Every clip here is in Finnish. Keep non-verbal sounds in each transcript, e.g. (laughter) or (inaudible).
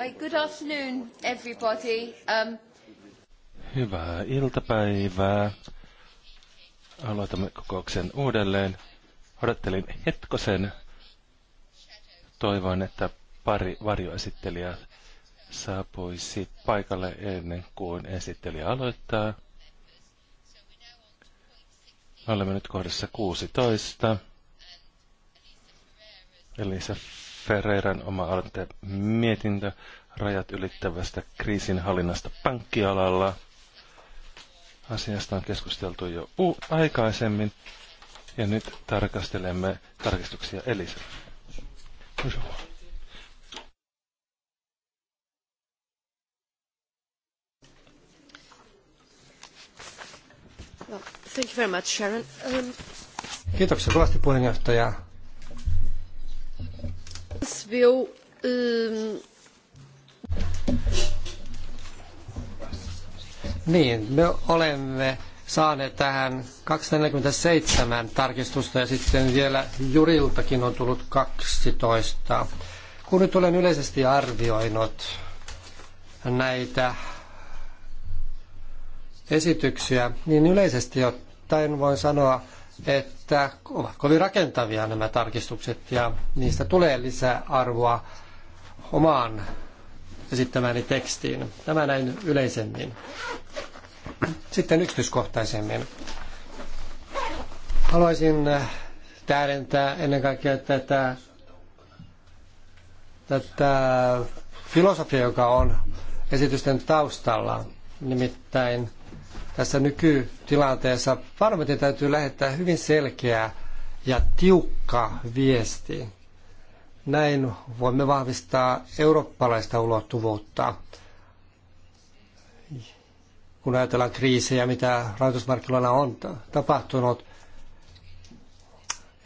Um, Hyvää iltapäivää. Aloitamme kokouksen uudelleen. Odottelin hetkosen. Toivon, että pari varjoesittelijää saapuisi paikalle ennen kuin esittelijä aloittaa. Olemme nyt kohdassa 16. Elisa Ferreiran oma aloitte mietintö rajat ylittävästä kriisinhallinnasta pankkialalla. Asiasta on keskusteltu jo aikaisemmin ja nyt tarkastelemme tarkistuksia Elisa. thank you very much, Sharon. Um... Kiitoksia kovasti puheenjohtaja. Viu, um, niin, me olemme saaneet tähän 247 tarkistusta ja sitten vielä juriltakin on tullut 12. Kun nyt olen yleisesti arvioinut näitä esityksiä, niin yleisesti ottaen voin sanoa, että ovat kovin rakentavia nämä tarkistukset ja niistä tulee lisää arvoa omaan esittämääni tekstiin. Tämä näin yleisemmin. Sitten yksityiskohtaisemmin. Haluaisin äh, täydentää ennen kaikkea tätä, tätä filosofia, joka on esitysten taustalla. Nimittäin tässä nykytilanteessa parlamentin täytyy lähettää hyvin selkeä ja tiukka viesti näin voimme vahvistaa eurooppalaista ulottuvuutta. Kun ajatellaan kriisejä, mitä rahoitusmarkkinoilla on tapahtunut,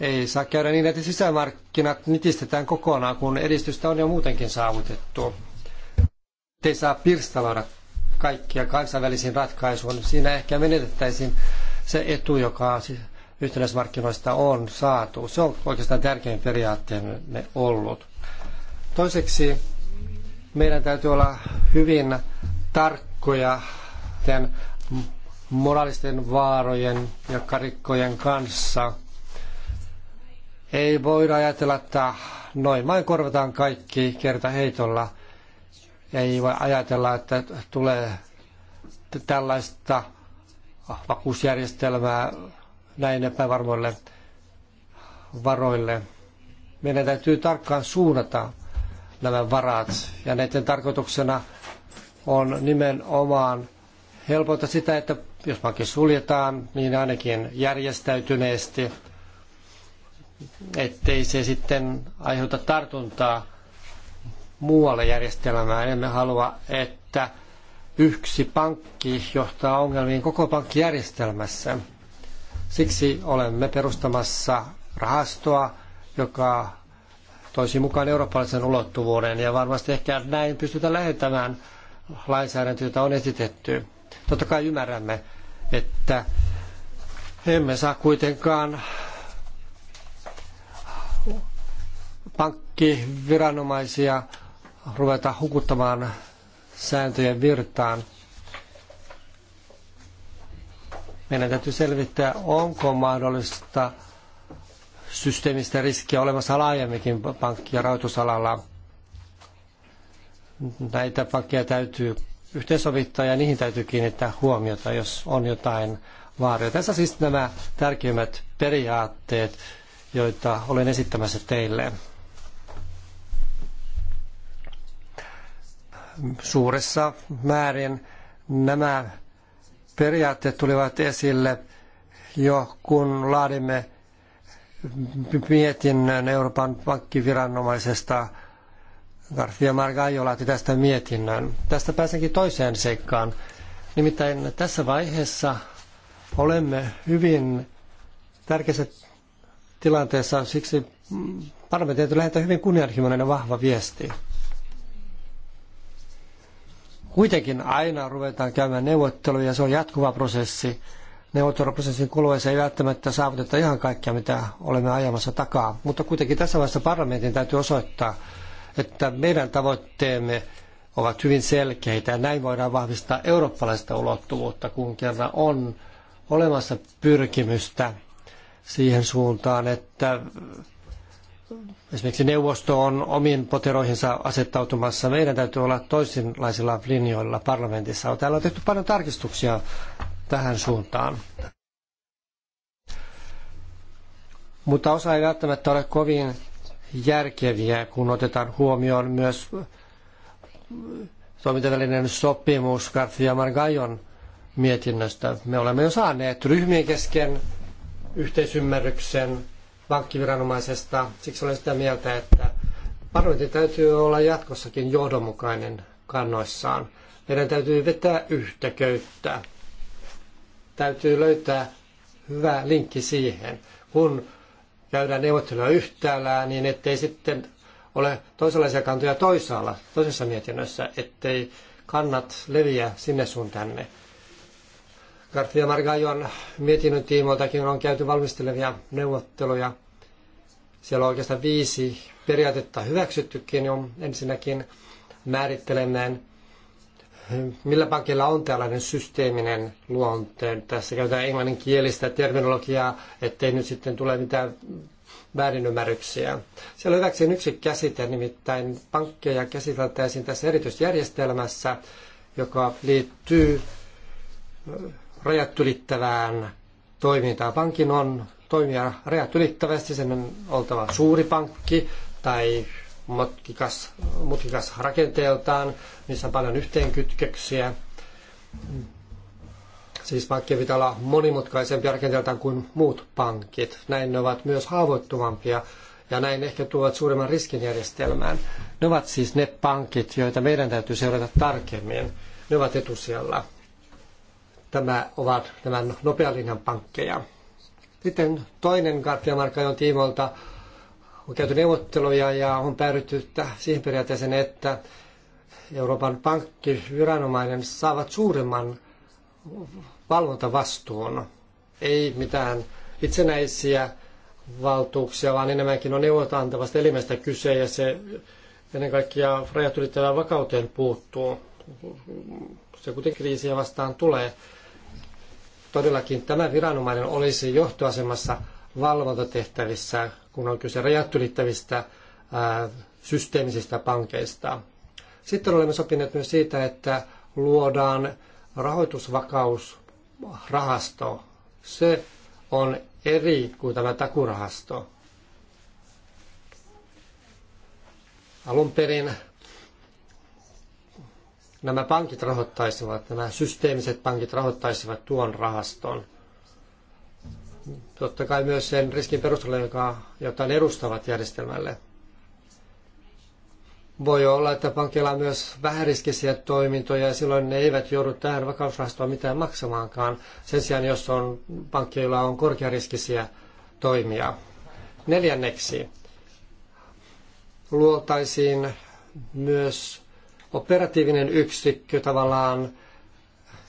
ei saa käydä niin, että sisämarkkinat nitistetään kokonaan, kun edistystä on jo muutenkin saavutettu. Ei saa pirstaloida kaikkia kansainvälisiin ratkaisuun. Siinä ehkä menetettäisiin se etu, joka yhtenäismarkkinoista on saatu. Se on oikeastaan tärkein periaatteemme ollut. Toiseksi meidän täytyy olla hyvin tarkkoja tämän moraalisten vaarojen ja karikkojen kanssa. Ei voida ajatella, että noin vain korvataan kaikki kerta heitolla. Ei voi ajatella, että tulee tällaista vakuusjärjestelmää näin epävarmoille varoille. Meidän täytyy tarkkaan suunnata nämä varat ja näiden tarkoituksena on nimenomaan helpota sitä, että jos pankki suljetaan, niin ainakin järjestäytyneesti, ettei se sitten aiheuta tartuntaa muualle järjestelmään. Emme halua, että yksi pankki johtaa ongelmiin koko pankkijärjestelmässä. Siksi olemme perustamassa rahastoa, joka toisi mukaan eurooppalaisen ulottuvuuden ja varmasti ehkä näin pystytään lähettämään lainsäädäntöä, jota on esitetty. Totta kai ymmärrämme, että emme saa kuitenkaan pankkiviranomaisia ruveta hukuttamaan sääntöjen virtaan. Meidän täytyy selvittää, onko mahdollista systeemistä riskiä olemassa laajemminkin pankki- ja rahoitusalalla. Näitä pankkeja täytyy yhteensovittaa ja niihin täytyy kiinnittää huomiota, jos on jotain vaaria. Tässä siis nämä tärkeimmät periaatteet, joita olen esittämässä teille. Suuressa määrin nämä periaatteet tulivat esille jo kun laadimme mietinnön Euroopan pankkiviranomaisesta. Garcia Margallo laati tästä mietinnön. Tästä pääsenkin toiseen seikkaan. Nimittäin tässä vaiheessa olemme hyvin tärkeässä tilanteessa, siksi parlamentti lähettää hyvin kunnianhimoinen ja vahva viesti. Kuitenkin aina ruvetaan käymään neuvotteluja, se on jatkuva prosessi. Neuvotteluprosessin kuluessa ei välttämättä saavuteta ihan kaikkea, mitä olemme ajamassa takaa. Mutta kuitenkin tässä vaiheessa parlamentin täytyy osoittaa, että meidän tavoitteemme ovat hyvin selkeitä ja näin voidaan vahvistaa eurooppalaista ulottuvuutta, kun kerran on olemassa pyrkimystä siihen suuntaan, että esimerkiksi neuvosto on omiin poteroihinsa asettautumassa. Meidän täytyy olla toisenlaisilla linjoilla parlamentissa. täällä on tehty paljon tarkistuksia tähän suuntaan. Mutta osa ei välttämättä ole kovin järkeviä, kun otetaan huomioon myös toimintavälinen sopimus Garcia Margajon mietinnöstä. Me olemme jo saaneet ryhmien kesken yhteisymmärryksen pankkiviranomaisesta. Siksi olen sitä mieltä, että parlamentin täytyy olla jatkossakin johdonmukainen kannoissaan. Meidän täytyy vetää yhtä köyttä. Täytyy löytää hyvä linkki siihen, kun käydään neuvotteluja yhtäällä, niin ettei sitten ole toisenlaisia kantoja toisaalla, toisessa mietinnössä, ettei kannat leviä sinne sun tänne. Garcia Margajon mietinnön tiimoiltakin on käyty valmistelevia neuvotteluja. Siellä on oikeastaan viisi periaatetta hyväksyttykin jo niin ensinnäkin määrittelemään, millä pankilla on tällainen systeeminen luonteen. Tässä käytetään englanninkielistä terminologiaa, ettei nyt sitten tule mitään väärinymmärryksiä. Siellä hyväksyin yksi käsite, nimittäin pankkeja käsiteltäisiin tässä erityisjärjestelmässä, joka liittyy rajat ylittävään toimintaan. Pankin on toimia rajat ylittävästi, sen on oltava suuri pankki tai mutkikas, mutkikas rakenteeltaan, missä on paljon yhteenkytköksiä. Siis pankkien pitää olla monimutkaisempia rakenteeltaan kuin muut pankit. Näin ne ovat myös haavoittuvampia ja näin ehkä tuovat suuremman riskin järjestelmään. Ne ovat siis ne pankit, joita meidän täytyy seurata tarkemmin. Ne ovat etusijalla. Tämä ovat tämän nopean linjan pankkeja. Sitten toinen on tiimoilta on käyty neuvotteluja ja on päädytty siihen periaatteeseen, että Euroopan pankkiviranomainen saavat suuremman valvontavastuun. Ei mitään itsenäisiä valtuuksia, vaan enemmänkin on neuvontantavasta elimestä kyse ja se ennen kaikkea rajat ylittävään vakauteen puuttuu. Se kuitenkin kriisiä vastaan tulee todellakin tämä viranomainen olisi johtoasemassa valvontatehtävissä, kun on kyse rajat ylittävistä systeemisistä pankeista. Sitten olemme sopineet myös siitä, että luodaan rahoitusvakausrahasto. Se on eri kuin tämä takurahasto. Alun perin nämä pankit rahoittaisivat, nämä systeemiset pankit rahoittaisivat tuon rahaston. Totta kai myös sen riskin perusteella, joka, jota ne edustavat järjestelmälle. Voi olla, että pankilla on myös vähäriskisiä toimintoja ja silloin ne eivät joudu tähän vakausrahastoon mitään maksamaankaan. Sen sijaan, jos on pankki, on korkeariskisiä toimia. Neljänneksi luotaisiin myös operatiivinen yksikkö tavallaan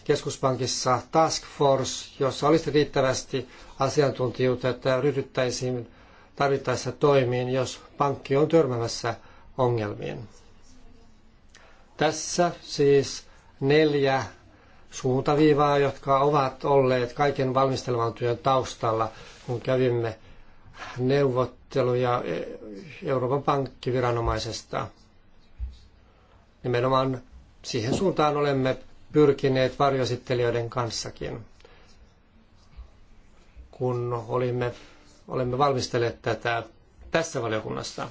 keskuspankissa task force, jossa olisi riittävästi asiantuntijuutta, että ryhdyttäisiin tarvittaessa toimiin, jos pankki on törmäämässä ongelmiin. Tässä siis neljä suuntaviivaa, jotka ovat olleet kaiken valmistelevan työn taustalla, kun kävimme neuvotteluja Euroopan pankkiviranomaisesta. Nimenomaan siihen suuntaan olemme pyrkineet varjosittelijoiden kanssakin, kun olimme, olemme valmistelleet tätä tässä valiokunnassa.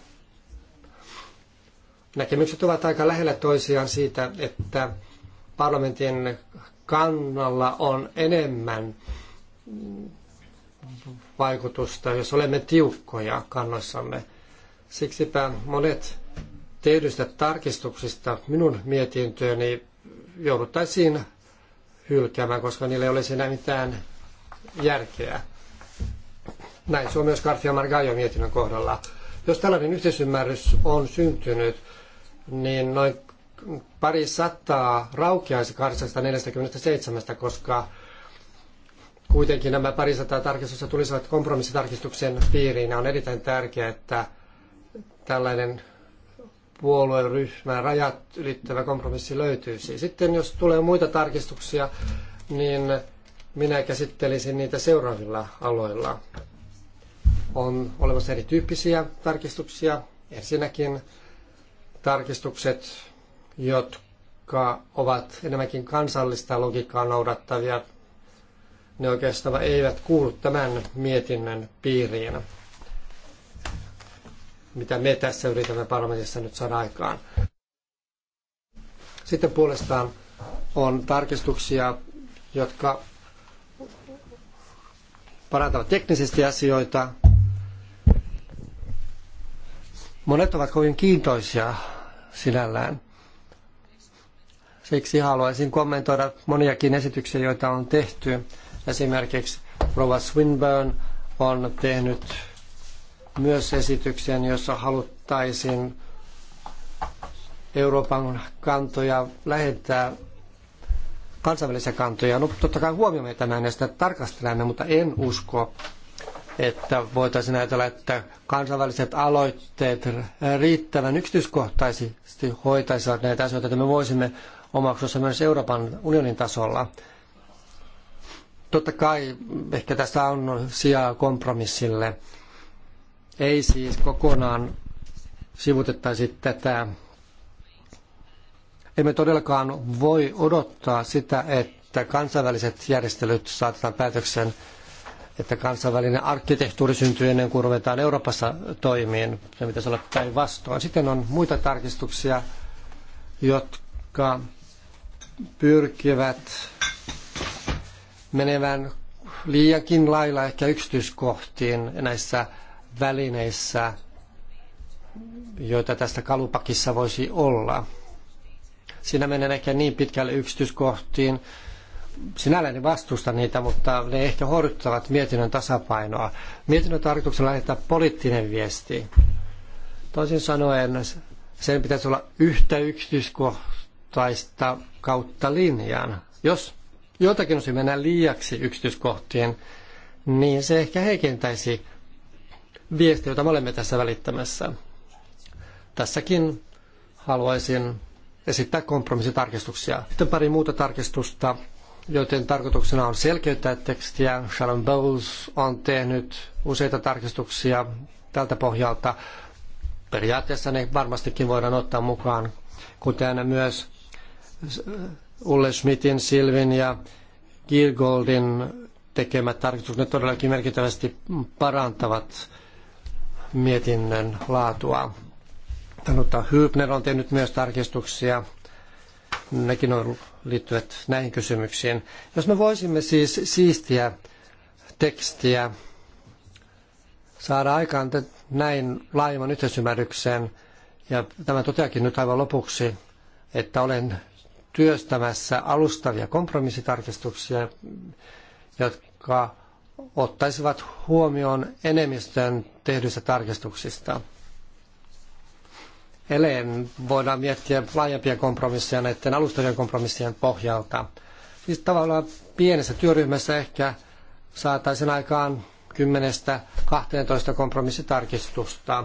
Näkemykset ovat aika lähellä toisiaan siitä, että parlamentin kannalla on enemmän vaikutusta, jos olemme tiukkoja kannoissamme. Siksipä monet tehdyistä tarkistuksista minun mietintööni jouduttaisiin hylkäämään, koska niillä ei olisi enää mitään järkeä. Näin se on myös Garcia Margallo mietinnön kohdalla. Jos tällainen yhteisymmärrys on syntynyt, niin noin pari sataa raukeaisi 847, koska kuitenkin nämä pari sataa tarkistusta tulisivat kompromissitarkistuksen piiriin. Ja on erittäin tärkeää, että tällainen puolueryhmää rajat ylittävä kompromissi löytyisi. Siis. Sitten jos tulee muita tarkistuksia, niin minä käsittelisin niitä seuraavilla aloilla. On olemassa erityyppisiä tarkistuksia. Ensinnäkin tarkistukset, jotka ovat enemmänkin kansallista logiikkaa noudattavia, ne oikeastaan eivät kuulu tämän mietinnön piiriin mitä me tässä yritämme parlamentissa nyt saada aikaan. Sitten puolestaan on tarkistuksia, jotka parantavat teknisesti asioita. Monet ovat kovin kiintoisia sinällään. Siksi haluaisin kommentoida moniakin esityksiä, joita on tehty. Esimerkiksi Rova Swinburne on tehnyt myös esityksen, jossa haluttaisiin Euroopan kantoja lähettää kansainvälisiä kantoja. No totta kai huomioimme tämän ja sitä tarkastelemme, mutta en usko, että voitaisiin ajatella, että kansainväliset aloitteet riittävän yksityiskohtaisesti hoitaisivat näitä asioita, että me voisimme omaksua myös Euroopan unionin tasolla. Totta kai ehkä tässä on sijaa kompromissille ei siis kokonaan sivutettaisi tätä. Emme todellakaan voi odottaa sitä, että kansainväliset järjestelyt saatetaan päätöksen, että kansainvälinen arkkitehtuuri syntyy ennen kuin ruvetaan Euroopassa toimiin. Se pitäisi olla päinvastoin. Sitten on muita tarkistuksia, jotka pyrkivät menevän liiankin lailla ehkä yksityiskohtiin näissä välineissä, joita tästä kalupakissa voisi olla. Siinä menen ehkä niin pitkälle yksityiskohtiin. Sinällään vastusta niitä, mutta ne ehkä horjuttavat mietinnön tasapainoa. Mietinnön tarkoituksena lähettää poliittinen viesti. Toisin sanoen sen pitäisi olla yhtä yksityiskohtaista kautta linjan. Jos jotakin olisi mennä liiaksi yksityiskohtiin, niin se ehkä heikentäisi viesti, jota me olemme tässä välittämässä. Tässäkin haluaisin esittää kompromissitarkistuksia. Sitten pari muuta tarkistusta, joiden tarkoituksena on selkeyttää tekstiä. Sharon Bowles on tehnyt useita tarkistuksia tältä pohjalta. Periaatteessa ne varmastikin voidaan ottaa mukaan, kuten myös Ulle Schmidtin, Silvin ja Gilgoldin tekemät tarkistukset todellakin merkittävästi parantavat mietinnön laatua. Tanutta Hyypner on tehnyt myös tarkistuksia. Nekin on liittyvät näihin kysymyksiin. Jos me voisimme siis siistiä tekstiä, saada aikaan näin laajemman yhteisymmärryksen, ja tämä toteakin nyt aivan lopuksi, että olen työstämässä alustavia kompromissitarkistuksia, jotka ottaisivat huomioon enemmistön tehdyistä tarkistuksista. Eleen voidaan miettiä laajempia kompromisseja näiden alustavien kompromissien pohjalta. Siis tavallaan pienessä työryhmässä ehkä saataisiin aikaan 10-12 kompromissitarkistusta.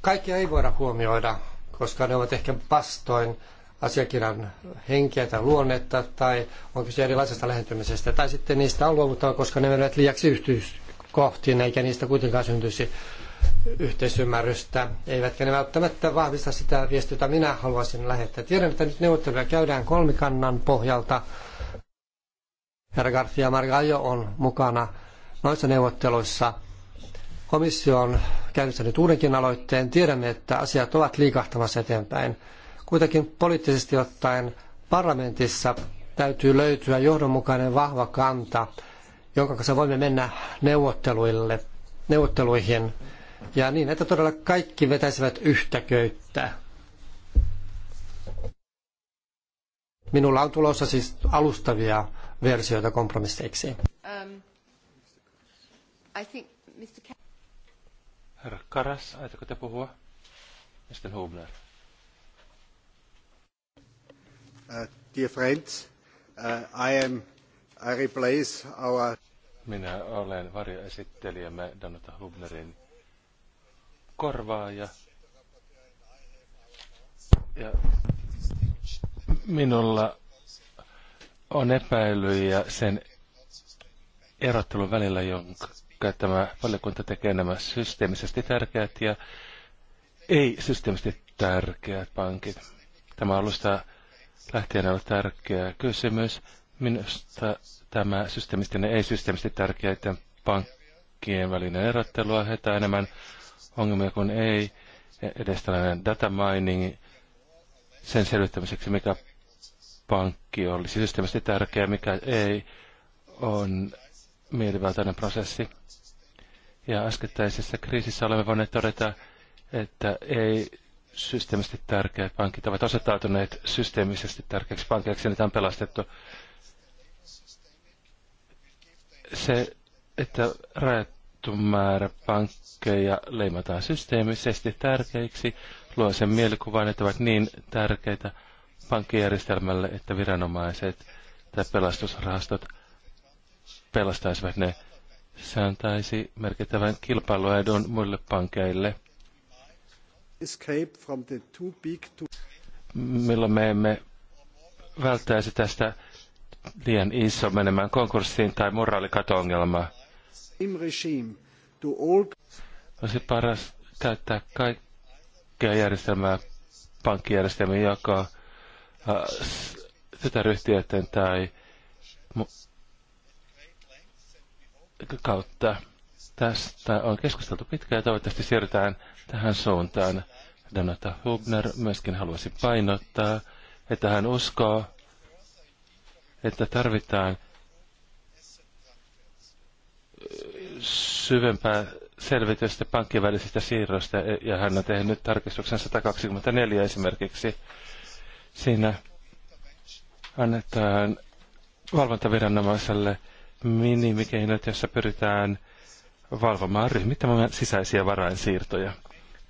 Kaikkia ei voida huomioida, koska ne ovat ehkä vastoin asiakirjan henkeä tai luonnetta, tai on kyse erilaisesta lähentymisestä, tai sitten niistä on luovuttava, koska ne menevät liiaksi yhtyiskohtiin, eikä niistä kuitenkaan syntyisi yhteisymmärrystä, eivätkä ne välttämättä vahvista sitä viestiä, jota minä haluaisin lähettää. Tiedän, että nyt neuvotteluja käydään kolmikannan pohjalta. Herra Garcia Margallo on mukana noissa neuvotteluissa. Komissio on käynnistänyt uudenkin aloitteen. Tiedämme, että asiat ovat liikahtamassa eteenpäin. Kuitenkin poliittisesti ottaen parlamentissa täytyy löytyä johdonmukainen vahva kanta, jonka kanssa voimme mennä neuvotteluille, neuvotteluihin ja niin, että todella kaikki vetäisivät yhtä köyttä. Minulla on tulossa siis alustavia versioita kompromisseiksi. Um, Herra Karas, aitoko te puhua? Mr. Hubner. Uh, uh, Minä olen varjoesittelijämme Donata Hubnerin korvaaja. Ja minulla on epäilyjä sen erottelun välillä, jonka tämä valiokunta tekee nämä systeemisesti tärkeät ja ei-systeemisesti tärkeät pankit. Tämä alusta lähtien on tärkeä kysymys. Minusta tämä systeemistinen ei systeemisesti tärkeiden pankkien välinen erottelu aiheuttaa enemmän ongelmia kuin ei. Edes tällainen data mining sen selvittämiseksi, mikä pankki olisi systeemisesti tärkeä, mikä ei, on mielivaltainen prosessi. Ja äskettäisessä kriisissä olemme voineet todeta, että ei systeemisesti tärkeät pankit ovat osoittautuneet systeemisesti tärkeiksi pankeiksi, niitä on pelastettu. Se, että rajattu määrä pankkeja leimataan systeemisesti tärkeiksi, luo sen mielikuvan, että ovat niin tärkeitä pankkijärjestelmälle, että viranomaiset tai pelastusrahastot pelastaisivat ne. Se antaisi merkittävän kilpailuedun muille pankeille escape from the too big to... Milloin me emme välttäisi tästä liian iso menemään konkurssiin tai moraalikato-ongelmaa. Olisi paras täyttää kaikkea järjestelmää, joka äh, sitä ryhtiöiden tai kautta. Tästä on keskusteltu pitkään ja toivottavasti siirrytään tähän suuntaan. Donata Hubner myöskin haluaisi painottaa, että hän uskoo, että tarvitaan syvempää selvitystä pankkien välisistä siirroista, ja hän on tehnyt tarkistuksen 124 esimerkiksi. Siinä annetaan valvontaviranomaiselle minimikeinot, jossa pyritään valvomaan ryhmittämään sisäisiä varainsiirtoja.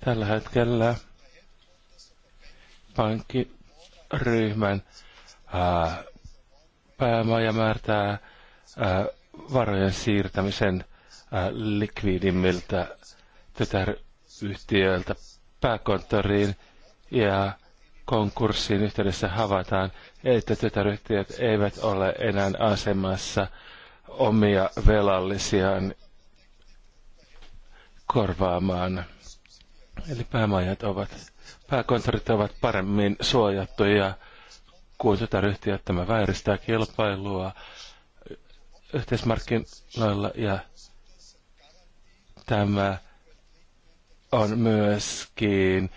Tällä hetkellä pankkiryhmän päämaja määrtää ää, varojen siirtämisen ää, likviidimmiltä tytäryhtiöiltä pääkonttoriin ja konkurssiin yhteydessä havaitaan, että tytäryhtiöt eivät ole enää asemassa omia velallisiaan korvaamaan. Eli päämajat ovat, pääkonttorit ovat paremmin suojattuja kuin tätä että Tämä vääristää kilpailua yhteismarkkinoilla ja tämä on myöskin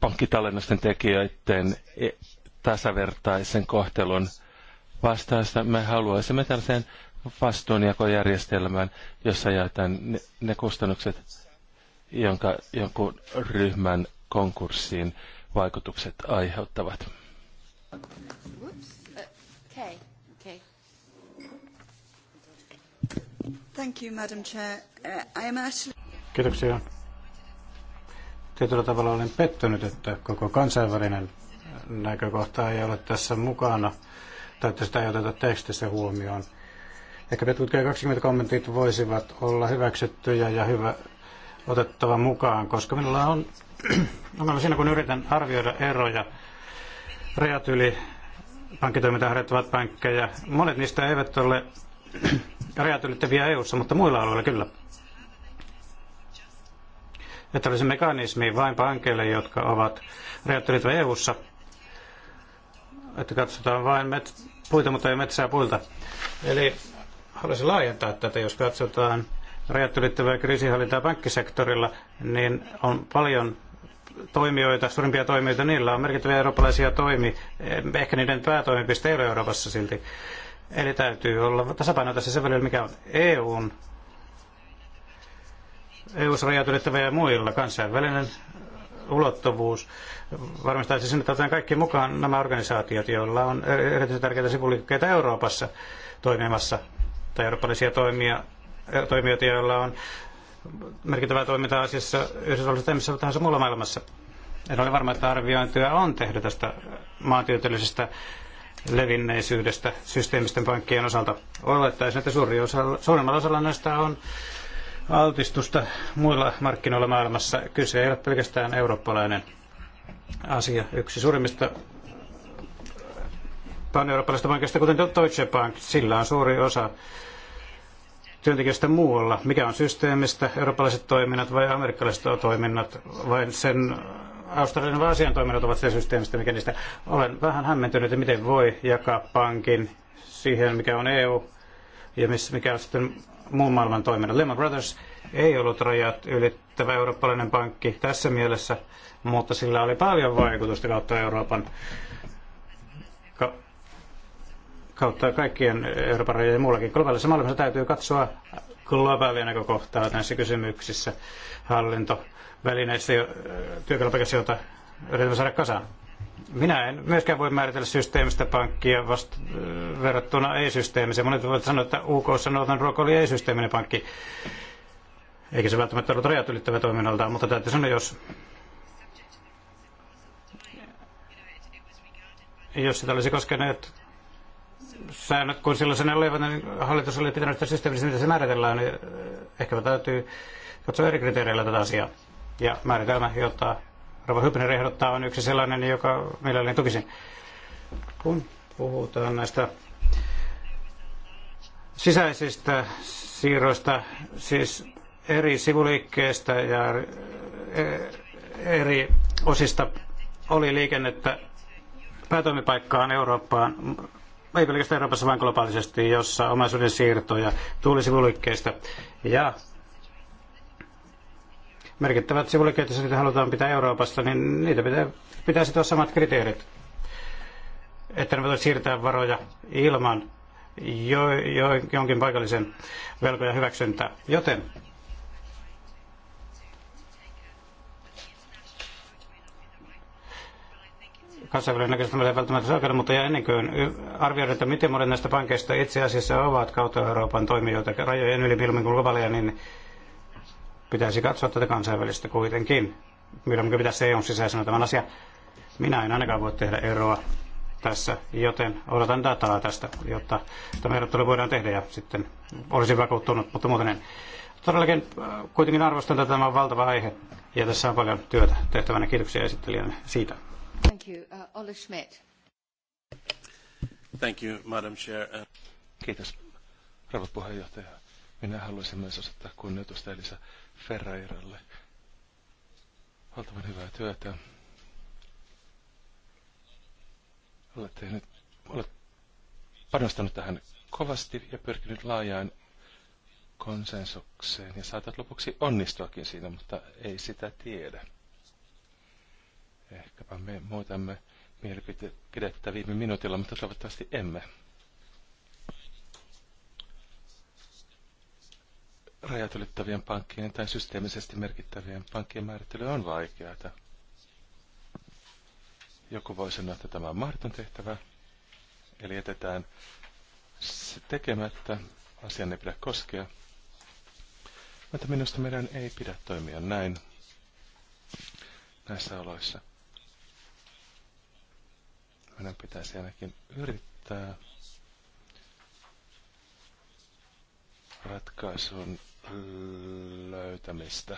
pankkitallennusten tekijöiden e- tasavertaisen kohtelun vastaista. Me haluaisimme tällaisen vastuunjakojärjestelmään, jossa jaetaan ne, ne kustannukset, jonka jonkun ryhmän konkurssiin vaikutukset aiheuttavat. Uh, Thank you, Madam Chair. Uh, I am actually... Kiitoksia. Tietyllä tavalla olen pettynyt, että koko kansainvälinen näkökohta ei ole tässä mukana, tai että sitä ei oteta tekstissä huomioon. Ehkä jotkut 20 kommentit voisivat olla hyväksyttyjä ja hyvä otettava mukaan, koska minulla on (clears throat) ongelma siinä, kun yritän arvioida eroja rajat yli pankkitoimintaan harjoittavat pankkeja. Monet niistä eivät ole (clears throat) rajat ylittäviä EU-ssa, mutta muilla alueilla kyllä. Että olisi mekanismi vain pankeille, jotka ovat rajat ylittäviä EU-ssa. Että katsotaan vain met- puita, mutta ei metsää puilta. Eli haluaisin laajentaa tätä, jos katsotaan rajat ylittävää kriisinhallintaa pankkisektorilla, niin on paljon toimijoita, suurimpia toimijoita, niillä on merkittäviä eurooppalaisia toimi, ehkä niiden päätoimipiste ei ole Euroopassa silti. Eli täytyy olla tasapaino tässä se välillä, mikä on EUn, EUs rajat ylittävä ja muilla kansainvälinen ulottuvuus. varmistaa, sen, että otetaan kaikki mukaan nämä organisaatiot, joilla on erityisen tärkeitä sivuliikkeitä Euroopassa toimimassa tai eurooppalaisia toimia, toimijoita, joilla on merkittävää toimintaa asiassa Yhdysvalloissa tai missä tahansa muulla maailmassa. En ole varma, että arviointia on tehty tästä maantieteellisestä levinneisyydestä systeemisten pankkien osalta. Olettaisin, että suuri osa, suurimmalla osalla näistä on altistusta muilla markkinoilla maailmassa. Kyse ei ole pelkästään eurooppalainen asia. Yksi suurimmista pan-eurooppalaisista pankista, kuten Deutsche Bank, sillä on suuri osa työntekijöistä muualla. Mikä on systeemistä, eurooppalaiset toiminnat vai amerikkalaiset toiminnat, vai sen Australian vai asian toiminnat ovat se systeemistä, mikä niistä. Olen vähän hämmentynyt, että miten voi jakaa pankin siihen, mikä on EU ja mikä on sitten muun maailman toiminnan. Lehman Brothers ei ollut rajat ylittävä eurooppalainen pankki tässä mielessä, mutta sillä oli paljon vaikutusta kautta Euroopan kautta kaikkien Euroopan rajojen muullakin. Globaalissa maailmassa täytyy katsoa globaalia näkökohtaa näissä kysymyksissä hallintovälineissä, työkalupakassa, joita yritetään saada kasaan. Minä en myöskään voi määritellä systeemistä pankkia vasta, verrattuna ei-systeemiseen. Monet voivat sanoa, että UK sanotaan ruoka oli ei-systeeminen pankki. Eikä se välttämättä ollut rajat ylittävä toiminnalta, mutta täytyy sanoa, jos jos sitä olisi koskenut säännöt, kun sellaisena olivat, niin hallitus oli pitänyt sitä systeemistä, mitä se määritellään, niin eh, ehkä täytyy katsoa eri kriteereillä tätä asiaa. Ja määritelmä, jota Rova Hyppinen ehdottaa, on yksi sellainen, joka mielelläni tukisin. Kun puhutaan näistä sisäisistä siirroista, siis eri sivuliikkeistä ja eh, eri osista oli liikennettä päätoimipaikkaan Eurooppaan ei pelkästään Euroopassa, vaan globaalisesti, jossa omaisuuden siirtoja tuli sivuliikkeistä. Ja merkittävät sivuliikkeet, jos niitä halutaan pitää Euroopassa, niin niitä pitää, pitäisi tuossa samat kriteerit. Että ne voivat siirtää varoja ilman jo, jo, jonkin paikallisen velkoja hyväksyntää. Joten kansainvälinen näkökulma ei välttämättä oikeuden, mutta ennen kuin arvioida, että miten monet näistä pankeista itse asiassa ovat kautta Euroopan toimijoita rajojen yli mieluummin kuin globaaleja, niin pitäisi katsoa tätä kansainvälistä kuitenkin. Milloin pitäisi EUn sisäisenä tämän asian. Minä en ainakaan voi tehdä eroa tässä, joten odotan dataa tästä, jotta tämä ehdottelu voidaan tehdä ja sitten olisi vakuuttunut, mutta muuten en. Todellakin äh, kuitenkin arvostan, että tämä on valtava aihe ja tässä on paljon työtä tehtävänä. Kiitoksia esittelijänne siitä. Thank you. Uh, Olle Schmidt. Thank you, Madam Chair. Uh, Kiitos, rouva puheenjohtaja. Minä haluaisin myös osoittaa kunnioitusta Elisa Ferreiralle. Valtavan hyvää työtä. Olette nyt olet panostanut tähän kovasti ja pyrkinyt laajaan konsensukseen ja saatat lopuksi onnistuakin siinä, mutta ei sitä tiedä. Ehkäpä me muutamme mielipidettä viime minuutilla, mutta toivottavasti emme. Rajat ylittävien pankkien tai systeemisesti merkittävien pankkien määrittely on vaikeaa. Joku voi sanoa, että tämä on mahdoton tehtävä, eli jätetään se tekemättä, asian ei pidä koskea. Mutta minusta meidän ei pidä toimia näin näissä oloissa. Meidän pitäisi ainakin yrittää ratkaisun löytämistä.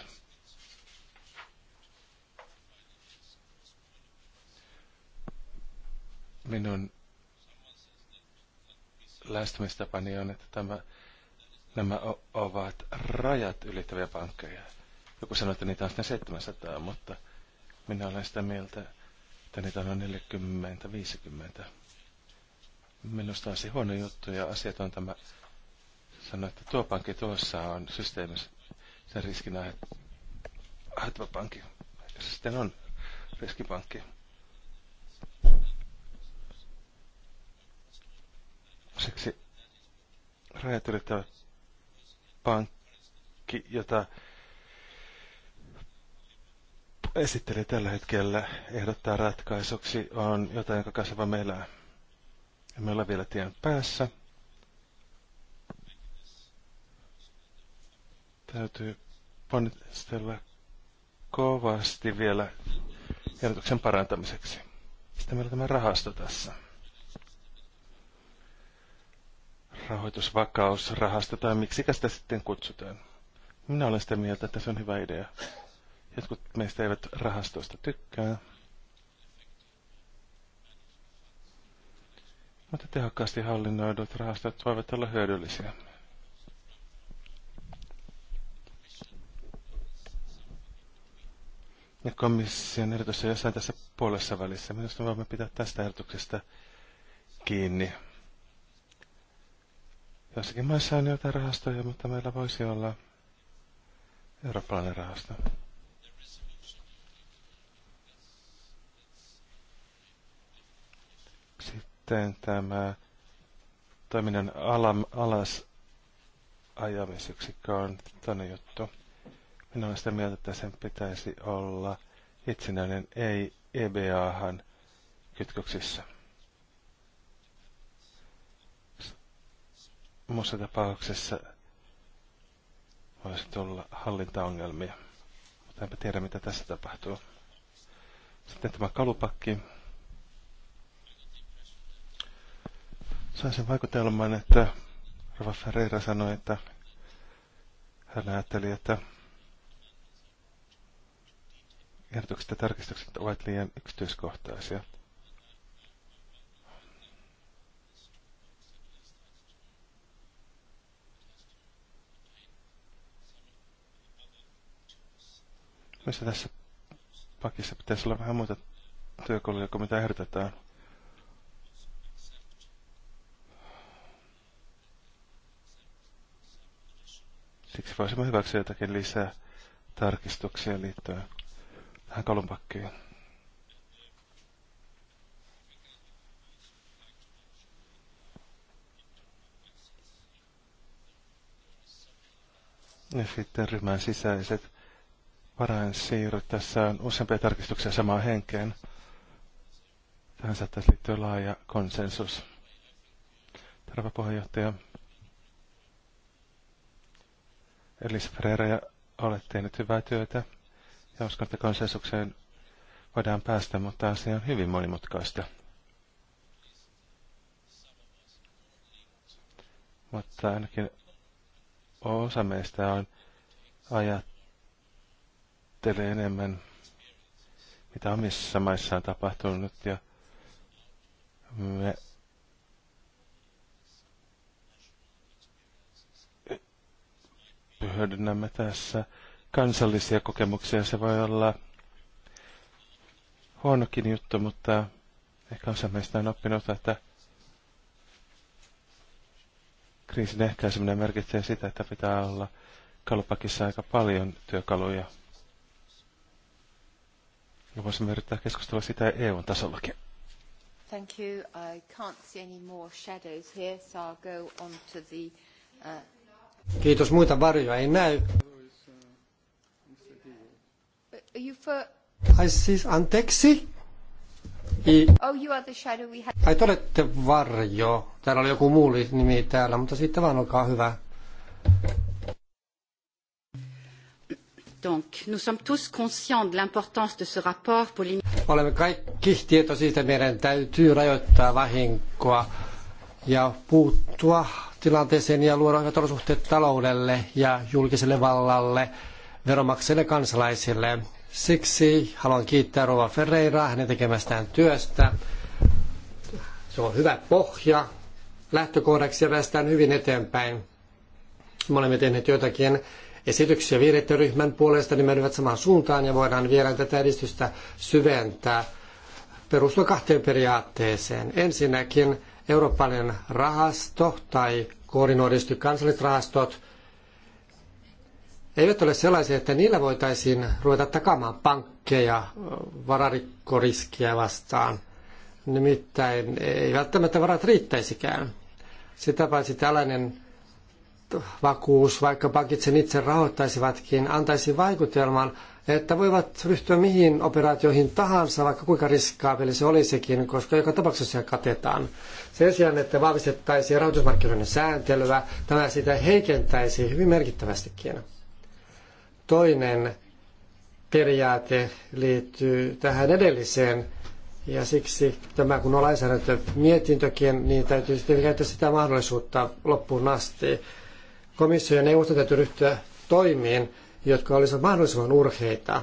Minun lähestymistapani on, että tämä, nämä ovat rajat ylittäviä pankkeja. Joku sanoi, että niitä on 700, mutta minä olen sitä mieltä, että niitä on 40-50. Minusta on se huono juttu ja asiat on tämä, sano, että tuo pankki tuossa on systeemissä sen riskinä aiheuttava pankki. Ja se sitten on riskipankki. Siksi rajat yrittävät pankki, jota esitteli tällä hetkellä ehdottaa ratkaisuksi, on jotain, joka kanssa meillä. meillä me ollaan vielä tien päässä. Täytyy ponnistella kovasti vielä ehdotuksen parantamiseksi. Sitten meillä on tämä rahasto tässä. Rahoitusvakausrahasto tai miksi sitä sitten kutsutaan. Minä olen sitä mieltä, että se on hyvä idea. Jotkut meistä eivät rahastoista tykkää. Mutta tehokkaasti hallinnoidut rahastot voivat olla hyödyllisiä. Ja komission ehdotus on jossain tässä puolessa välissä. Minusta voimme pitää tästä ehdotuksesta kiinni. Jossakin maissa on jotain rahastoja, mutta meillä voisi olla eurooppalainen rahasto. sitten tämä toiminnan alam, alas ajamisyksikkö on toinen juttu. Minä olen sitä mieltä, että sen pitäisi olla itsenäinen, ei EBA-han kytköksissä. Muussa tapauksessa voisi tulla hallintaongelmia, mutta enpä tiedä mitä tässä tapahtuu. Sitten tämä kalupakki. Sain sen vaikutelman, että Rava Ferreira sanoi, että hän ajatteli, että ehdotukset ja tarkistukset ovat liian yksityiskohtaisia. Mielestäni tässä pakissa pitäisi olla vähän muita työkaluja kuin mitä ehdotetaan. Siksi voisimme hyväksyä jotakin lisää tarkistuksia liittyen tähän kalunpakkiin. Ja sitten ryhmän sisäiset varainsiirrot. Tässä on useampia tarkistuksia samaan henkeen. Tähän saattaisi liittyä laaja konsensus. Terve puheenjohtaja. Elis Pereira, ja olet tehnyt hyvää työtä ja uskon, että konsensukseen voidaan päästä, mutta asia on hyvin monimutkaista. Mutta ainakin osa meistä on ajattelee enemmän, mitä omissa on tapahtunut ja me hyödynnämme tässä kansallisia kokemuksia. Se voi olla huonokin juttu, mutta ehkä osa meistä on oppinut, että kriisin ehkäiseminen merkitsee sitä, että pitää olla kalupakissa aika paljon työkaluja. Ja voisimme yrittää keskustella sitä EUn tasollakin. Thank you. I can't see any more shadows here, so I'll go on to the uh, Kiitos, muita varjoja ei näy. Ai siis, anteeksi? I... Oh, you are the shadow we had. Ai te olette varjo. Täällä oli joku muu nimi täällä, mutta sitten vaan olkaa hyvä. Donc, nous sommes tous conscients de l'importance de ce rapport pour les... Olemme kaikki tietoisia, että meidän täytyy rajoittaa vahinkoa ja puuttua tilanteeseen ja luoda hyvät olosuhteet taloudelle ja julkiselle vallalle, veromaksajille kansalaisille. Siksi haluan kiittää Rova Ferreiraa hänen tekemästään työstä. Se on hyvä pohja lähtökohdaksi ja päästään hyvin eteenpäin. Me olemme tehneet joitakin esityksiä ryhmän puolesta, niin menevät samaan suuntaan ja voidaan vielä tätä edistystä syventää perustua kahteen periaatteeseen. Ensinnäkin eurooppalainen rahasto tai koordinoidusti kansalliset rahastot eivät ole sellaisia, että niillä voitaisiin ruveta takaamaan pankkeja vararikkoriskiä vastaan. Nimittäin ei välttämättä varat riittäisikään. Sitä paitsi tällainen vakuus, vaikka pankit sen itse rahoittaisivatkin, antaisi vaikutelman, että voivat ryhtyä mihin operaatioihin tahansa, vaikka kuinka riskaapeli se olisikin, koska joka tapauksessa se katetaan. Sen sijaan, että vahvistettaisiin rahoitusmarkkinoiden sääntelyä, tämä sitä heikentäisi hyvin merkittävästikin. Toinen periaate liittyy tähän edelliseen, ja siksi tämä kun on lainsäädäntömietintökin, niin täytyy sitten käyttää sitä mahdollisuutta loppuun asti komissio ja neuvosto täytyy ryhtyä toimiin, jotka olisivat mahdollisimman urheita.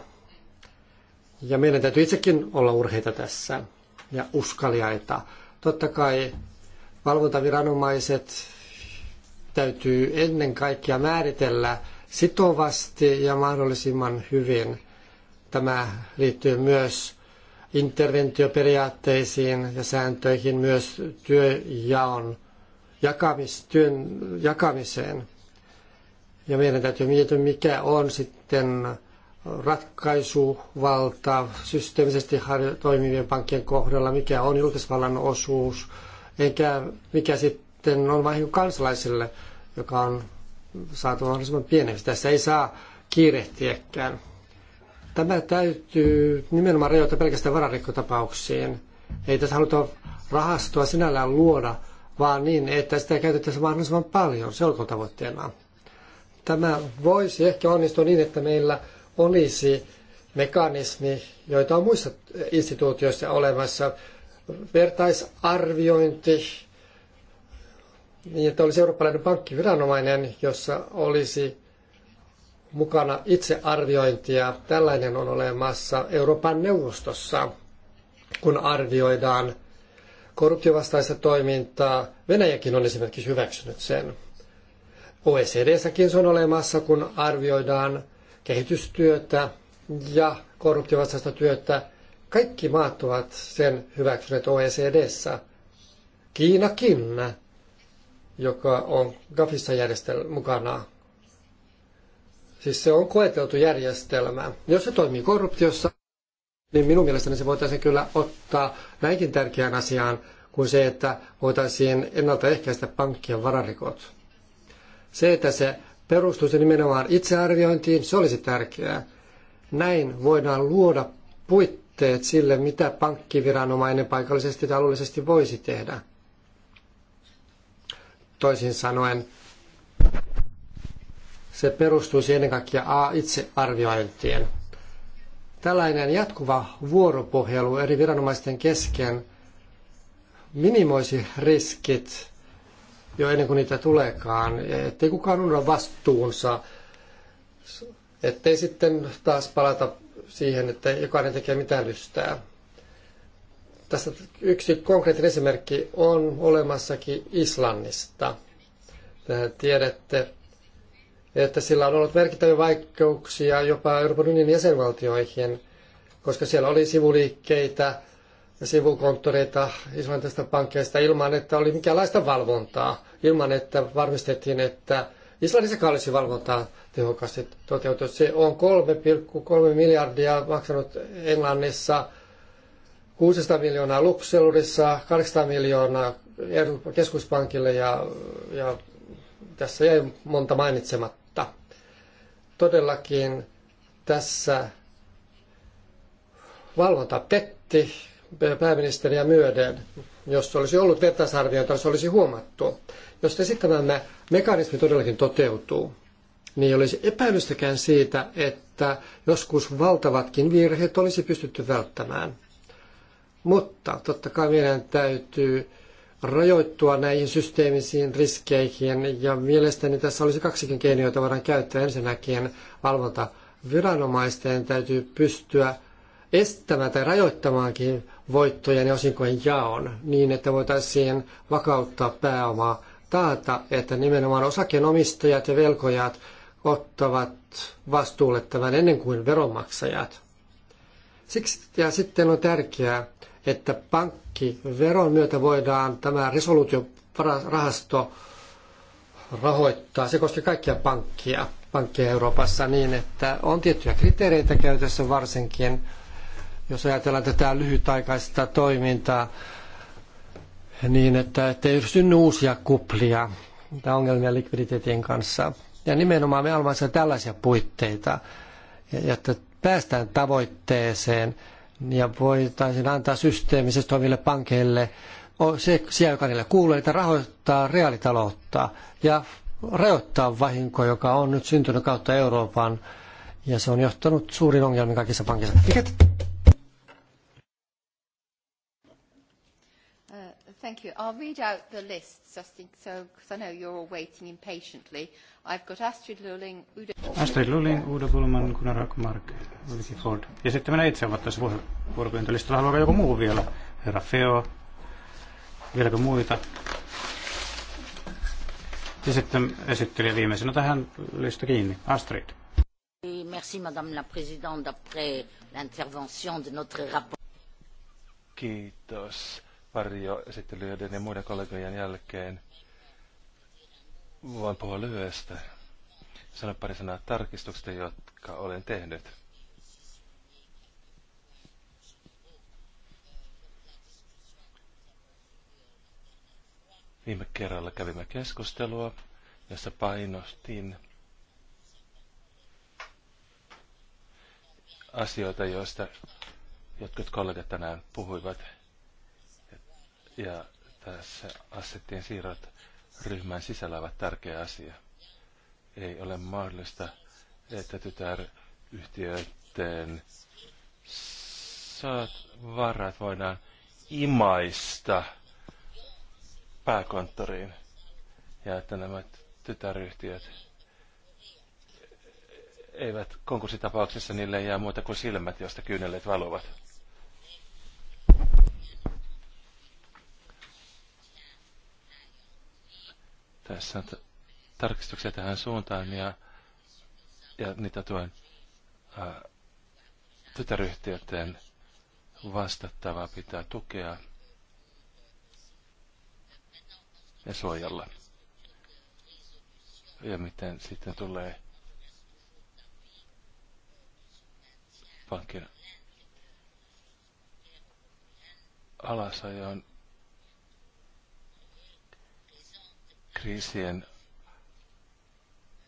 Ja meidän täytyy itsekin olla urheita tässä ja uskaliaita. Totta kai valvontaviranomaiset täytyy ennen kaikkea määritellä sitovasti ja mahdollisimman hyvin. Tämä liittyy myös interventioperiaatteisiin ja sääntöihin, myös työjaon jakamiseen. Ja meidän täytyy miettiä, mikä on sitten ratkaisuvalta systeemisesti toimivien pankkien kohdalla, mikä on julkisvallan osuus, eikä mikä sitten on vahinko niin kansalaisille, joka on saatu mahdollisimman pieneksi. Tässä ei saa kiirehtiäkään. Tämä täytyy nimenomaan rajoittaa pelkästään vararikkotapauksiin. Ei tässä haluta rahastoa sinällään luoda, vaan niin, että sitä käytettäisiin mahdollisimman paljon. Se olkoon tavoitteena. Tämä voisi ehkä onnistua niin, että meillä olisi mekanismi, joita on muissa instituutioissa olemassa, vertaisarviointi, niin että olisi eurooppalainen pankkiviranomainen, jossa olisi mukana itsearviointia. Tällainen on olemassa Euroopan neuvostossa, kun arvioidaan korruptiovastaista toimintaa. Venäjäkin on esimerkiksi hyväksynyt sen. OECDssäkin se on olemassa, kun arvioidaan kehitystyötä ja korruptiovastaista työtä. Kaikki maat ovat sen hyväksyneet OECDssä. Kiinakin, joka on GAFissa järjestelmä mukana. Siis se on koeteltu järjestelmä. Jos se toimii korruptiossa, niin minun mielestäni se voitaisiin kyllä ottaa näinkin tärkeään asiaan kuin se, että voitaisiin ennaltaehkäistä pankkien vararikot. Se, että se perustuisi nimenomaan itsearviointiin, se olisi tärkeää. Näin voidaan luoda puitteet sille, mitä pankkiviranomainen paikallisesti tai alueellisesti voisi tehdä. Toisin sanoen, se perustuisi ennen kaikkea A itsearviointiin. Tällainen jatkuva vuoropuhelu eri viranomaisten kesken minimoisi riskit jo ennen kuin niitä tuleekaan, ettei kukaan unohda vastuunsa, ettei sitten taas palata siihen, että jokainen tekee mitä lystää. Tässä yksi konkreettinen esimerkki on olemassakin Islannista. Tähän tiedätte, että sillä on ollut merkittäviä vaikeuksia jopa Euroopan unionin jäsenvaltioihin, koska siellä oli sivuliikkeitä, ja sivukonttoreita islantilaisista pankkeista ilman, että oli mikäänlaista valvontaa, ilman, että varmistettiin, että Islannissa olisi valvontaa tehokkaasti toteutettu. Se on 3,3 miljardia maksanut Englannissa, 600 miljoonaa Luxemburgissa, 800 miljoonaa keskuspankille ja, ja tässä jäi monta mainitsematta. Todellakin tässä valvonta petti, pääministeriä myöden. Jos se olisi ollut vertaisarviointa, se olisi huomattu. Jos esittämämme mekanismi todellakin toteutuu, niin ei olisi epäilystäkään siitä, että joskus valtavatkin virheet olisi pystytty välttämään. Mutta totta kai meidän täytyy rajoittua näihin systeemisiin riskeihin, ja mielestäni tässä olisi kaksikin keinoa, joita voidaan käyttää. Ensinnäkin valvontaviranomaisten täytyy pystyä estämään tai rajoittamaankin voittojen ja osinkojen jaon niin, että voitaisiin vakauttaa pääomaa, taata, että nimenomaan osakkeenomistajat ja velkojat ottavat vastuulle tämän ennen kuin veronmaksajat. Siksi ja sitten on tärkeää, että pankkiveron myötä voidaan tämä resoluutiorahasto rahoittaa. Se koskee kaikkia pankkia, pankkia Euroopassa niin, että on tiettyjä kriteereitä käytössä varsinkin jos ajatellaan tätä lyhytaikaista toimintaa, niin että ei synny uusia kuplia tai ongelmia likviditeetin kanssa. Ja nimenomaan me haluamme tällaisia puitteita, jotta päästään tavoitteeseen ja voitaisiin antaa systeemisesti toimille pankeille se sija, joka niille kuuluu, että rahoittaa reaalitaloutta ja rajoittaa vahinko, joka on nyt syntynyt kautta Euroopan ja se on johtanut suurin ongelmiin kaikissa pankeissa. Mikä Thank you. I'll read out the list, Justin, so, because I know you're all waiting impatiently. I've got Astrid Lulling, Udo... Astrid Lulling, Udo Bulman, Gunnar Akmark, Ulrike Ford. Ja sitten minä itse ovat tässä vuoropyyntölistalla. Haluaako joku muu vielä? Herra Feo. Vieläkö muita? Ja sitten esittelijä viimeisenä tähän lista kiinni. Astrid. Merci, Madame la Présidente, d'après l'intervention de notre rapport. Kiitos esittelyiden ja muiden kollegojen jälkeen voin puhua lyhyestä. Sanon pari sanaa tarkistuksista, jotka olen tehnyt. Viime kerralla kävimme keskustelua, jossa painostin asioita, joista jotkut kollegat tänään puhuivat ja tässä asettien siirrot ryhmän sisällä ovat tärkeä asia. Ei ole mahdollista, että tytäryhtiöiden saat varat voidaan imaista pääkonttoriin ja että nämä tytäryhtiöt eivät konkurssitapauksessa niille jää muuta kuin silmät, joista kyynelet valuvat. Tässä on tarkistuksia tähän suuntaan ja, ja niitä tuen tytäryhtiöiden vastattavaa pitää tukea ja suojella. Ja miten sitten tulee pankin alasajoon kriisien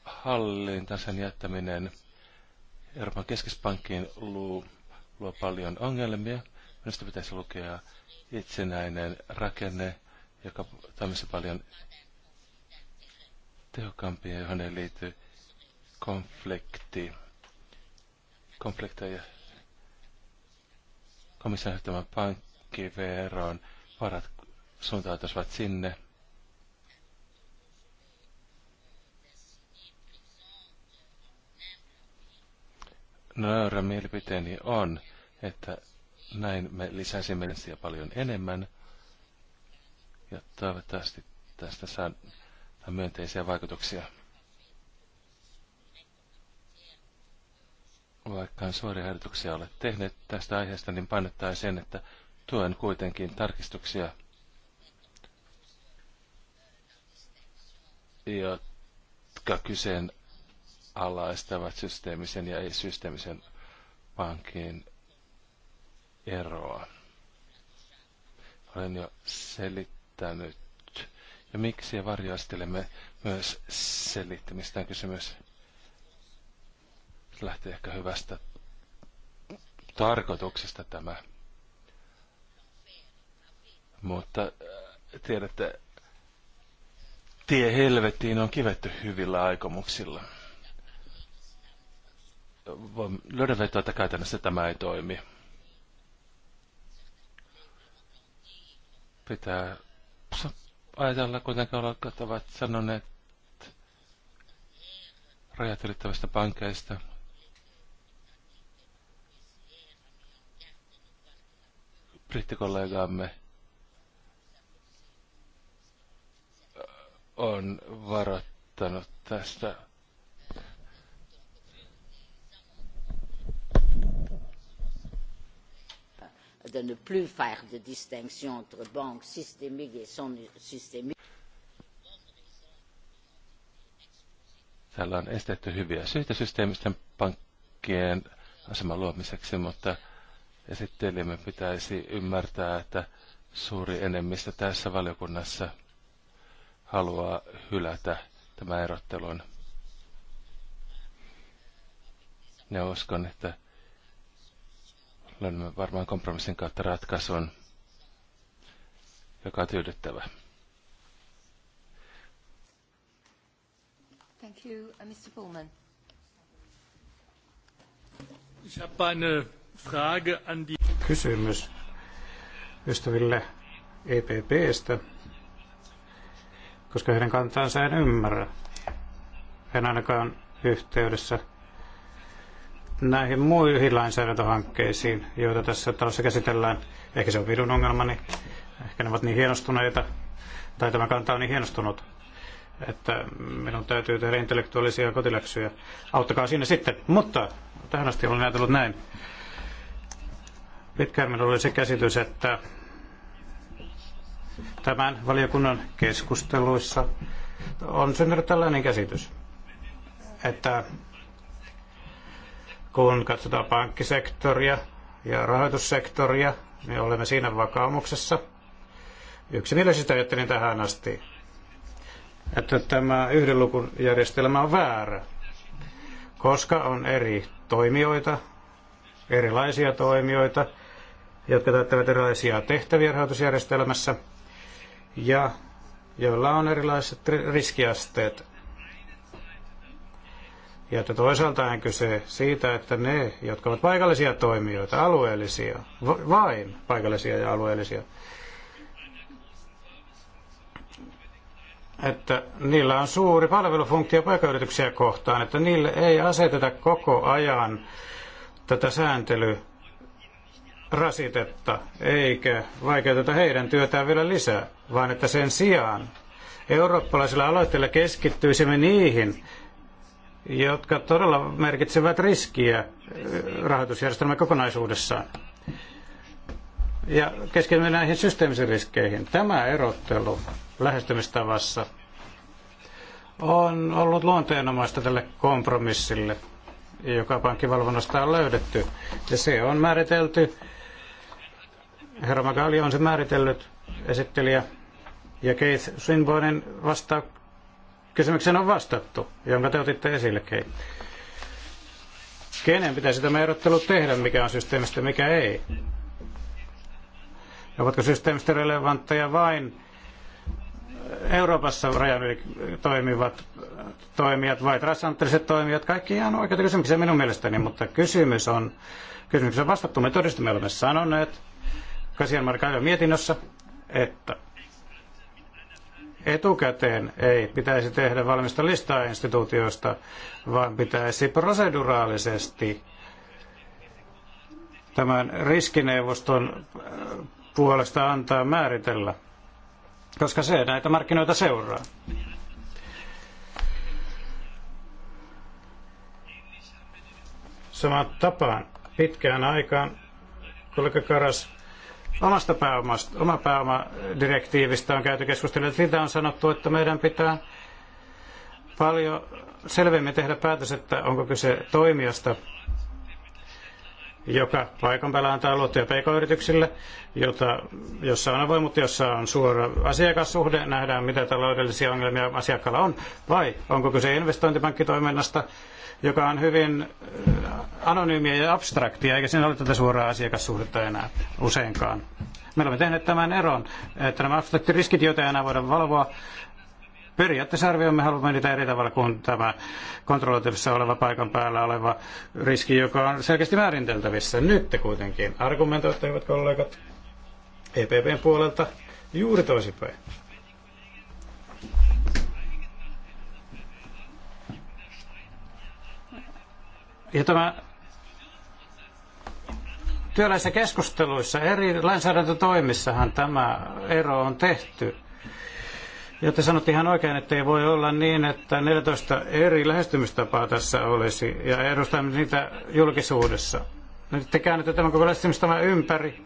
hallinta, sen jättäminen Euroopan keskispankkiin luo, luo paljon ongelmia. Minusta pitäisi lukea itsenäinen rakenne, joka toimisi paljon tehokkaampi ja johon ei liity konflikti. Konflikteja komission pankkiveroon varat suuntautuisivat sinne – nöyrä mielipiteeni on, että näin me lisäsimme ensiä paljon enemmän. Ja toivottavasti tästä saa myönteisiä vaikutuksia. vaikka suoria harjoituksia ole tehnyt tästä aiheesta, niin painottaa sen, että tuen kuitenkin tarkistuksia, jotka kyseen estävät systeemisen ja ei-systeemisen pankin eroa. Olen jo selittänyt. Ja miksi ja varjoistelemme myös selittämistä kysymys lähtee ehkä hyvästä tarkoituksesta tämä. Mutta äh, tiedätte, tie helvettiin on kivetty hyvillä aikomuksilla voin löydä vetoa, että käytännössä tämä ei toimi. Pitää ajatella kuitenkin olla, ovat sanoneet rajat ylittävistä pankeista. Brittikollegaamme on varoittanut tästä de ne plus faire de distinction entre banques systémiques et non systémiques. on estetty hyviä syitä systeemisten pankkien aseman luomiseksi, mutta esittelimme pitäisi ymmärtää, että suuri enemmistö tässä valiokunnassa haluaa hylätä tämän erottelun. Ja uskon, että löydämme varmaan kompromissin kautta ratkaisun, joka on tyydyttävä. Thank you, uh, Mr. Pullman. Ich habe eine Frage an die Kysymys ystäville EPPstä, koska heidän kantaansa en ymmärrä. En ainakaan yhteydessä näihin muihin lainsäädäntöhankkeisiin, joita tässä talossa käsitellään. Ehkä se on vidun ongelmani, ehkä ne ovat niin hienostuneita, tai tämä kanta on niin hienostunut, että minun täytyy tehdä intellektuaalisia kotiläksyjä. Auttakaa siinä sitten. Mutta tähän asti olen ajatellut näin. Pitkään minulla oli se käsitys, että tämän valiokunnan keskusteluissa on syntynyt tällainen käsitys, että kun katsotaan pankkisektoria ja rahoitussektoria, niin olemme siinä vakaumuksessa yksimielisesti ajattelin tähän asti, että tämä yhden lukun järjestelmä on väärä, koska on eri toimijoita, erilaisia toimijoita, jotka täyttävät erilaisia tehtäviä rahoitusjärjestelmässä ja joilla on erilaiset riskiasteet. Ja että toisaalta on kyse siitä, että ne, jotka ovat paikallisia toimijoita, alueellisia, vain paikallisia ja alueellisia, että niillä on suuri palvelufunktio paikayrityksiä kohtaan, että niille ei aseteta koko ajan tätä sääntelyrasitetta, eikä vaikeuteta heidän työtään vielä lisää, vaan että sen sijaan eurooppalaisilla aloitteilla keskittyisimme niihin jotka todella merkitsevät riskiä rahoitusjärjestelmän kokonaisuudessaan. Ja keskitymme näihin systeemisiin riskeihin. Tämä erottelu lähestymistavassa on ollut luonteenomaista tälle kompromissille, joka pankkivalvonnasta on löydetty. Ja se on määritelty, herra Magali on se määritellyt, esittelijä, ja Keith Swinburnen vastaa kysymykseen on vastattu, jonka te otitte esille, Kei. Kenen pitäisi tämä erottelu tehdä, mikä on systeemistä, mikä ei? Ovatko systeemistä relevantteja vain Euroopassa rajan yli toimivat toimijat vai transatlanttiset toimijat? Kaikki ihan oikeita kysymyksiä minun mielestäni, mutta kysymys on, kysymys on vastattu metodista. Me olemme sanoneet Kasian Markailon mietinnössä, että etukäteen ei pitäisi tehdä valmista listaa instituutioista, vaan pitäisi proseduraalisesti tämän riskineuvoston äh, puolesta antaa määritellä, koska se näitä markkinoita seuraa. Samaan tapaan pitkään aikaan kollega Karas Omasta pääomasta, oma pääomadirektiivistä on käyty keskustelua. Siitä on sanottu, että meidän pitää paljon selvemmin tehdä päätös, että onko kyse toimijasta, joka paikan päällä antaa luottoja pk-yrityksille, jota, jossa on avoimuutta, jossa on suora asiakassuhde, nähdään mitä taloudellisia ongelmia asiakkaalla on, vai onko kyse investointipankkitoiminnasta, joka on hyvin äh, anonyymiä ja abstraktia, eikä siinä ole tätä suoraa asiakassuhdetta enää useinkaan. Me olemme tehneet tämän eron, että nämä abstraktit riskit, joita ei enää voida valvoa, periaatteessa arvioimme haluamme niitä eri tavalla kuin tämä kontrolloitavissa oleva paikan päällä oleva riski, joka on selkeästi määriteltävissä. Nyt te kuitenkin argumentoitte, hyvät kollegat, EPPn puolelta juuri toisinpäin. Ja tämä työläisissä keskusteluissa, eri lainsäädäntötoimissahan tämä ero on tehty. Ja te sanotte ihan oikein, että ei voi olla niin, että 14 eri lähestymistapaa tässä olisi ja edustamme niitä julkisuudessa. Nyt te käännätte tämän koko lähestymistavan ympäri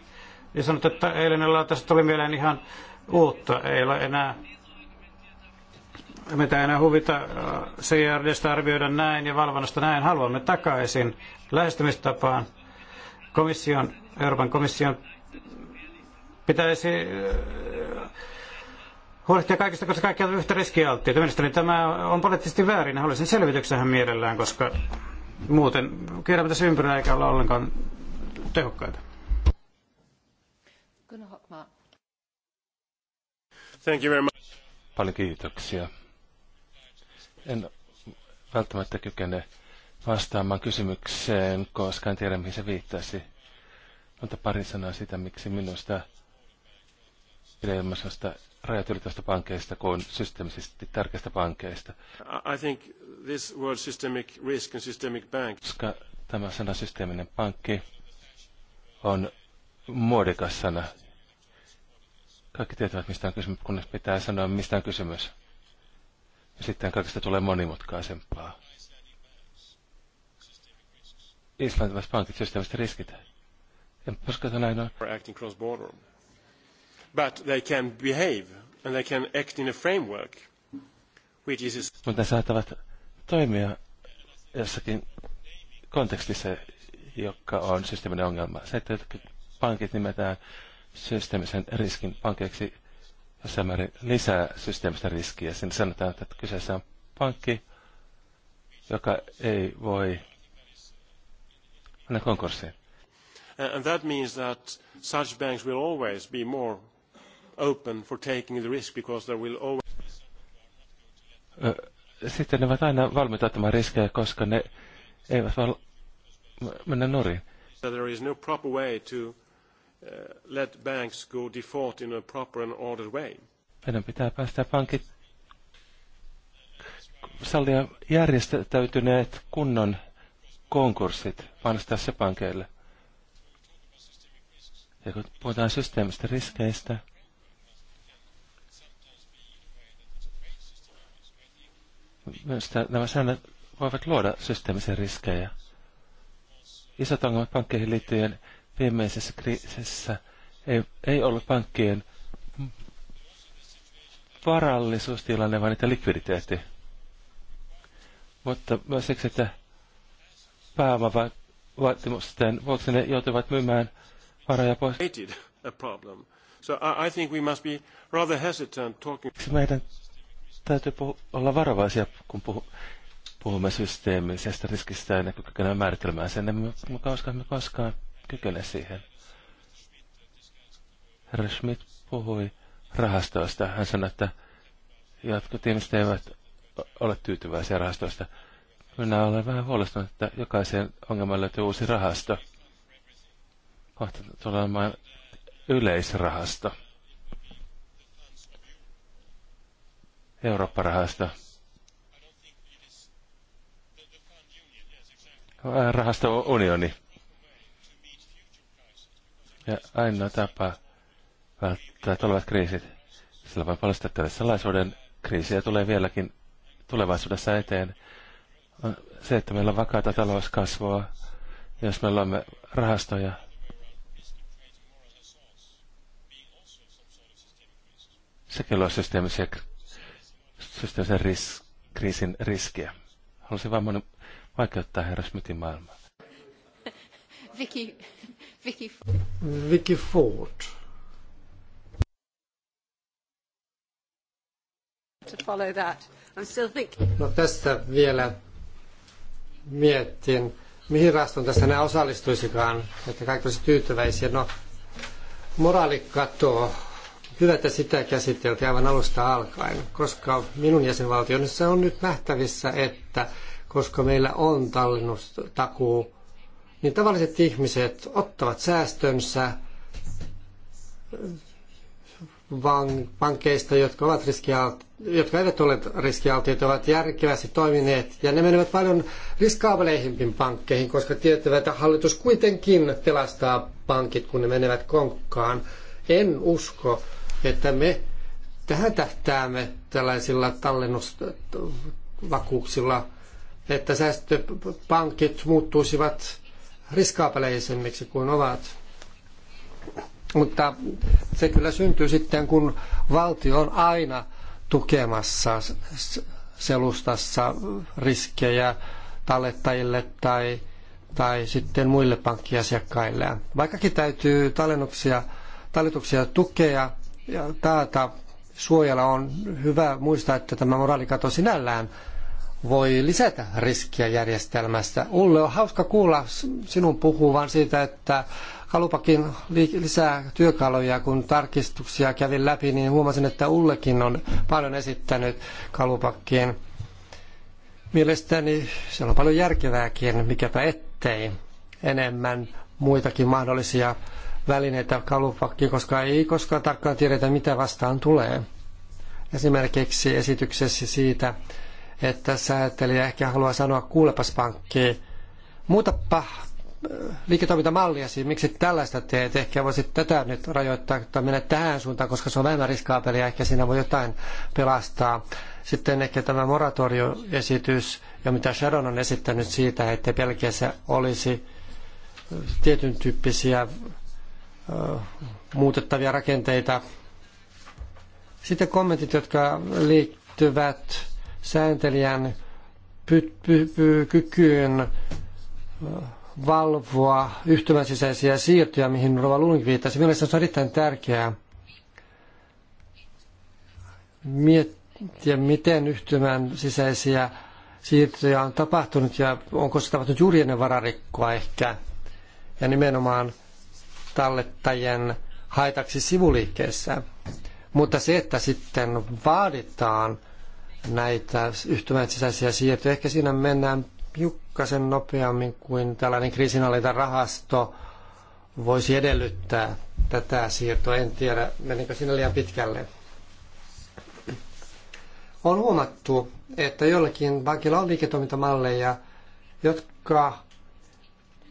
ja sanotte, että eilen tässä tuli mieleen ihan uutta. Ei ole enää mitä enää huvita äh, CRDstä arvioida näin ja valvonnasta näin. Haluamme takaisin lähestymistapaan. Komission, Euroopan komission pitäisi äh, huolehtia kaikista, koska kaikki on yhtä riskialttiita. Mielestäni tämä on poliittisesti väärin. ja Haluaisin selvityksen hän mielellään, koska muuten kierrämme tässä ympyrää eikä olla ollenkaan tehokkaita. Thank you very much. Paljon kiitoksia en välttämättä kykene vastaamaan kysymykseen, koska en tiedä, mihin se viittasi. Mutta pari sanaa sitä, miksi minusta pidemmästä rajat ylittävistä pankeista kuin systeemisesti tärkeistä pankeista. I think this word systemic risk and systemic bank. Koska tämä sana systeeminen pankki on muodikas sana. Kaikki tietävät, mistä on kysymys, kunnes pitää sanoa, mistä on kysymys. Ja sitten kaikesta tulee monimutkaisempaa. Islantilaiset pankit systeemistä riskit. En koska näin on. cross border. But they can behave and they can act in a framework, which is... Mutta ne saattavat toimia jossakin kontekstissa, joka on systeeminen ongelma. Se, että pankit nimetään systeemisen riskin pankeiksi jossain määrin lisää systeemistä riskiä. Siinä sanotaan, että kyseessä on pankki, joka ei voi mennä konkurssiin. And that means that such banks will always be more open for taking the risk because there will always sitten ne ovat aina valmiita ottamaan riskejä, koska ne eivät vaan mennä nurin. There is no proper way to Uh, let banks go default in a proper and ordered way. Meidän pitää päästä pankit sallia järjestäytyneet kunnon konkurssit, panostaa se pankeille. Ja kun puhutaan systeemistä riskeistä, myös nämä säännöt voivat luoda systeemisiä riskejä. Isot ongelmat pankkeihin liittyen viimeisessä kriisissä ei, ei ollut pankkien varallisuustilanne, vaan niitä likviditeetti. Mutta myös siksi, että pääomavaatimusten vuoksi ne joutuivat myymään varoja pois. So I, think we must be rather hesitant talking. Meidän täytyy puhu, olla varovaisia, kun puhu, puhumme systeemisestä riskistä ja kykenemme määrittelemään sen, emme koskaan, me koskaan kykene siihen. Herra Schmidt puhui rahastoista. Hän sanoi, että jotkut ihmiset eivät ole tyytyväisiä rahastoista. Minä olen vähän huolestunut, että jokaiseen ongelmaan löytyy uusi rahasto. Kohta tulee olemaan yleisrahasto. Eurooppa-rahasto. Rahasto unioni. Ja ainoa tapa välttää tulevat kriisit, sillä voi paljastettava salaisuuden kriisiä tulee vieläkin tulevaisuudessa eteen, on se, että meillä on vakaata talouskasvua, jos meillä on rahastoja. Sekin luo systeemisiä systeemisen ris, kriisin riskiä. Haluaisin vain vaikeuttaa herra Smithin maailmaa. Vicky, Vicky Ford. Vicky Ford. To follow that. I'm still thinking. No tästä vielä miettin, mihin rastoon tässä nämä osallistuisikaan, että kaikki olisi tyytyväisiä. No, moraalikatoa. Hyvä, että sitä käsiteltiin aivan alusta alkaen, koska minun jäsenvaltionissa on nyt nähtävissä, että koska meillä on tallennustakuu, niin tavalliset ihmiset ottavat säästönsä pankeista, jotka, ovat jotka eivät ole riskialtiita, ovat järkevästi toimineet. Ja ne menevät paljon riskaavaleihimpiin pankkeihin, koska tietävät, että hallitus kuitenkin pelastaa pankit, kun ne menevät konkkaan. En usko, että me tähän tähtäämme tällaisilla tallennusvakuuksilla, että säästöpankit muuttuisivat riskaapeleisemmiksi kuin ovat. Mutta se kyllä syntyy sitten, kun valtio on aina tukemassa selustassa riskejä tallettajille tai, tai sitten muille pankkiasiakkaille. Vaikkakin täytyy tallennuksia, talletuksia tukea ja taata suojella on hyvä muistaa, että tämä moraalikato sinällään voi lisätä riskiä järjestelmästä. Ulle, on hauska kuulla sinun puhuvan siitä, että Kalupakin lisää työkaluja, kun tarkistuksia kävin läpi, niin huomasin, että Ullekin on paljon esittänyt Kalupakkiin. Mielestäni siellä on paljon järkevääkin, mikäpä ettei enemmän muitakin mahdollisia välineitä kalupakkiin, koska ei koskaan tarkkaan tiedetä, mitä vastaan tulee. Esimerkiksi esityksessä siitä, että säätelijä ehkä haluaa sanoa kuulepas pankkiin, muutapa liiketoimintamalliasi, miksi tällaista teet? Ehkä voisit tätä nyt rajoittaa tai mennä tähän suuntaan, koska se on vähemmän riskaapeliä, ehkä siinä voi jotain pelastaa. Sitten ehkä tämä moratorioesitys ja mitä Sharon on esittänyt siitä, että Belgiassa olisi tietyn tyyppisiä muutettavia rakenteita. Sitten kommentit, jotka liittyvät sääntelijän py- py- py- kykyyn valvoa yhtymän sisäisiä siirtoja, mihin Rova Lulink viittasi. Mielestäni se on erittäin tärkeää miettiä, miten yhtymän sisäisiä siirtoja on tapahtunut ja onko se tapahtunut juuri ennen vararikkoa ehkä ja nimenomaan tallettajien haitaksi sivuliikkeessä. Mutta se, että sitten vaaditaan – näitä yhtymän sisäisiä siirtoja. Ehkä siinä mennään hiukkasen nopeammin kuin tällainen kriisinhallintarahasto voisi edellyttää tätä siirtoa. En tiedä, menikö siinä liian pitkälle. On huomattu, että jollakin pankilla on liiketoimintamalleja, jotka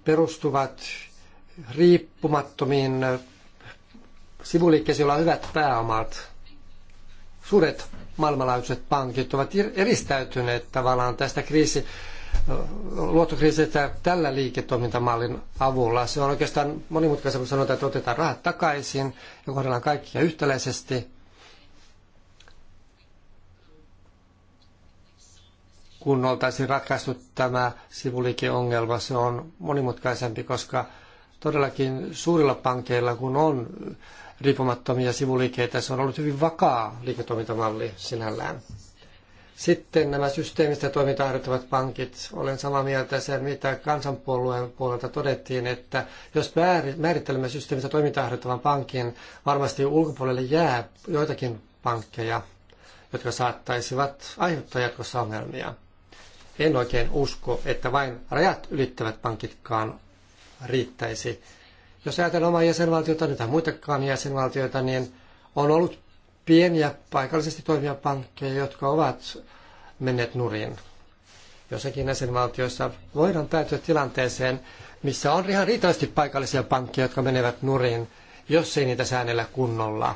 perustuvat riippumattomiin sivuliikkeisiin, joilla on hyvät pääomat. Suuret maailmanlaajuiset pankit ovat eristäytyneet tavallaan tästä kriisi, luottokriisistä tällä liiketoimintamallin avulla. Se on oikeastaan monimutkaisemmin sanotaan, että otetaan rahat takaisin ja kohdellaan kaikkia yhtäläisesti. Kun oltaisiin ratkaistu tämä sivuliikeongelma, se on monimutkaisempi, koska todellakin suurilla pankeilla, kun on riippumattomia sivuliikkeitä, se on ollut hyvin vakaa liiketoimintamalli sinällään. Sitten nämä systeemistä toimintaa harjoittavat pankit. Olen samaa mieltä sen, mitä kansanpuolueen puolelta todettiin, että jos määrittelemme systeemistä toimintaa harjoittavan pankin, varmasti ulkopuolelle jää joitakin pankkeja, jotka saattaisivat aiheuttaa jatkossa ongelmia. En oikein usko, että vain rajat ylittävät pankitkaan riittäisi. Jos ajatellaan omaa jäsenvaltiota tai muitakaan jäsenvaltioita, niin on ollut pieniä paikallisesti toimia pankkeja, jotka ovat menneet nurin. Jossakin jäsenvaltioissa voidaan päätyä tilanteeseen, missä on ihan riittävästi paikallisia pankkeja, jotka menevät nurin, jos ei niitä säännellä kunnolla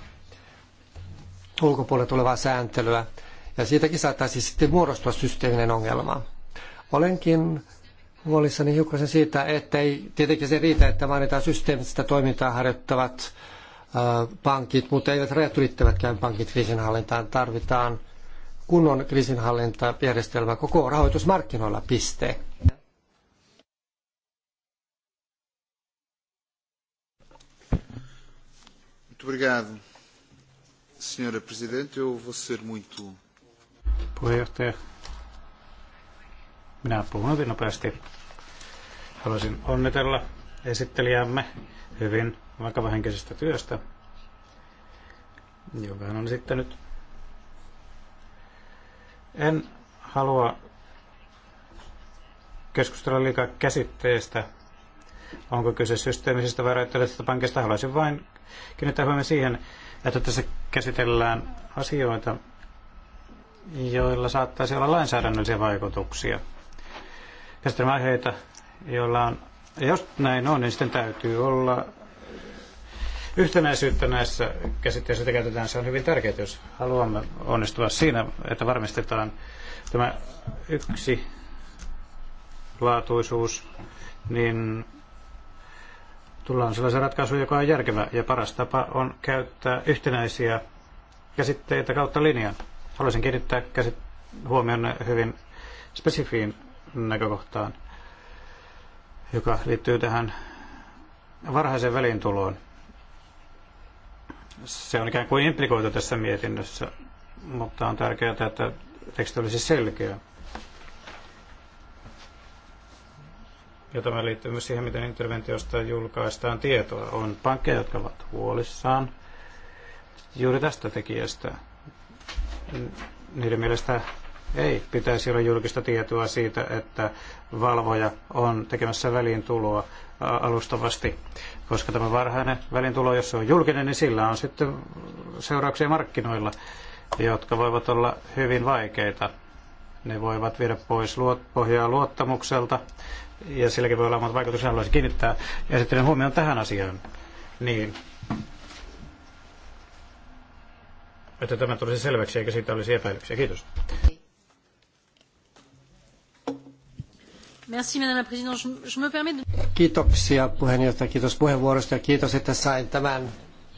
ulkopuolelle tulevaa sääntelyä. Ja siitäkin saattaisi siis sitten muodostua systeeminen ongelma. Olenkin huolissani hiukkasen siitä, että ei tietenkin se riitä, että mainitaan systeemistä toimintaa harjoittavat pankit, mutta eivät rajat ylittävätkään pankit kriisinhallintaan. Tarvitaan kunnon kriisinhallintajärjestelmä koko rahoitusmarkkinoilla, piste. Muito obrigado, Senhora Presidente. Eu vou ser muito... Puheenjohtaja, minä puhun hyvin nopeasti. Haluaisin onnitella esittelijämme hyvin vakavahenkisestä työstä, jonka hän on esittänyt. En halua keskustella liikaa käsitteestä, onko kyse systeemisestä vai rajoittelevisesta pankista. Haluaisin vain kiinnittää huomioon siihen, että tässä käsitellään asioita, joilla saattaisi olla lainsäädännöllisiä vaikutuksia – käsittelemään aiheita, joilla on, jos näin on, niin sitten täytyy olla yhtenäisyyttä näissä käsitteissä, joita käytetään. Se on hyvin tärkeää, jos haluamme onnistua siinä, että varmistetaan tämä yksi laatuisuus, niin tullaan sellaisen ratkaisuun, joka on järkevä ja paras tapa on käyttää yhtenäisiä käsitteitä kautta linjan. Haluaisin kiinnittää käsit- huomioon hyvin spesifiin näkökohtaan, joka liittyy tähän varhaisen välintuloon. Se on ikään kuin implikoitu tässä mietinnössä, mutta on tärkeää, että teksti olisi selkeä. Ja tämä liittyy myös siihen, miten interventiosta julkaistaan tietoa. On pankkeja, jotka ovat huolissaan juuri tästä tekijästä. Niiden mielestä ei pitäisi olla julkista tietoa siitä, että valvoja on tekemässä väliintuloa alustavasti, koska tämä varhainen väliintulo, jos se on julkinen, niin sillä on sitten seurauksia markkinoilla, jotka voivat olla hyvin vaikeita. Ne voivat viedä pois luot, pohjaa luottamukselta, ja silläkin voi olla omat vaikutukset, haluaisin kiinnittää esittelen huomioon tähän asiaan. Niin, että tämä tulisi selväksi eikä siitä olisi epäilyksiä. Kiitos. Merci, Madame la Présidente. Je, me permets de... Kiitoksia puheenjohtaja, kiitos puheenvuorosta ja kiitos, että sain tämän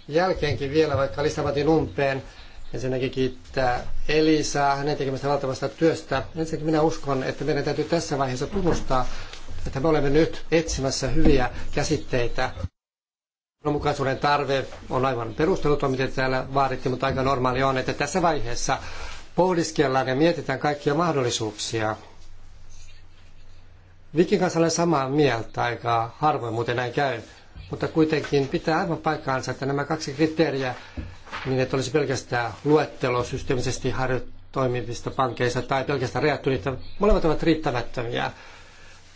jälkeenkin vielä, vaikka Lissabonin umpeen. Ensinnäkin kiittää Elisaa hänen tekemästä valtavasta työstä. Ensinnäkin minä uskon, että meidän täytyy tässä vaiheessa tunnustaa, että me olemme nyt etsimässä hyviä käsitteitä. Mukaisuuden tarve on aivan perusteluton, miten täällä vaadittiin, mutta aika normaali on, että tässä vaiheessa pohdiskellaan ja mietitään kaikkia mahdollisuuksia Vikin kanssa olen samaa mieltä, aika harvoin muuten näin käy. Mutta kuitenkin pitää aivan paikkaansa, että nämä kaksi kriteeriä, niin että olisi pelkästään luettelo systeemisesti toimivista pankeista tai pelkästään reaktio, niin molemmat ovat riittämättömiä.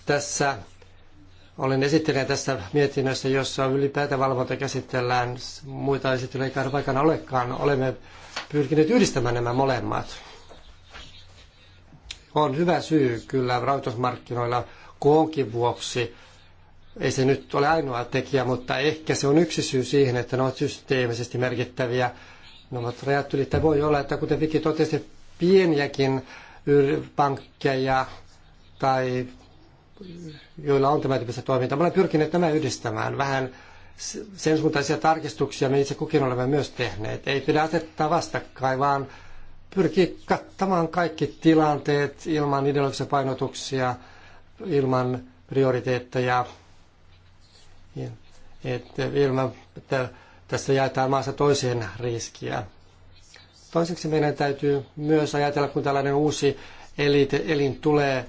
Tässä olen esittelijä tässä mietinnössä, jossa ylipäätään valvonta käsitellään. Muita esittelyjä ei vaikana olekaan. Olemme pyrkineet yhdistämään nämä molemmat. On hyvä syy kyllä rahoitusmarkkinoilla koonkin vuoksi. Ei se nyt ole ainoa tekijä, mutta ehkä se on yksi syy siihen, että ne ovat systeemisesti merkittäviä. Ne no, ovat rajat ylittäviä. Voi olla, että kuten Viki totesi, pieniäkin pankkeja tai joilla on tämä tyyppistä toimintaa. Me olemme pyrkineet nämä yhdistämään vähän sen suuntaisia tarkistuksia me itse kukin olemme myös tehneet. Ei pidä asettaa vastakkain, vaan pyrkii kattamaan kaikki tilanteet ilman ideologisia painotuksia – ilman prioriteetteja, että ilman, että tässä jaetaan maassa toiseen riskiä. Toiseksi meidän täytyy myös ajatella, kun tällainen uusi elite, elin tulee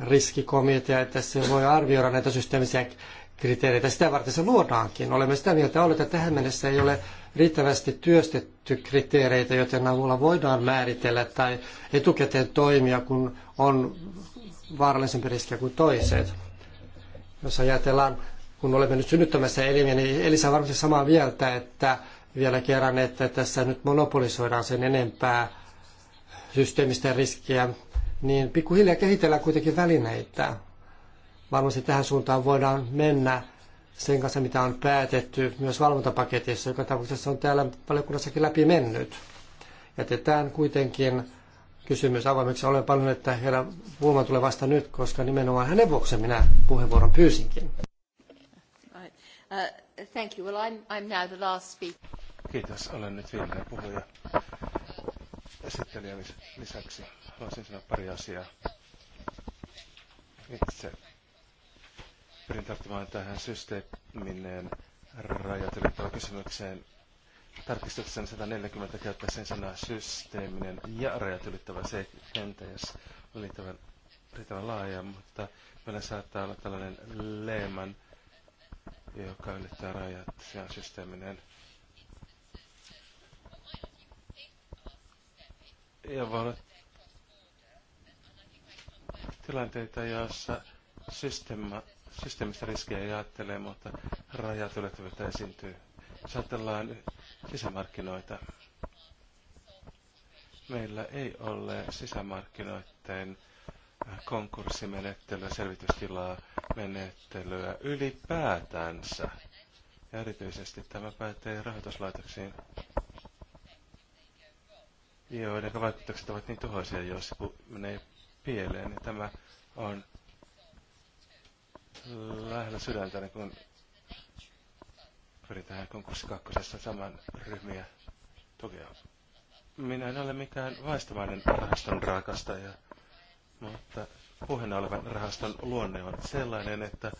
riskikomitea, että se voi arvioida näitä systeemisiä kriteereitä. Sitä varten se luodaankin. Olemme sitä mieltä ollut, että tähän mennessä ei ole riittävästi työstetty kriteereitä, joten avulla voidaan määritellä tai etukäteen toimia, kun on vaarallisempi riski kuin toiset. Jos ajatellaan, kun olemme nyt synnyttämässä elimiä, niin Elisa on varmasti samaa mieltä, että vielä kerran, että tässä nyt monopolisoidaan sen enempää systeemisten riskiä, niin pikkuhiljaa kehitellään kuitenkin välineitä. Varmasti tähän suuntaan voidaan mennä sen kanssa, mitä on päätetty myös valvontapaketissa, joka tapauksessa on täällä valiokunnassakin läpi mennyt. Jätetään kuitenkin kysymys avoimeksi. Olen paljon, että herra Vuoma tulee vasta nyt, koska nimenomaan hänen vuoksen minä puheenvuoron pyysinkin. Uh, thank you. Well, I'm, I'm now the last speaker. Kiitos, olen nyt viimeinen puhuja. Esittelijän lisäksi haluaisin sanoa pari asiaa. Itse pyrin tarttumaan tähän systeeminen rajat kysymykseen tarkistuksen 140 käyttäisiin sanaa systeeminen ja rajat ylittävä se kentä, jos liittävän riittävän laaja, mutta meillä saattaa olla tällainen leeman, joka ylittää rajat ja systeeminen. Ja voi olla tilanteita, joissa systeemistä riskejä ajattelee, mutta rajat ylittävyyttä esiintyy. Jos ajatellaan sisämarkkinoita, meillä ei ole sisämarkkinoiden konkurssimenettelyä, selvitystilaa, menettelyä ylipäätänsä. Ja erityisesti tämä pätee rahoituslaitoksiin, joiden vaikutukset ovat niin tuhoisia, jos menee pieleen. Niin tämä on lähellä sydäntäni, kun pyritään konkurssi kakkosessa saman ryhmiä tukea. Minä en ole mikään vaistomainen rahaston rakastaja, mutta puheena olevan rahaston luonne on sellainen, että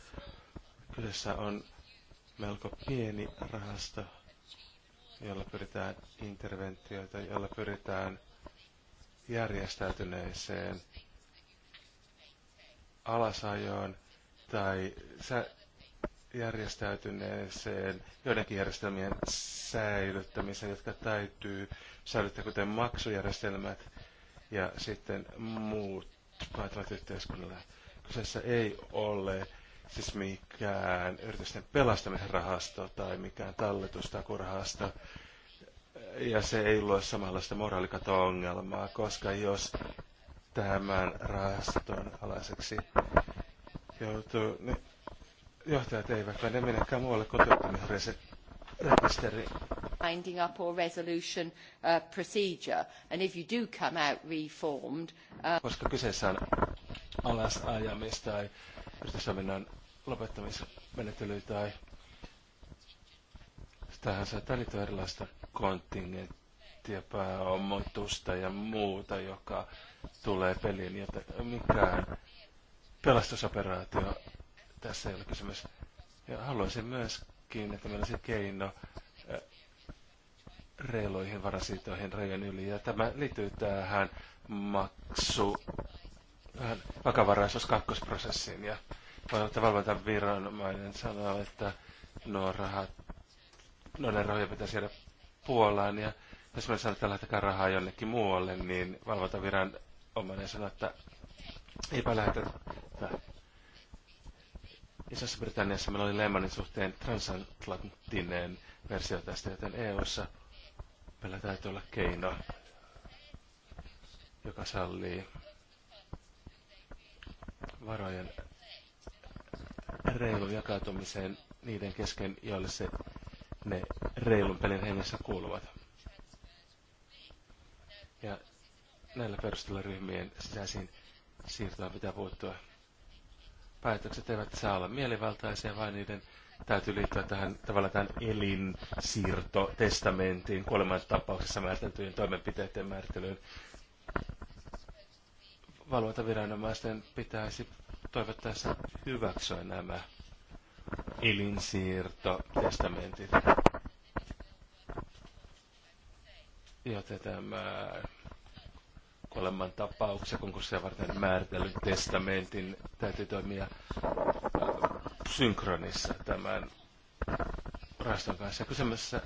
kyseessä on melko pieni rahasto, jolla pyritään interventioita, jolla pyritään järjestäytyneeseen alasajoon tai sä, järjestäytyneeseen joidenkin järjestelmien säilyttämiseen, jotka täytyy säilyttää, kuten maksujärjestelmät ja sitten muut vaativat yhteiskunnalle. Kyseessä ei ole siis mikään yritysten pelastamisen rahasto tai mikään kurhaasta Ja se ei luo samanlaista moraalikato-ongelmaa, koska jos tämän rahaston alaiseksi joutuu, niin johtajat eivät mene menekään muualle kotouttamisrekisteriin. Binding up or resolution uh, procedure, and if you do come out reformed... Uh... Koska kyseessä on alas ajamis tai yhteistoiminnan lopettamismenettely tai tähän saattaa liittyä erilaista kontingenttia, pääomoitusta ja muuta, joka tulee peliin, ja mikään pelastusoperaatio tässä ei ole kysymys. Ja haluaisin myös kiinnittää meillä olisi keino äh, reiloihin varasiitoihin rajan yli. Ja tämä liittyy tähän maksu, vakavaraisuus kakkosprosessiin. Ja voi että valvonta viranomainen sanoo, että nuo rahat, noiden rahoja pitäisi jäädä Puolaan. Ja jos me sanotaan, että lähtekää rahaa jonnekin muualle, niin valvontaviranomainen sanoo, että eipä lähetä Isossa Britanniassa meillä oli Lehmannin suhteen transatlanttinen versio tästä, joten EU:ssa meillä täytyy olla keino, joka sallii varojen reilun jakautumiseen niiden kesken, joille se ne reilun pelin hengessä kuuluvat. Ja näillä perusteella ryhmien sisäisiin siirtoa pitää puuttua päätökset eivät saa olla mielivaltaisia, vaan niiden täytyy liittyä tähän tavallaan tämän elinsiirtotestamentiin, kuolemantapauksessa määriteltyjen toimenpiteiden määrittelyyn. Valvontaviranomaisten pitäisi toivottavasti hyväksyä nämä elinsiirtotestamentit. Joten tämä kuoleman tapauksia, konkurssia varten määritellyn testamentin täytyy toimia äh, synkronissa tämän rahaston kanssa. Kysymässä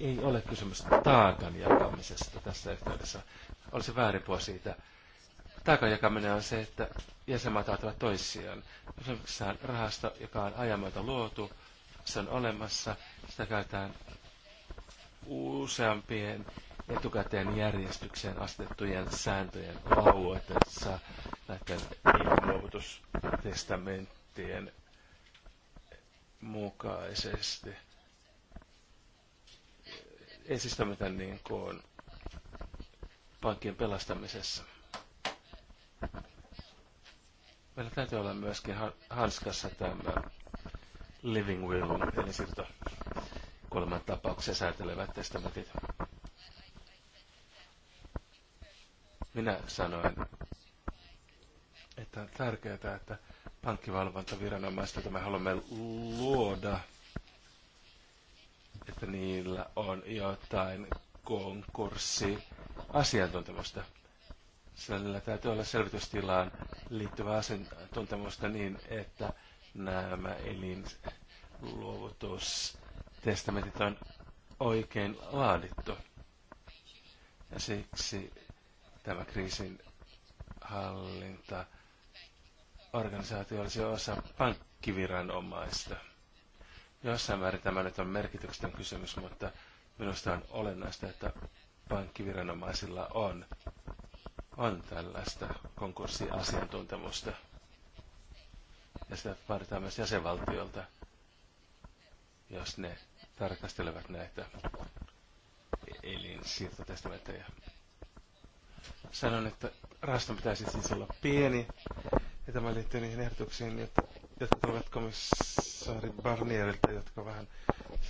ei ole kysymys taakan jakamisesta tässä yhteydessä. Olisi väärin puhua siitä. Taakan jakaminen on se, että jäsenmaat ovat toisiaan. Kysymyksessä on rahasto, joka on ajamalta luotu, se on olemassa, sitä käytetään useampien etukäteen järjestykseen astettujen sääntöjen lauetessa näiden luovutustestamenttien mukaisesti. Ei siis tämmöitä niin kuin pankkien pelastamisessa. Meillä täytyy olla myöskin hanskassa tämä living will, eli siirto kuoleman tapauksia säätelevät testamentit. Minä sanoin, että on tärkeää, että pankkivalvontaviranomaista, että me haluamme luoda, että niillä on jotain asiantuntemusta. Sillä täytyy olla selvitystilaan liittyvä asiantuntemusta niin, että nämä elinluovutustestamentit on oikein laadittu. Ja siksi tämä kriisin hallinta organisaatio olisi osa pankkiviranomaista. Jossain määrin tämä nyt on merkityksen kysymys, mutta minusta on olennaista, että pankkiviranomaisilla on, on tällaista konkurssiasiantuntemusta. Ja sitä vaaditaan myös jäsenvaltiolta, jos ne tarkastelevat näitä elinsiirtotestamentteja sanon, että rahaston pitäisi siis olla pieni. Ja tämä liittyy niihin ehdotuksiin, jotka, jotka tulevat komissaari Barnierilta, jotka vähän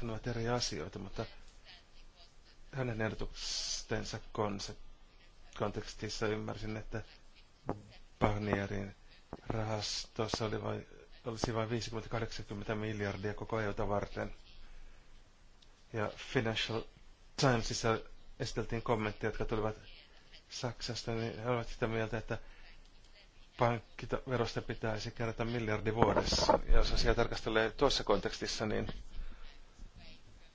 sanovat eri asioita, mutta hänen ehdotuksensa kontekstissa ymmärsin, että Barnierin rahastossa oli vai, olisi vain 50-80 miljardia koko EUta varten. Ja Financial Timesissa esiteltiin kommentteja, jotka tulivat Saksasta, niin he ovat sitä mieltä, että pankkiverosta pitäisi kerätä miljardi vuodessa. Ja jos asiaa tarkastelee tuossa kontekstissa, niin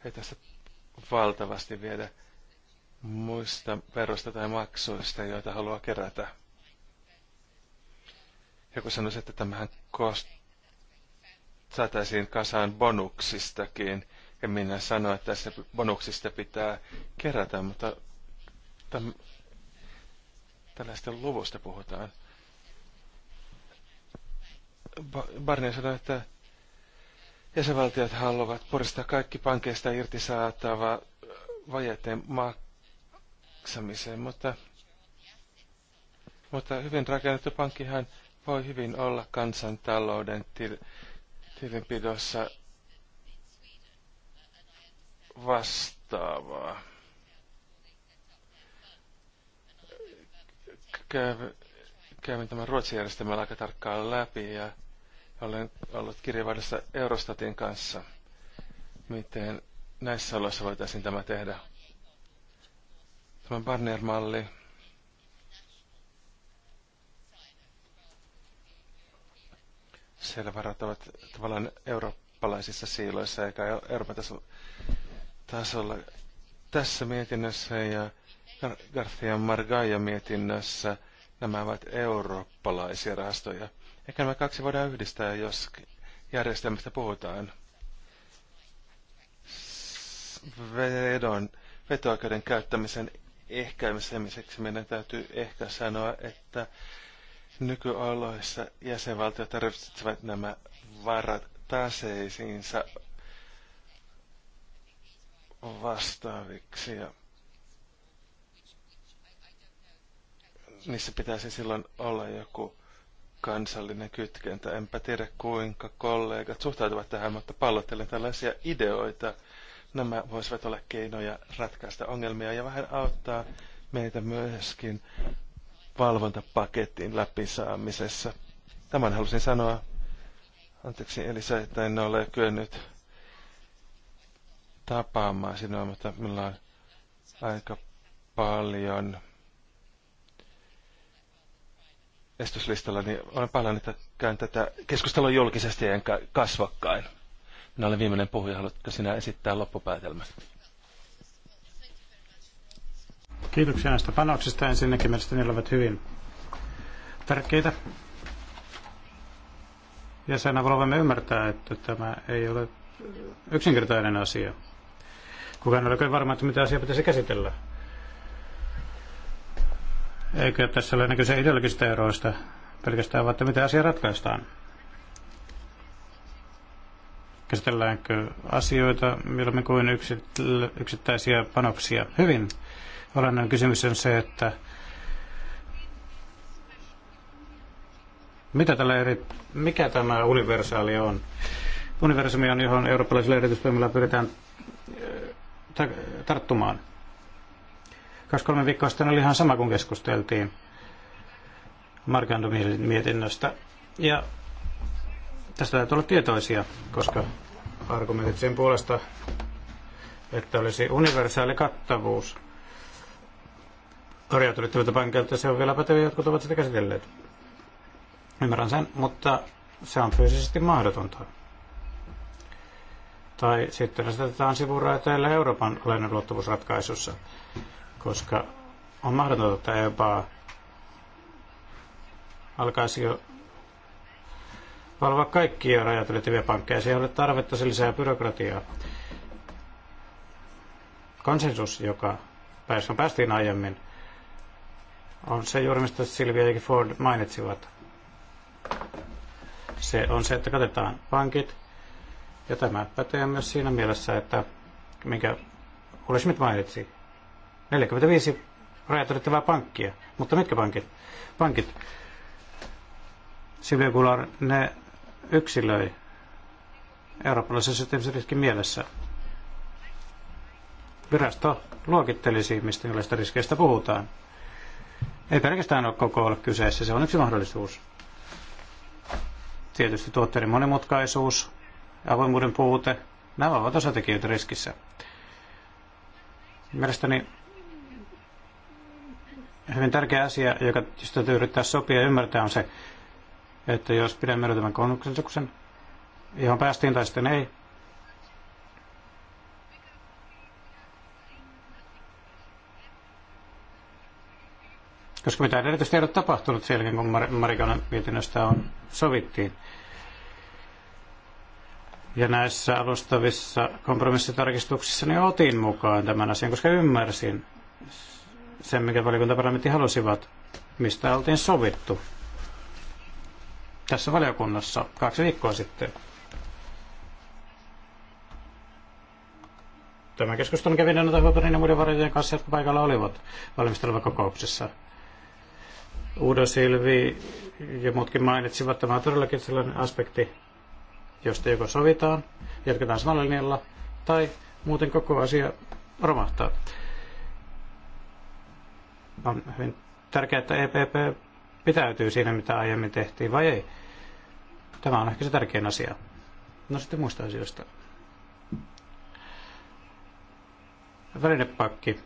ei tästä valtavasti viedä muista verosta tai maksuista, joita haluaa kerätä. Joku sanoisi, että tämähän kost... saataisiin kasaan bonuksistakin. En minä sano, että se bonuksista pitää kerätä, mutta täm... Tällaisten luvusta puhutaan. Barnier sanoi, että jäsenvaltiot haluavat poristaa kaikki pankeista irti saatava vajeiden maksamiseen, mutta, mutta hyvin rakennettu pankkihan voi hyvin olla kansantalouden til, tilinpidossa vastaavaa. kävin tämän Ruotsin järjestelmän aika tarkkaan läpi ja olen ollut kirjavaihdossa Eurostatin kanssa, miten näissä oloissa voitaisiin tämä tehdä. Tämä Barnier-malli siellä varat ovat tavallaan eurooppalaisissa siiloissa eikä Euroopan tasolla tässä mietinnössä ja Garcia Margaia mietinnössä nämä ovat eurooppalaisia rahastoja. Ehkä nämä kaksi voidaan yhdistää, jos järjestelmästä puhutaan. Vedon, veto käyttämisen ehkäisemiseksi meidän täytyy ehkä sanoa, että nykyoloissa jäsenvaltiot tarvitsevat nämä varat taseisiinsa vastaaviksi. Ja niissä pitäisi silloin olla joku kansallinen kytkentä. Enpä tiedä kuinka kollegat suhtautuvat tähän, mutta pallottelen tällaisia ideoita. Nämä voisivat olla keinoja ratkaista ongelmia ja vähän auttaa meitä myöskin valvontapakettiin läpisaamisessa. Tämän halusin sanoa. Anteeksi Elisa, että en ole kyennyt tapaamaan sinua, mutta minulla on aika paljon estyslistalla, niin olen paljon, että käyn tätä keskustelua julkisesti enkä kasvakkain. Minä olen viimeinen puhuja, haluatko sinä esittää loppupäätelmät? Kiitoksia näistä panoksista. Ensinnäkin mielestäni ne olivat hyvin tärkeitä. Ja sen avulla voimme ymmärtää, että tämä ei ole yksinkertainen asia. Kukaan ei ole varma, että mitä asiaa pitäisi käsitellä. Eikö tässä ole kyse ideologisista eroista pelkästään, vaan miten asia ratkaistaan? Käsitelläänkö asioita milloin kuin yksittäisiä panoksia? Hyvin olennainen kysymys on se, että mitä tällä eri, mikä tämä universaali on? Universumi on, johon eurooppalaisilla erityistoimilla pyritään äh, tarttumaan. Kaksi-kolme viikkoa sitten oli ihan sama, kun keskusteltiin Markandomin mietinnöstä. Ja tästä täytyy olla tietoisia, koska argumentit sen puolesta, että olisi universaali kattavuus rajat ylittäviltä pankeilta, se on vielä päteviä, jotkut ovat sitä käsitelleet. Ymmärrän sen, mutta se on fyysisesti mahdotonta. Tai sitten asetetaan sivuraiteille Euroopan lainanluottavuusratkaisussa koska on mahdotonta, että jopa alkaisi jo valvoa kaikkia rajat ylittäviä pankkeja. Se ei ole tarvetta se lisää byrokratiaa. Konsensus, joka päässä päästiin aiemmin, on se juuri, mistä Silvia ja Ford mainitsivat. Se on se, että katetaan pankit, ja tämä pätee myös siinä mielessä, että minkä Ole Schmidt mainitsi, 45 rajat pankkia. Mutta mitkä pankit? Pankit. Sivikular ne yksilöi eurooppalaisen systeemisen riskin mielessä. Virasto luokittelisi, mistä jollaista riskeistä puhutaan. Ei pelkästään ole koko olla kyseessä, se on yksi mahdollisuus. Tietysti tuotteiden monimutkaisuus, avoimuuden puute, nämä ovat osatekijöitä riskissä. Mielestäni hyvin tärkeä asia, joka täytyy yrittää sopia ja ymmärtää, on se, että jos pidämme tämän konsensuksen, johon päästiin tai sitten ei, koska mitään erityisesti ei ole tapahtunut sielläkin, kun Mar- Marikanan mietinnöstä on, sovittiin. Ja näissä alustavissa kompromissitarkistuksissa niin otin mukaan tämän asian, koska ymmärsin sen, mikä valiokuntaparlamentti halusivat, mistä oltiin sovittu tässä valiokunnassa kaksi viikkoa sitten. Tämä keskustelun kävi Danuta niin, Huoparin ja muiden varjojen kanssa, jotka paikalla olivat valmisteluvakokouksessa. Udo Silvi ja muutkin mainitsivat, että tämä on todellakin sellainen aspekti, josta joko sovitaan, jatketaan samalla linjalla, tai muuten koko asia romahtaa on hyvin tärkeää, että EPP pitäytyy siinä, mitä aiemmin tehtiin, vai ei. Tämä on ehkä se tärkein asia. No sitten muista asioista. Välinepakki.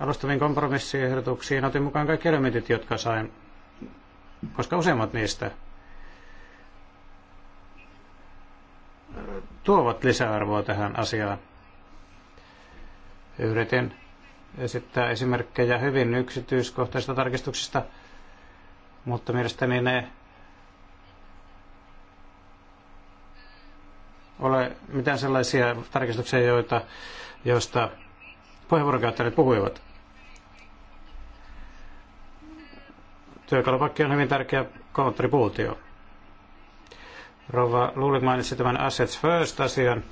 Alustaviin kompromissiehdotuksiin otin mukaan kaikki elementit, jotka sain, koska useimmat niistä tuovat lisäarvoa tähän asiaan. Yritin esittää esimerkkejä hyvin yksityiskohtaisista tarkistuksista, mutta mielestäni ne ole mitään sellaisia tarkistuksia, joita, joista puheenvuorokäyttäjät puhuivat. Työkalupakki on hyvin tärkeä kontribuutio. Rova Luulik mainitsi tämän Assets First-asian.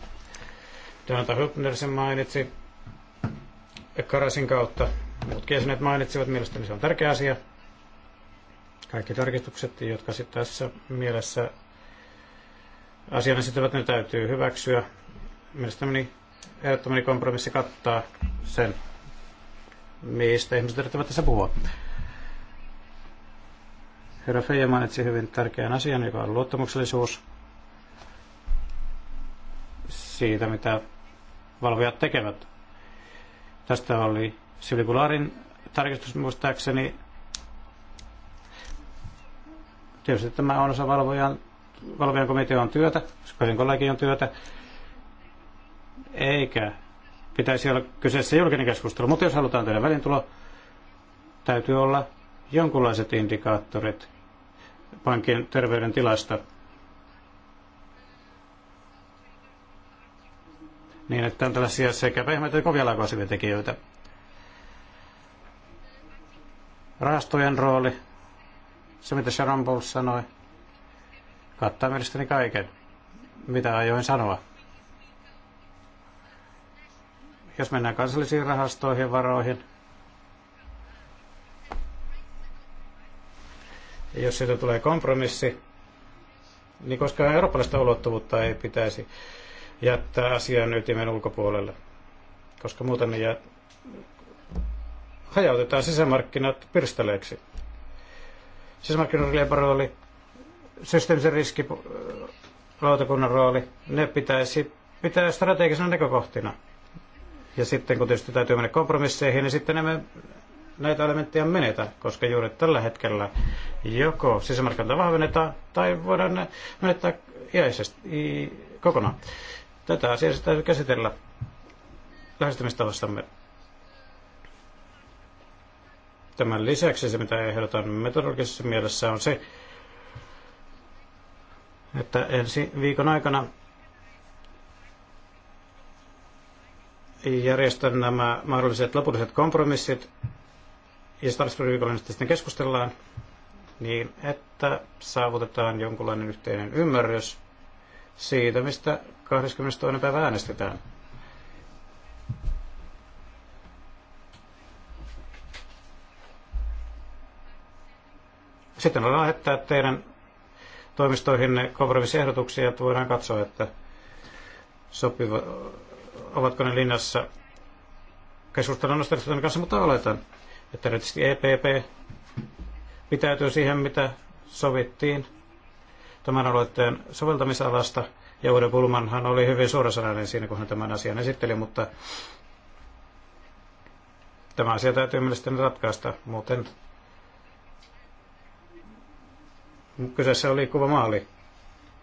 Jonathan Hübner sen mainitsi. Ekkarasin kautta. Muutkin jäsenet mainitsivat, mielestäni se on tärkeä asia. Kaikki tarkistukset, jotka sitten tässä mielessä asian esittävät, ne täytyy hyväksyä. Mielestäni ehdottomani kompromissi kattaa sen, mistä ihmiset yrittävät tässä puhua. Herra Feija mainitsi hyvin tärkeän asian, joka on luottamuksellisuus siitä, mitä valvojat tekevät Tästä oli silikularin tarkistus muistaakseni. Tietysti tämä on osa valvojan, valvojan komitean työtä, Skosin kollegion työtä, eikä pitäisi olla kyseessä julkinen keskustelu. Mutta jos halutaan tehdä välintulo, täytyy olla jonkunlaiset indikaattorit pankin terveydentilasta. tilasta niin että on tällaisia sekä pehmeitä että kovia laukaisevia tekijöitä. Rahastojen rooli, se mitä Sharon Bowles sanoi, kattaa mielestäni kaiken, mitä ajoin sanoa. Jos mennään kansallisiin rahastoihin ja varoihin, ja jos siitä tulee kompromissi, niin koska eurooppalaista ulottuvuutta ei pitäisi jättää asian ytimen ulkopuolelle, koska muuten ne jää... hajautetaan sisämarkkinat pirstaleeksi. Sisämarkkinoiden rooli, systeemisen riski, lautakunnan rooli, ne pitäisi pitää strategisena näkökohtina. Ja sitten kun tietysti täytyy mennä kompromisseihin, niin sitten emme näitä elementtejä menetä, koska juuri tällä hetkellä joko sisämarkkinoita vahvennetaan tai voidaan menettää iäisesti, kokonaan. Tätä asiaa täytyy käsitellä lähestymistavassamme. Tämän lisäksi se, mitä ehdotan metodologisessa mielessä, on se, että ensi viikon aikana järjestän nämä mahdolliset lopulliset kompromissit ja Starsford-viikolla sitten keskustellaan niin, että saavutetaan jonkunlainen yhteinen ymmärrys siitä, mistä 22. päivä äänestetään. Sitten on lähettää teidän toimistoihin kompromissiehdotuksia, että voidaan katsoa, että sopiva, ovatko ne linjassa keskustelun nostelijoiden kanssa, mutta oletan, että erityisesti EPP pitäytyy siihen, mitä sovittiin tämän aloitteen soveltamisalasta – ja Ude Pulmanhan oli hyvin suorasanainen siinä, kun hän tämän asian esitteli, mutta tämä asia täytyy mielestäni ratkaista, muuten kyseessä oli kuva maali,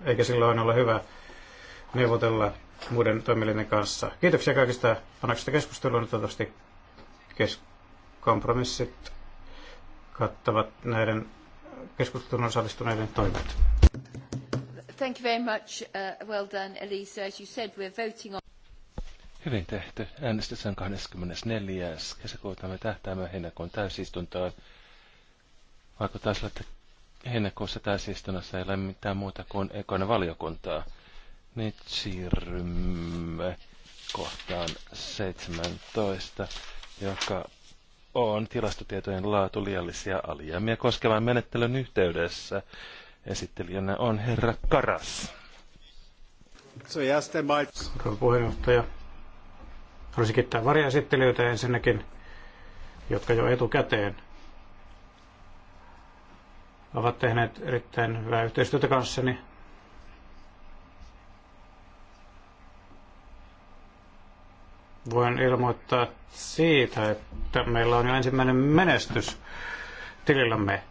eikä silloin ole hyvä neuvotella muiden toimielinten kanssa. Kiitoksia kaikista panoksista keskustelua. Nyt toivottavasti kes- kompromissit kattavat näiden keskustelun osallistuneiden toimet. Thank you very much. Uh, well done, Elisa. As you said, we're voting on... Hyvin tehty. Äänestys on 24. kesäkuuta. Me tähtäämme heinäkuun täysistuntoon. Vaikka taisi olla, että heinäkuussa täysistunnossa ei ole mitään muuta kuin ekoina valiokuntaa. Nyt siirrymme kohtaan 17, joka on tilastotietojen laatu liiallisia alijäämiä koskevan menettelyn yhteydessä. Esittelijänä on herra Karas. se yes, Rouva puheenjohtaja, haluaisin kiittää varjaesittelijöitä ensinnäkin, jotka jo etukäteen ovat tehneet erittäin hyvää yhteistyötä kanssani. Voin ilmoittaa siitä, että meillä on jo ensimmäinen menestys tilillämme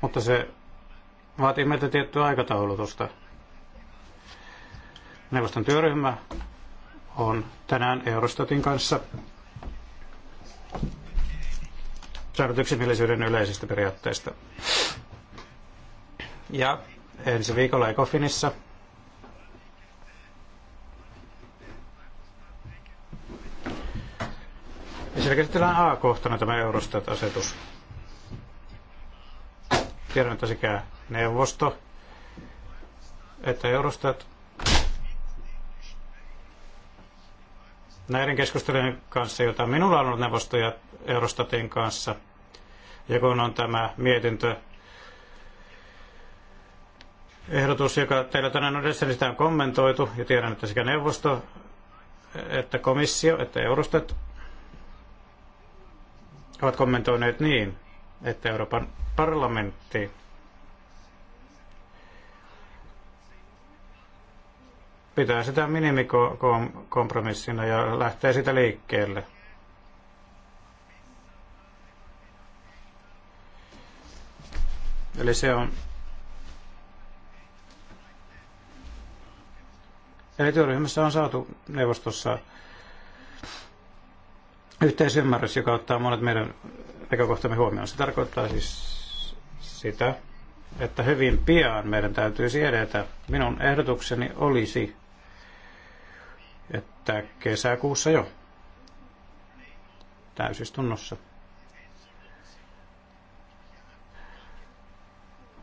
mutta se vaatii meiltä tiettyä aikataulutusta. Neuvoston työryhmä on tänään Eurostatin kanssa saanut yksimielisyyden yleisistä periaatteista. Ja ensi viikolla Ecofinissa Siellä käsitellään A-kohtana tämä Eurostat-asetus. Tiedän, että sekä neuvosto että Eurostat näiden keskustelujen kanssa, joita minulla on ollut neuvostoja Eurostatin kanssa, ja kun on tämä mietintö ehdotus, joka teillä tänään on edessä, niin sitä on kommentoitu, ja tiedän, että sekä neuvosto, että komissio, että Eurostat ovat kommentoineet niin, että Euroopan parlamentti pitää sitä minimikompromissina ja lähtee sitä liikkeelle. Eli se on Eli työryhmässä on saatu neuvostossa yhteisymmärrys, joka ottaa monet meidän näkökohtamme huomioon. Se tarkoittaa siis sitä, että hyvin pian meidän täytyisi edetä. Minun ehdotukseni olisi, että kesäkuussa jo täysistunnossa.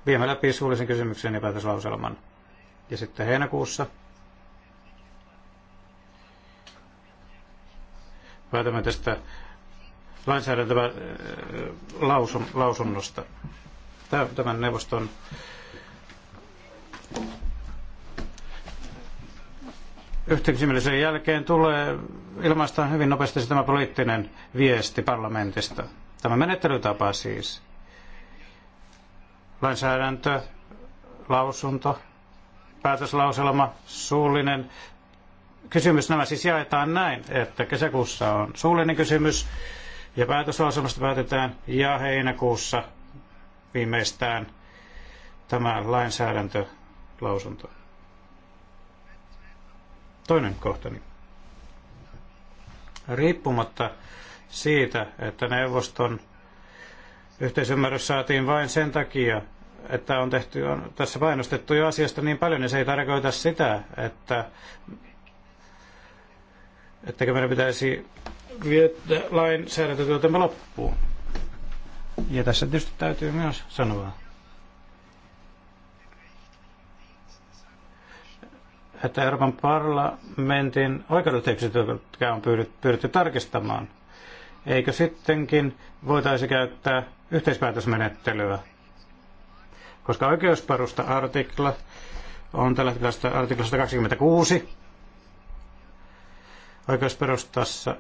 Viemme läpi suullisen kysymyksen ja päätöslauselman. Ja sitten heinäkuussa päätämme tästä lainsäädäntävä äh, lausun, lausunnosta tämän neuvoston yhteisymmärryksen jälkeen tulee ilmaistaan hyvin nopeasti tämä poliittinen viesti parlamentista. Tämä menettelytapa siis. Lainsäädäntö, lausunto, päätöslauselma, suullinen kysymys. Nämä siis jaetaan näin, että kesäkuussa on suullinen kysymys, ja päätöslausunnosta päätetään ja heinäkuussa viimeistään tämä lainsäädäntölausunto. Toinen kohtani. Riippumatta siitä, että neuvoston yhteisymmärrys saatiin vain sen takia, että on tehty, on tässä painostettu jo asiasta niin paljon, niin se ei tarkoita sitä, että, että meidän pitäisi viedä lainsäädäntötyötämme loppuun. Ja tässä tietysti täytyy myös sanoa, että Euroopan parlamentin oikeudelliset jotka on pyritty tarkistamaan, eikö sittenkin voitaisi käyttää yhteispäätösmenettelyä? Koska oikeusperusta artikla on tällä hetkellä artikla 126. Oikeusperustassa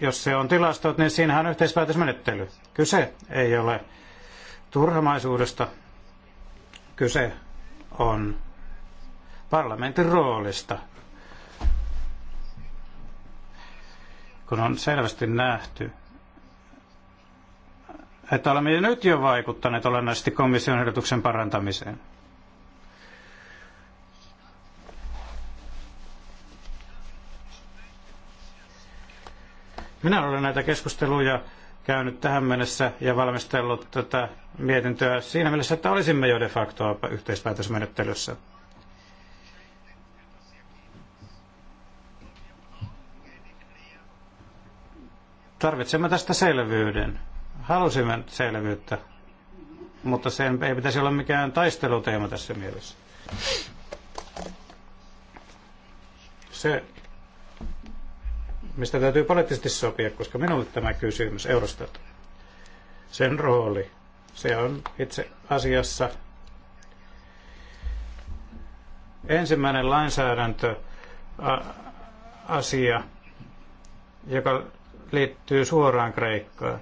jos se on tilastot, niin siinähän on yhteispäätösmenettely. Kyse ei ole turhamaisuudesta, kyse on parlamentin roolista. Kun on selvästi nähty, että olemme nyt jo vaikuttaneet olennaisesti komission ehdotuksen parantamiseen. Minä olen näitä keskusteluja käynyt tähän mennessä ja valmistellut tätä mietintöä siinä mielessä, että olisimme jo de facto yhteispäätösmenettelyssä. Tarvitsemme tästä selvyyden. Halusimme selvyyttä, mutta sen ei pitäisi olla mikään taisteluteema tässä mielessä. Se mistä täytyy poliittisesti sopia, koska minulle tämä kysymys, Eurostat, sen rooli, se on itse asiassa ensimmäinen lainsäädäntöasia, joka liittyy suoraan Kreikkaan.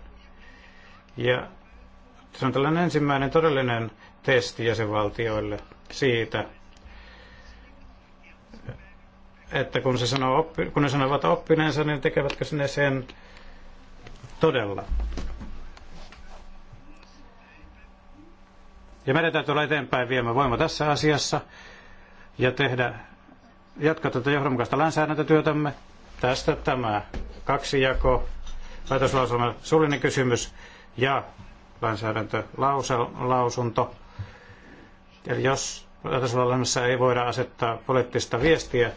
Ja se on tällainen ensimmäinen todellinen testi jäsenvaltioille siitä, että kun, se sanoo oppi, kun ne sanovat oppineensa, niin tekevätkö sinne sen todella? Ja meidän täytyy olla eteenpäin viemä voima tässä asiassa ja tehdä, jatkaa tätä johdonmukaista lainsäädäntötyötämme. Tästä tämä kaksijako, päätöslauselma, suullinen kysymys ja lainsäädäntölausunto. Eli jos päätöslauselmassa ei voida asettaa poliittista viestiä,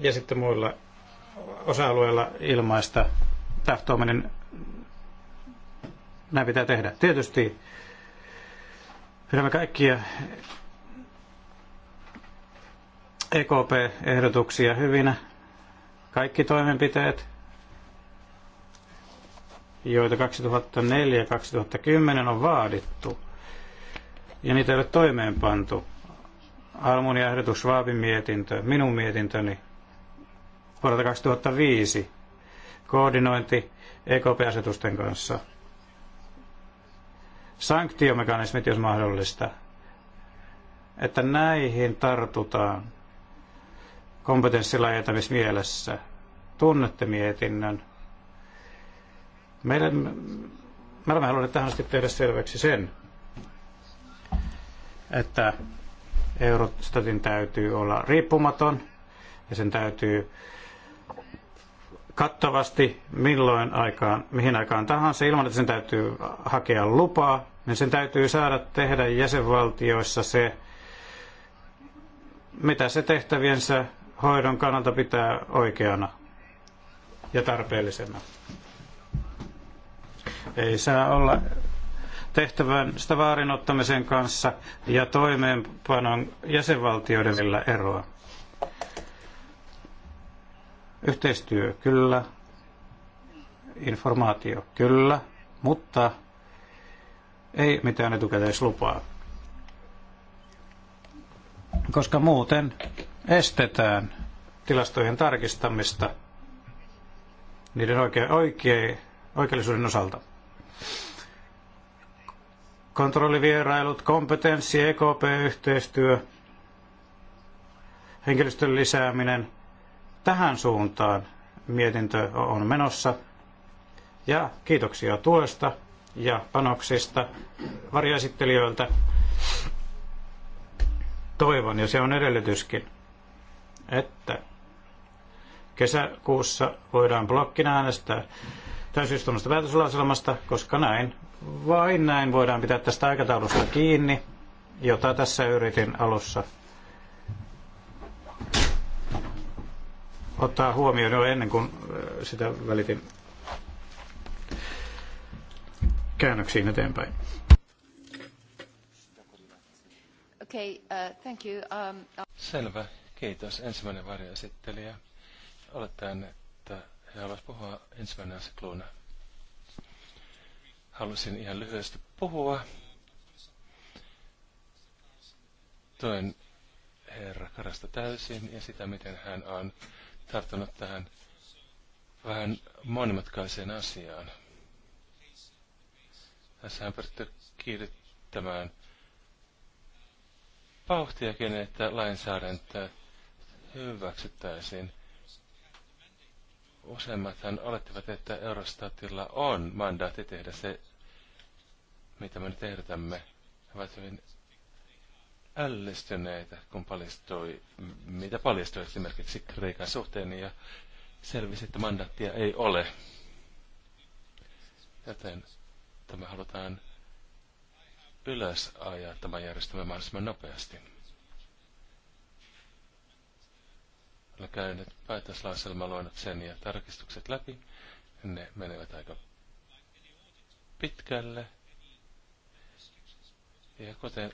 ja sitten muilla osa-alueilla ilmaista tahtoaminen. Näin pitää tehdä. Tietysti pidämme kaikkia EKP-ehdotuksia hyvinä. Kaikki toimenpiteet, joita 2004 ja 2010 on vaadittu, ja niitä ei ole toimeenpantu. Almun ehdotus, Vaabin mietintö, minun mietintöni, vuodelta 2005 koordinointi EKP-asetusten kanssa. Sanktiomekanismit, jos mahdollista, että näihin tartutaan kompetenssilajentamismielessä. Tunnette mietinnön. Meidän, me olemme halunneet tähän asti tehdä selväksi sen, että Eurostatin täytyy olla riippumaton ja sen täytyy kattavasti milloin aikaan, mihin aikaan tahansa, ilman että sen täytyy hakea lupaa, niin sen täytyy saada tehdä jäsenvaltioissa se, mitä se tehtäviensä hoidon kannalta pitää oikeana ja tarpeellisena. Ei saa olla tehtävän sitä vaarinottamisen kanssa ja toimeenpanon jäsenvaltioiden eroa. Yhteistyö kyllä, informaatio kyllä, mutta ei mitään etukäteislupaa. Koska muuten estetään tilastojen tarkistamista niiden oikea, oikea, oikeellisuuden osalta. Kontrollivierailut, kompetenssi, EKP-yhteistyö, henkilöstön lisääminen, Tähän suuntaan mietintö on menossa. Ja kiitoksia tuosta ja panoksista varjoesittelijöiltä. Toivon, ja se on edellytyskin, että kesäkuussa voidaan blokkina äänestää täysistunnosta päätöslauselmasta, koska näin, vain näin voidaan pitää tästä aikataulusta kiinni, jota tässä yritin alussa ottaa huomioon jo ennen kuin sitä välitin käännöksiin eteenpäin. Okay, uh, thank you. Um, Selvä, kiitos. Ensimmäinen varjoesittelijä. Olettaen, että he haluaisi puhua ensimmäinen asikluuna. Halusin ihan lyhyesti puhua. Toin herra Karasta täysin ja sitä, miten hän on tarttunut tähän vähän monimutkaiseen asiaan. Tässä on pyritty kiihdyttämään vauhtiakin, että lainsäädäntö hyväksyttäisiin. Useimmathan olettivat, että Eurostatilla on mandaatti tehdä se, mitä me nyt ehdotamme. He ovat hyvin ällistyneitä, kun paljastui, mitä paljastui esimerkiksi Kreikan suhteen, ja selvisi, että mandaattia ei ole. Joten tämä halutaan ylös ajaa tämä järjestelmä mahdollisimman nopeasti. Olen käynyt päätöslauselmaluonnoksen ja tarkistukset läpi. Ne menevät aika pitkälle. Ja kuten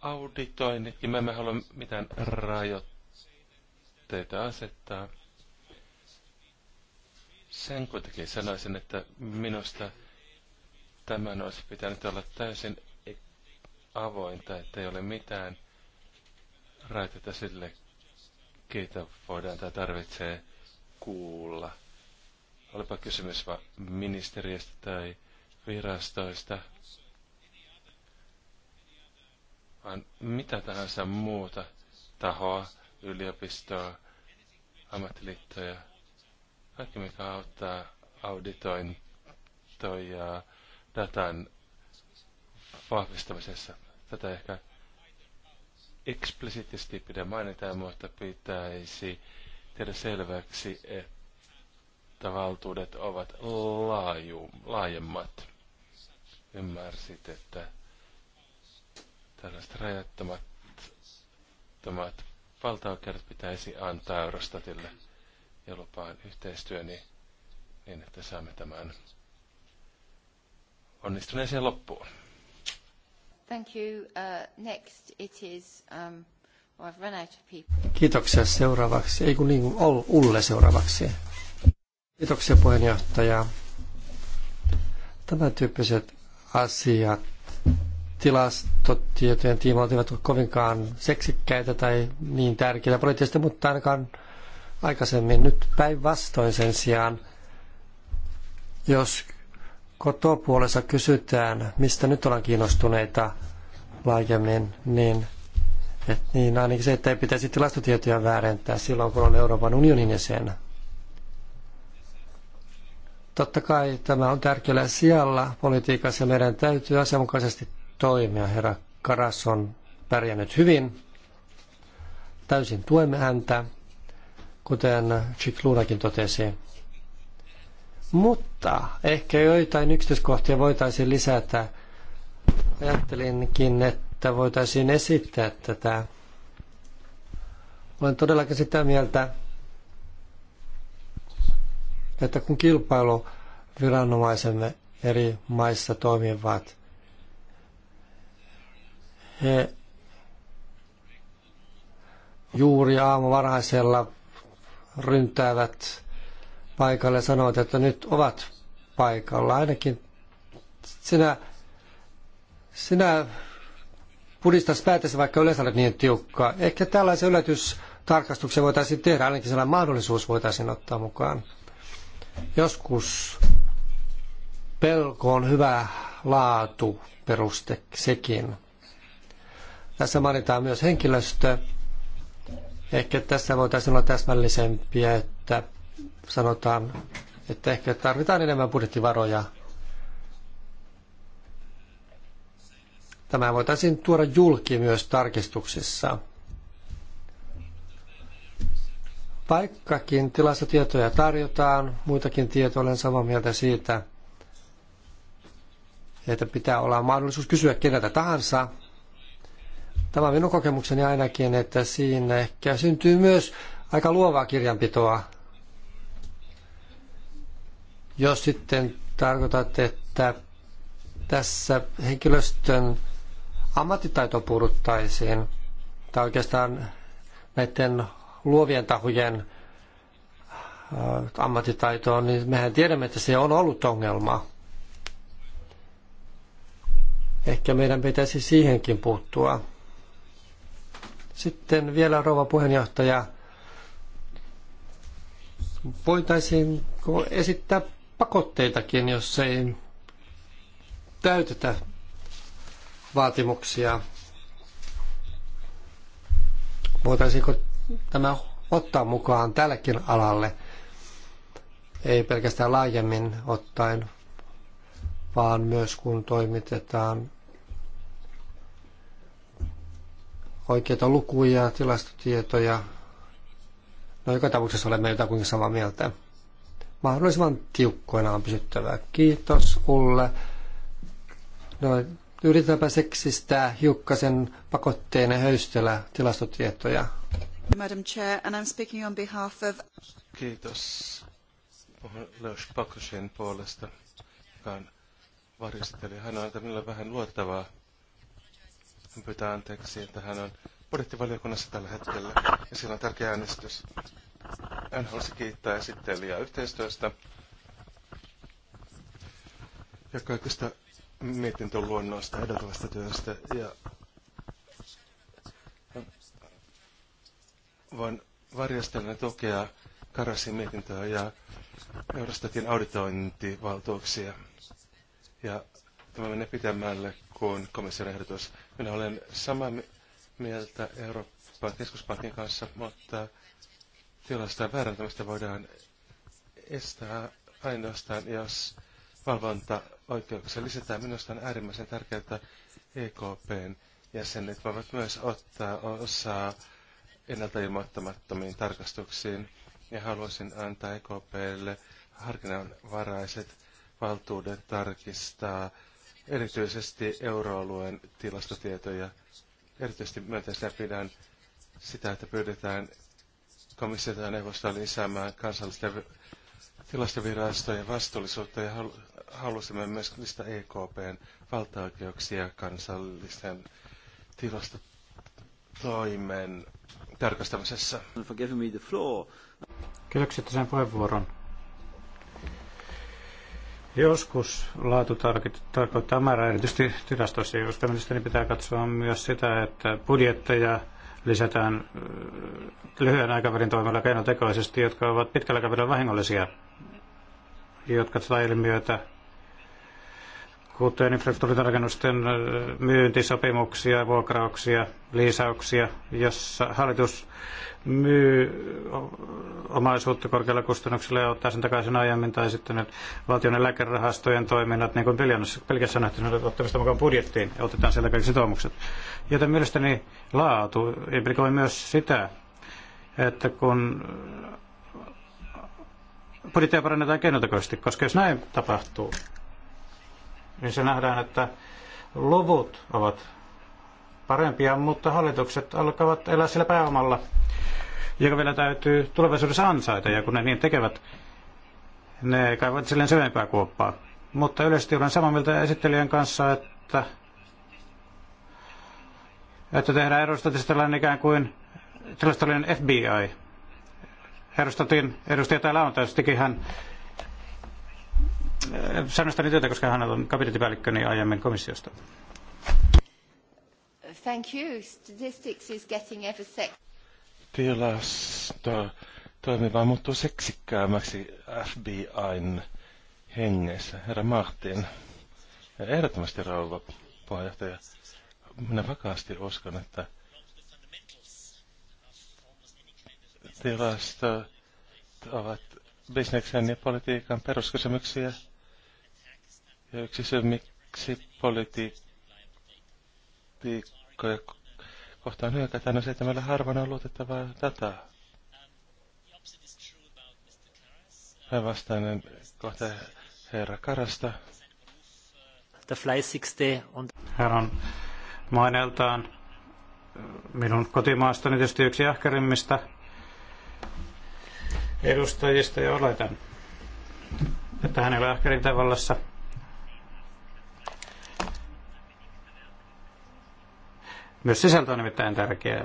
auditoinnit, ja me emme halua mitään rajoitteita asettaa. Sen kuitenkin sanoisin, että minusta tämän olisi pitänyt olla täysin avointa, että ei ole mitään rajoitetta sille, keitä voidaan tai tarvitsee kuulla. Olipa kysymys va- ministeriöstä tai virastoista vaan mitä tahansa muuta tahoa, yliopistoa, ammattiliittoja, kaikki mikä auttaa auditointoja datan vahvistamisessa. Tätä ehkä eksplisiittisesti pidä mainita, mutta pitäisi tehdä selväksi, että valtuudet ovat laaju, laajemmat. Ymmärsit, että Tällaiset rajattomat valtaoikeudet pitäisi antaa Eurostatille ja lupaan yhteistyöni niin, että saamme tämän onnistuneeseen loppuun. Thank you. Uh, next it is, um, well, I've run out of people. Kiitoksia seuraavaksi. Ei kun niin, Ulle seuraavaksi. Kiitoksia puheenjohtaja. Tämän tyyppiset asiat tilastotietojen tiimoilta eivät ole kovinkaan seksikkäitä tai niin tärkeitä poliittisesti, mutta ainakaan aikaisemmin. Nyt päinvastoin sen sijaan, jos kotopuolessa kysytään, mistä nyt ollaan kiinnostuneita laajemmin, niin, et, niin ainakin se, että ei pitäisi tilastotietoja väärentää silloin, kun on Euroopan unionin jäsen. Totta kai tämä on tärkeällä sijalla politiikassa ja meidän täytyy asianmukaisesti toimia. Herra Karas on pärjännyt hyvin. Täysin tuemme häntä, kuten Chiklunakin totesi. Mutta ehkä joitain yksityiskohtia voitaisiin lisätä. Ajattelinkin, että voitaisiin esittää tätä. Olen todellakin sitä mieltä, että kun kilpailuviranomaisemme eri maissa toimivat, he juuri aamuvarhaisella ryntäävät paikalle ja sanovat, että nyt ovat paikalla. Ainakin sinä, sinä pudistaisi päätäsi, vaikka yleensä olet niin tiukka. Ehkä tällaisen yllätystarkastuksen voitaisiin tehdä, ainakin sellainen mahdollisuus voitaisiin ottaa mukaan. Joskus pelko on hyvä laatu peruste sekin. Tässä mainitaan myös henkilöstö. Ehkä tässä voitaisiin olla täsmällisempiä, että sanotaan, että ehkä tarvitaan enemmän budjettivaroja. Tämä voitaisiin tuoda julki myös tarkistuksissa. Vaikkakin tilastotietoja tarjotaan, muitakin tietoja olen samaa mieltä siitä, että pitää olla mahdollisuus kysyä keneltä tahansa, Tämä on minun kokemukseni ainakin, että siinä ehkä syntyy myös aika luovaa kirjanpitoa. Jos sitten tarkoitat, että tässä henkilöstön ammattitaito puruttaisiin, tai oikeastaan näiden luovien tahojen äh, ammattitaitoon, niin mehän tiedämme, että se on ollut ongelma. Ehkä meidän pitäisi siihenkin puuttua. Sitten vielä rouva puheenjohtaja, voitaisiinko esittää pakotteitakin, jos ei täytetä vaatimuksia? Voitaisiinko tämä ottaa mukaan tällekin alalle, ei pelkästään laajemmin ottaen, vaan myös kun toimitetaan oikeita lukuja, tilastotietoja. No joka tapauksessa olemme jotakin samaa mieltä. Mahdollisimman tiukkoina on pysyttävä. Kiitos Ulle. No, yritetäänpä seksistää hiukkasen pakotteena höystellä tilastotietoja. Madam Chair, and I'm speaking on behalf of... Kiitos. Puhun Leos Pakosin puolesta, joka on varisteli. Hän on tämmöinen vähän luottavaa hän pyytää anteeksi, että hän on budjettivaliokunnassa tällä hetkellä ja siellä on tärkeä äänestys. Hän halusi kiittää esittelijää yhteistyöstä ja mietintön luonnoista edeltävästä työstä ja voin varjastella tukea Karasin mietintöä ja Eurostatin auditointivaltuuksia. Ja tämä menee pitemmälle kuin komission ehdotus. Minä olen samaa mieltä Euroopan keskuspankin kanssa, mutta tilasta väärentämistä voidaan estää ainoastaan, jos oikeuksia lisätään. Minusta on äärimmäisen tärkeää, että EKPn jäsenet voivat myös ottaa osaa ennalta ilmoittamattomiin tarkastuksiin ja haluaisin antaa EKPlle harkinnanvaraiset valtuudet tarkistaa erityisesti euroalueen tilastotietoja. Erityisesti myönteisenä pidän sitä, että pyydetään komissiota ja neuvostoa lisäämään kansallisten tilastovirastojen vastuullisuutta ja halusimme myös lisätä EKPn valtaoikeuksia kansallisten tilastotoimen tarkastamisessa. Kiitoksia sen puheenvuoron. Joskus laatu tarkoittaa määrää, erityisesti tilastoissa, koska mielestäni pitää katsoa myös sitä, että budjetteja lisätään äh, lyhyen aikavälin toimilla keinotekoisesti, jotka ovat pitkällä aikavälillä vahingollisia, jotka tätä ilmiötä kuten infrastruktuurirakennusten myyntisopimuksia, vuokrauksia, liisauksia, jossa hallitus myy omaisuutta korkealla kustannuksella ja ottaa sen takaisin aiemmin, tai sitten valtion eläkerahastojen toiminnat, niin kuin Pilkässä nähty, ottamista mukaan budjettiin, ja otetaan sieltä kaikki sitoumukset. Joten mielestäni laatu implikoi myös sitä, että kun budjettia parannetaan keinotekoisesti, koska jos näin tapahtuu, niin se nähdään, että luvut ovat parempia, mutta hallitukset alkavat elää sillä pääomalla, joka vielä täytyy tulevaisuudessa ansaita, ja kun ne niin tekevät, ne kaivavat silleen syvempää kuoppaa. Mutta yleisesti olen samaa mieltä esittelijän kanssa, että, että tehdään Eurostatista tällainen ikään kuin tällaista FBI. Eurostatin edustaja täällä on, tietysti hän säännöstäni työtä, koska hän on kabinettipäällikköni niin aiemmin komissiosta. Thank you. Statistics is getting ever sex. Tilasto toimiva muuttuu seksikkäämmäksi FBIn hengessä. Herra Martin, ehdottomasti rouva puheenjohtaja, minä vakaasti uskon, että tilasto ovat bisneksen ja politiikan peruskysymyksiä. Ja yksi syy, miksi politiikkoja kohtaan hyökätään, on se, että meillä harvoin on luotettavaa dataa. Päinvastainen kohta herra Karasta. Hän on maineltaan minun kotimaastani tietysti yksi ahkerimmista edustajista ja oletan, että hänellä ahkerin tavallassa – Myös sisältö on nimittäin tärkeää.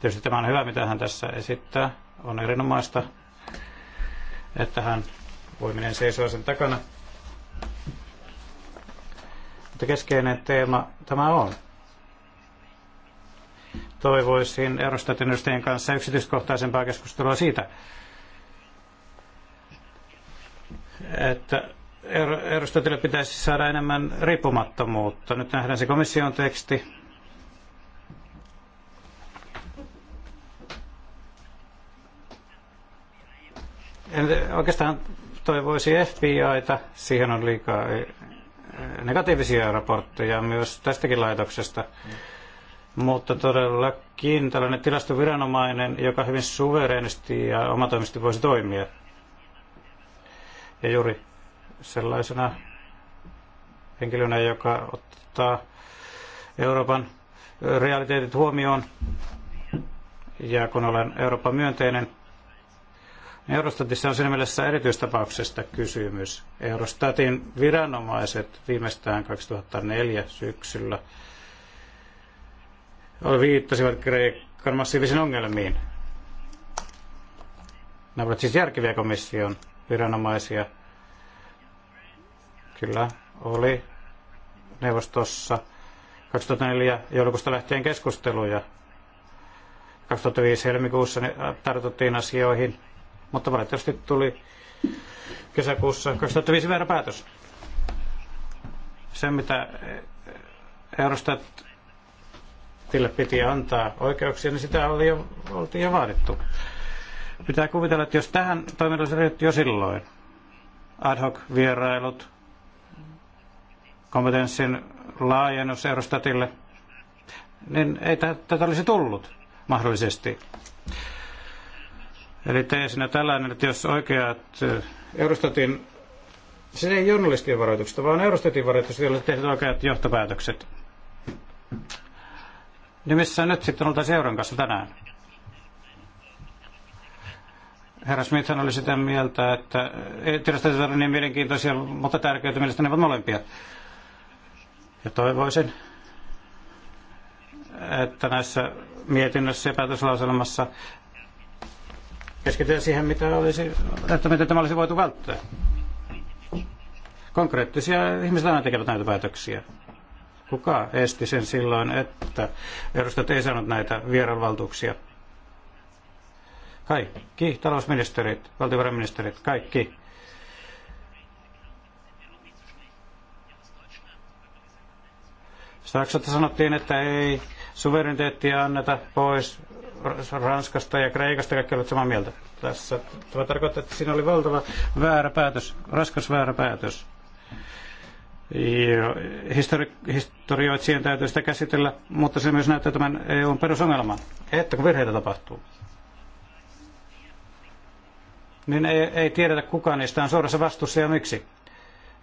Tietysti tämä on hyvä, mitä hän tässä esittää. On erinomaista, että hän voiminen seisoo sen takana. Mutta keskeinen teema tämä on. Toivoisin Eurostatin edustajien kanssa yksityiskohtaisempaa keskustelua siitä, että Eurostatille pitäisi saada enemmän riippumattomuutta. Nyt nähdään se komission teksti. En oikeastaan toivoisi FBIta. Siihen on liikaa eh, negatiivisia raportteja myös tästäkin laitoksesta. Mutta todellakin tällainen tilastoviranomainen, joka hyvin suvereenisti ja omatoimisesti voisi toimia. Ja juuri sellaisena henkilönä, joka ottaa Euroopan realiteetit huomioon. Ja kun olen Euroopan myönteinen, niin Eurostatissa on siinä mielessä erityistapauksesta kysymys. Eurostatin viranomaiset viimeistään 2004 syksyllä viittasivat Kreikan massiivisiin ongelmiin. Nämä ovat siis järkeviä komission viranomaisia, Kyllä, oli neuvostossa 2004 joulukuusta lähtien keskusteluja. 2005 helmikuussa ne tartuttiin asioihin, mutta valitettavasti tuli kesäkuussa 2005 väärä päätös. Se, mitä Eurostatille piti antaa oikeuksia, niin sitä oli jo, oltiin jo vaadittu. Pitää kuvitella, että jos tähän toimintaan jo silloin, ad hoc vierailut, kompetenssin laajennus Eurostatille, niin ei tätä olisi tullut mahdollisesti. Eli teesinä tällainen, että jos oikeat Eurostatin, se siis ei journalistien varoituksesta, vaan Eurostatin varoituksesta, jolla tehdään oikeat johtopäätökset. Niin missä nyt sitten oltaisiin euron kanssa tänään? Herra Smith oli sitä mieltä, että tiedostetaan niin mielenkiintoisia, mutta tärkeitä mielestäni ovat molempia. Ja toivoisin, että näissä mietinnössä ja päätöslauselmassa keskitytään siihen, mitä olisi, että miten tämä olisi voitu välttää. Konkreettisia ihmiset aina tekevät näitä päätöksiä. Kuka esti sen silloin, että edustajat ei saanut näitä vieraanvaltuuksia? Kaikki talousministerit, valtiovarainministerit, kaikki Saksalta sanottiin, että ei suvereniteettia anneta pois Ranskasta ja Kreikasta, kaikki olivat samaa mieltä tässä. Tämä tarkoittaa, että siinä oli valtava väärä päätös, raskas väärä päätös. Histori- historioitsijan täytyy sitä käsitellä, mutta se myös näyttää tämän EUn perusongelman, että kun virheitä tapahtuu, niin ei, ei tiedetä kuka niistä on suorassa vastuussa ja miksi.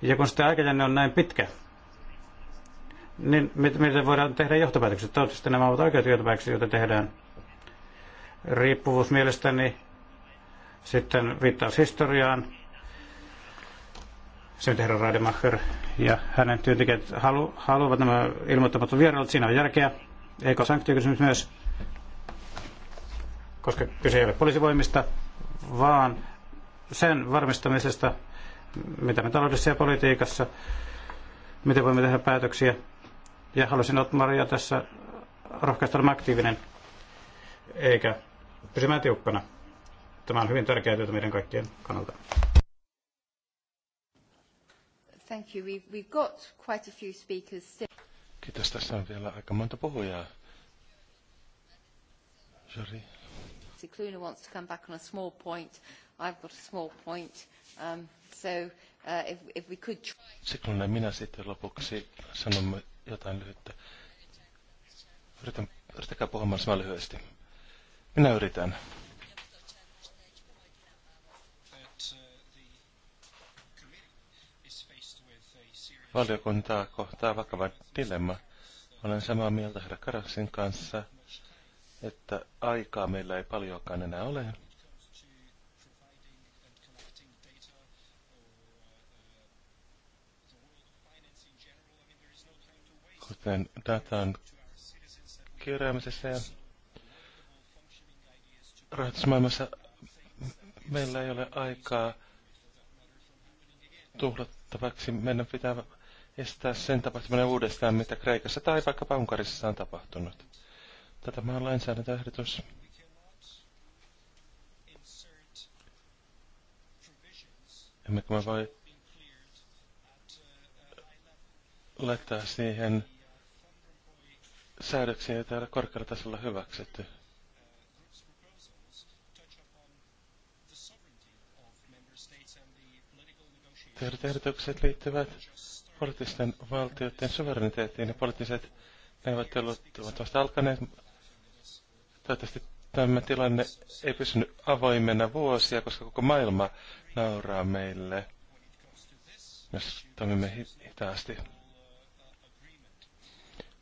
Ja kun sitä aikajänne on näin pitkä, niin mitä voidaan tehdä johtopäätökset? Toivottavasti nämä ovat oikeat johtopäätökset, joita tehdään. Riippuvuus mielestäni sitten viittaus historiaan. Se nyt herra Rademacher ja hänen työntekijät halu, haluavat nämä ilmoittamattomat vierailut. Siinä on järkeä. Eikö sanktiokysymys myös? Koska kyse ei ole poliisivoimista, vaan sen varmistamisesta, mitä me taloudessa ja politiikassa, miten voimme tehdä päätöksiä ja olla Maria tässä rohkaista olemaan aktiivinen, eikä pysymään tiukkana. Tämä on hyvin tärkeää työtä meidän kaikkien kannalta. Thank you. We've, we've got quite a few speakers. Kiitos. Tässä on vielä aika monta puhujaa. Sorry. Cluna wants to come back on a small point. I've got a small point. Um, so uh, if, if we could... Sikluna, minä sitten lopuksi sanomme jotain lyhyttä. Yritän, yrittäkää puhua mahdollisimman lyhyesti. Minä yritän. Valiokuntaa kohtaa vakava dilemma. Olen samaa mieltä herra Karaksin kanssa, että aikaa meillä ei paljonkaan enää ole. sitten datan keräämisessä ja rahoitusmaailmassa meillä ei ole aikaa tuhlattavaksi. Meidän pitää estää sen tapahtuminen uudestaan, mitä Kreikassa tai vaikka Unkarissa on tapahtunut. Tätä on lainsäädäntöehdotus. Emmekö me voi laittaa siihen säädöksiä ei täällä korkealla tasolla hyväksytty. Tehdyt ehdotukset liittyvät poliittisten valtioiden suvereniteettiin ja poliittiset neuvottelut ovat vasta alkaneet. Toivottavasti tämä tilanne ei pysynyt avoimena vuosia, koska koko maailma nauraa meille, jos toimimme hitaasti.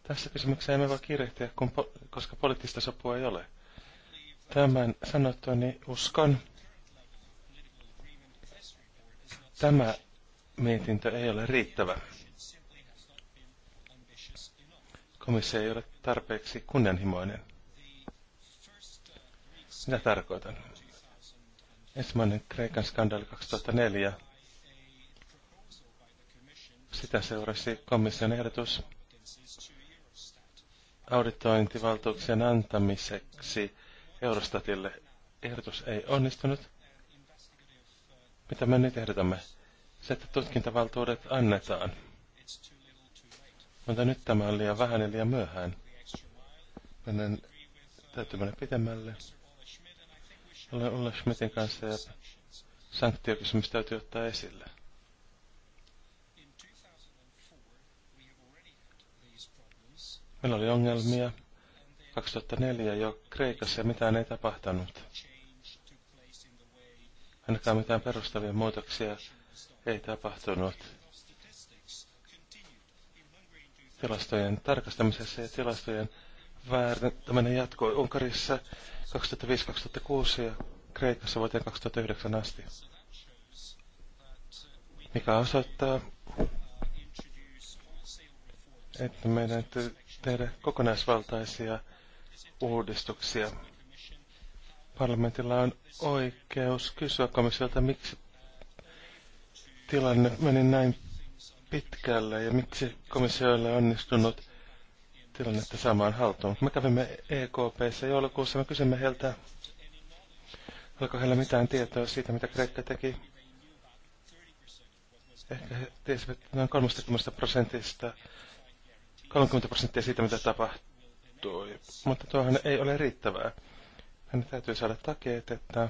Tässä kysymyksessä emme voi kiirehtiä, kun po- koska poliittista sopua ei ole. Tämän sanottuani uskon, tämä mietintö ei ole riittävä. Komissio ei ole tarpeeksi kunnianhimoinen. Mitä tarkoitan? Ensimmäinen Kreikan skandaali 2004. Sitä seurasi komission ehdotus auditointivaltuuksien antamiseksi Eurostatille. Ehdotus ei onnistunut. Mitä me nyt ehdotamme? Se, että tutkintavaltuudet annetaan. Mutta nyt tämä on liian vähän ja liian myöhään. Mennään, täytyy mennä pitemmälle. Olen Ulla Schmidtin kanssa ja sanktiokysymys täytyy ottaa esille. Meillä oli ongelmia 2004 jo Kreikassa ja mitään ei tapahtunut. Ainakaan mitään perustavia muutoksia ei tapahtunut. Tilastojen tarkastamisessa ja tilastojen väärentäminen jatkoi Unkarissa 2005-2006 ja Kreikassa vuoteen 2009 asti, mikä osoittaa, että meidän tehdä kokonaisvaltaisia uudistuksia. Parlamentilla on oikeus kysyä komissiolta, miksi tilanne meni näin pitkälle ja miksi komissiolle on onnistunut tilannetta samaan haltuun. Me kävimme EKPssä joulukuussa, me kysymme heiltä, oliko heillä mitään tietoa siitä, mitä Kreikka teki. Ehkä he tiesivät noin 30 prosentista 30 prosenttia siitä, mitä tapahtui. Mutta tuohan ei ole riittävää. Hän täytyy saada takeet, että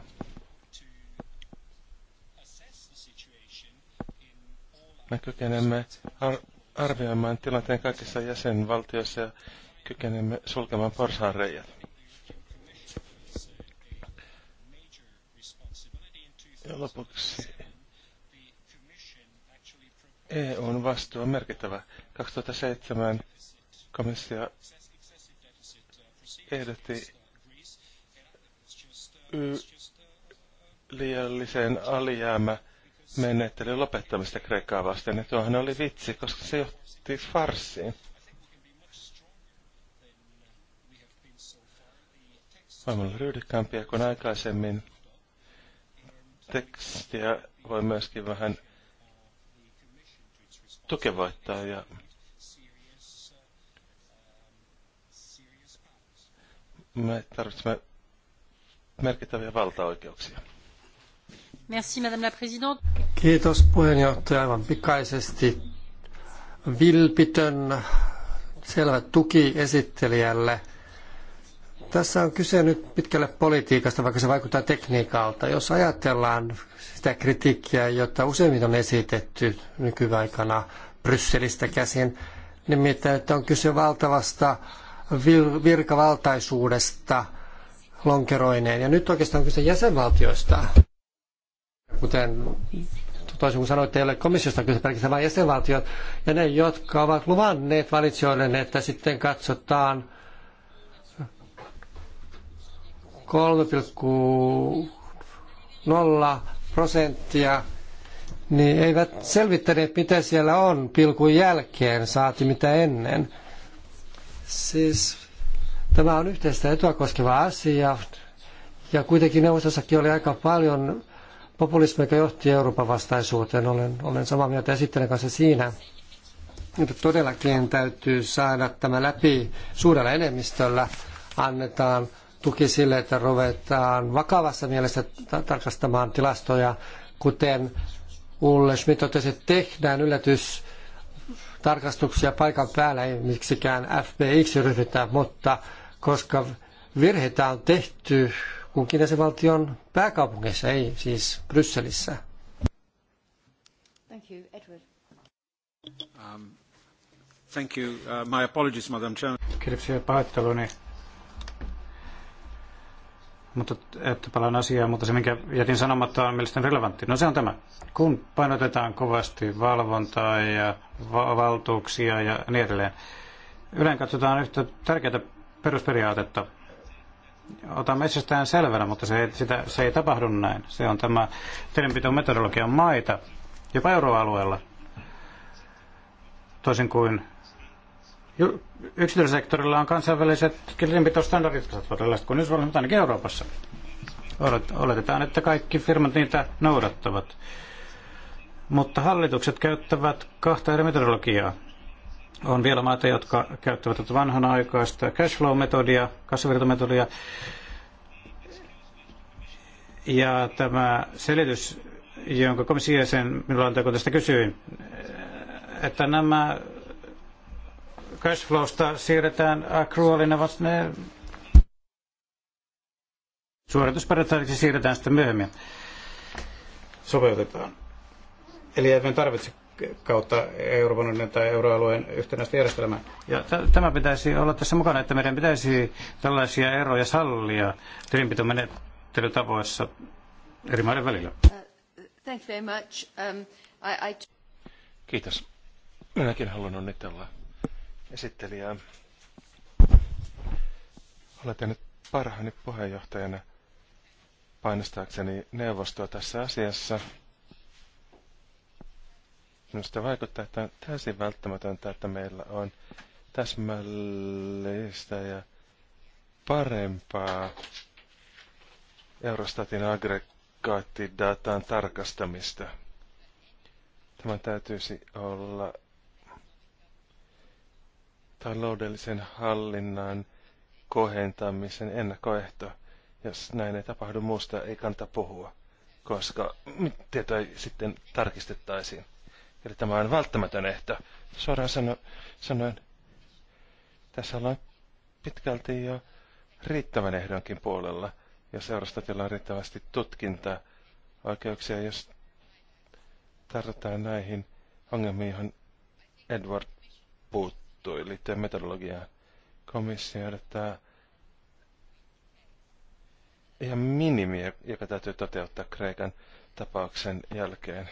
me kykenemme ar- arvioimaan tilanteen kaikissa jäsenvaltioissa ja kykenemme sulkemaan porsaanreijät. Ja lopuksi EUn vastuu on merkittävä. 2007 komissio ehdotti liiallisen alijäämä menettelyn lopettamista Kreikkaa vasten. Ja tuohan oli vitsi, koska se johti farssiin. Voimme olla ryhdykkäämpiä kuin aikaisemmin. Tekstiä voi myöskin vähän tukevoittaa ja me tarvitsemme merkittäviä valtaoikeuksia. Merci, Madame la Présidente. Kiitos puheenjohtaja aivan pikaisesti. Vilpitön selvä tuki esittelijälle. Tässä on kyse nyt pitkälle politiikasta, vaikka se vaikuttaa tekniikalta. Jos ajatellaan sitä kritiikkiä, jota useimmin on esitetty nykyaikana Brysselistä käsin, nimittäin, että on kyse valtavasta virkavaltaisuudesta lonkeroineen. Ja nyt oikeastaan on kyse jäsenvaltioista. Kuten toisin kuin sanoitte, ei ole komissiosta kyse pelkästään, vain jäsenvaltiot. Ja ne, jotka ovat luvanneet valitsijoille, että sitten katsotaan – 3,0 prosenttia, niin eivät selvittäneet, mitä siellä on pilkun jälkeen, saati mitä ennen. Siis tämä on yhteistä etua koskeva asia, ja kuitenkin neuvostossakin oli aika paljon populismia, joka johti Euroopan vastaisuuteen. Olen, olen samaa mieltä esittelen kanssa siinä, Mutta todellakin täytyy saada tämä läpi suurella enemmistöllä. Annetaan tuki sille, että ruvetaan vakavassa mielessä tarkastamaan tilastoja, kuten Ulle Schmidt totesi, että tehdään yllätystarkastuksia paikan päällä, ei miksikään FBIksi ryhdytä, mutta koska virheitä on tehty kunkin jäsenvaltion pääkaupungissa, ei siis Brysselissä. Thank you, Edward. Um, thank you. Uh, my apologies, Madam Chairman. Kiitoksia pahoitteluni mutta että palaan asiaan, mutta se minkä jätin sanomatta on mielestäni relevantti. No se on tämä. Kun painotetaan kovasti valvontaa ja va- valtuuksia ja niin edelleen, yleensä katsotaan yhtä tärkeää perusperiaatetta. Otamme itsestään selvänä, mutta se ei, sitä, se ei tapahdu näin. Se on tämä tilinpiton metodologian maita, jopa euroalueella, toisin kuin yksityissektorilla on kansainväliset kirjanpitostandardit, jotka ovat erilaiset kuin Yhdysvalloissa, mutta ainakin Euroopassa. Oletetaan, että kaikki firmat niitä noudattavat. Mutta hallitukset käyttävät kahta eri metodologiaa. On vielä maita, jotka käyttävät tätä vanhanaikaista cashflow-metodia, kasvavirtometodia. Ja tämä selitys, jonka komission minulla antaa, kun tästä kysyin, että nämä flowsta siirretään accrualina vasta ne suoritusperätariksi siirretään sitten myöhemmin. Sopeutetaan. Eli emme tarvitse kautta Euroopan unionin tai euroalueen yhtenäistä järjestelmää. Ja tämä pitäisi olla tässä mukana, että meidän pitäisi tällaisia eroja sallia tilinpitomenettelytavoissa eri maiden välillä. Uh, thank you very much. Um, I, I... Kiitos. Minäkin haluan onnitella esittelijää. Olen tehnyt parhaani puheenjohtajana painostaakseni neuvostoa tässä asiassa. Minusta vaikuttaa, että on täysin välttämätöntä, että meillä on täsmällistä ja parempaa Eurostatin aggregaattidataan tarkastamista. Tämä täytyisi olla taloudellisen hallinnan kohentamisen ennakkoehto. Jos näin ei tapahdu, muusta ei kannata puhua, koska tietoa sitten tarkistettaisiin. Eli tämä on välttämätön ehto. Suoraan sano, sanoen, tässä ollaan pitkälti jo riittävän ehdonkin puolella, ja seurastatilla on riittävästi tutkintaa oikeuksia, jos tarvitaan näihin ongelmiin, johon Edward puuttuu puuttui liittyen metodologiaan. Komissio ehdottaa ihan minimi, joka täytyy toteuttaa Kreikan tapauksen jälkeen.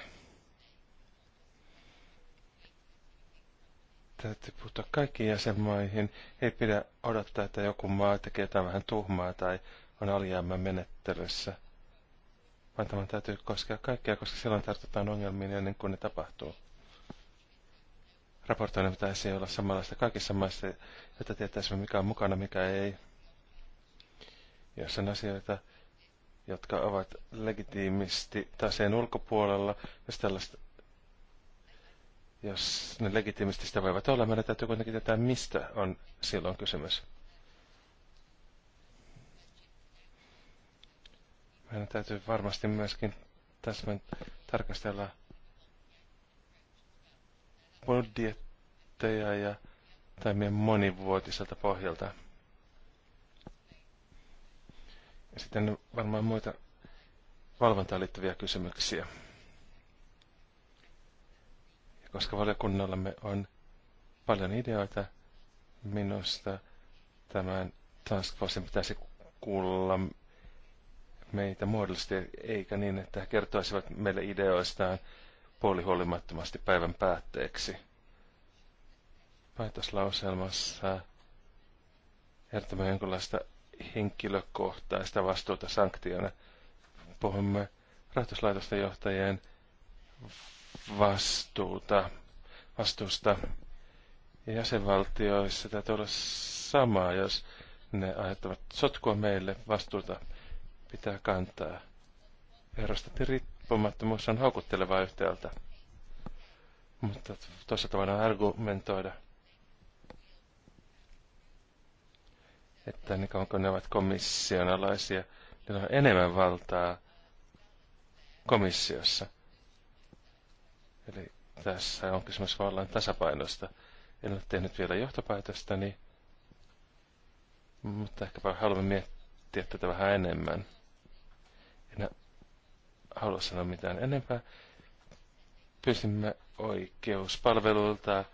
Täytyy puuttua kaikkiin jäsenmaihin. Ei pidä odottaa, että joku maa tekee jotain vähän tuhmaa tai on alijäämän menettelyssä. Vaan tämän täytyy koskea kaikkea, koska silloin tartutaan ongelmiin ennen kuin ne tapahtuu raportoinnin pitäisi olla samanlaista kaikissa maissa, että tietäisimme mikä on mukana, mikä ei. Jos on asioita, jotka ovat legitiimisti taseen ulkopuolella, jos tällaista jos ne legitiimisti sitä voivat olla, meidän täytyy kuitenkin tietää, mistä on silloin kysymys. Meidän täytyy varmasti myöskin täsmän tarkastella budjetteja ja toimia monivuotiselta pohjalta. Ja sitten varmaan muita valvontaan liittyviä kysymyksiä. Ja koska valiokunnallamme on paljon ideoita, minusta tämän Task Forcein pitäisi kuulla meitä muodollisesti, eikä niin, että he kertoisivat meille ideoistaan puolihuolimattomasti päivän päätteeksi. Päätöslauselmassa järjestämme jonkinlaista henkilökohtaista vastuuta sanktiona. Puhumme rahoituslaitosten johtajien vastuuta, vastuusta. Ja jäsenvaltioissa täytyy olla samaa, jos ne aiheuttavat sotkua meille, vastuuta pitää kantaa. Herrasta riippumattomuus on houkuttelevaa yhtäältä, mutta tuossa on argumentoida, että niin kauan kun ne ovat komissionalaisia, niin on enemmän valtaa komissiossa. Eli tässä on kysymys vallan tasapainosta. En ole tehnyt vielä johtopäätöstäni, mutta ehkäpä haluamme miettiä tätä vähän enemmän halua sanoa mitään enempää. Pyysimme oikeuspalveluilta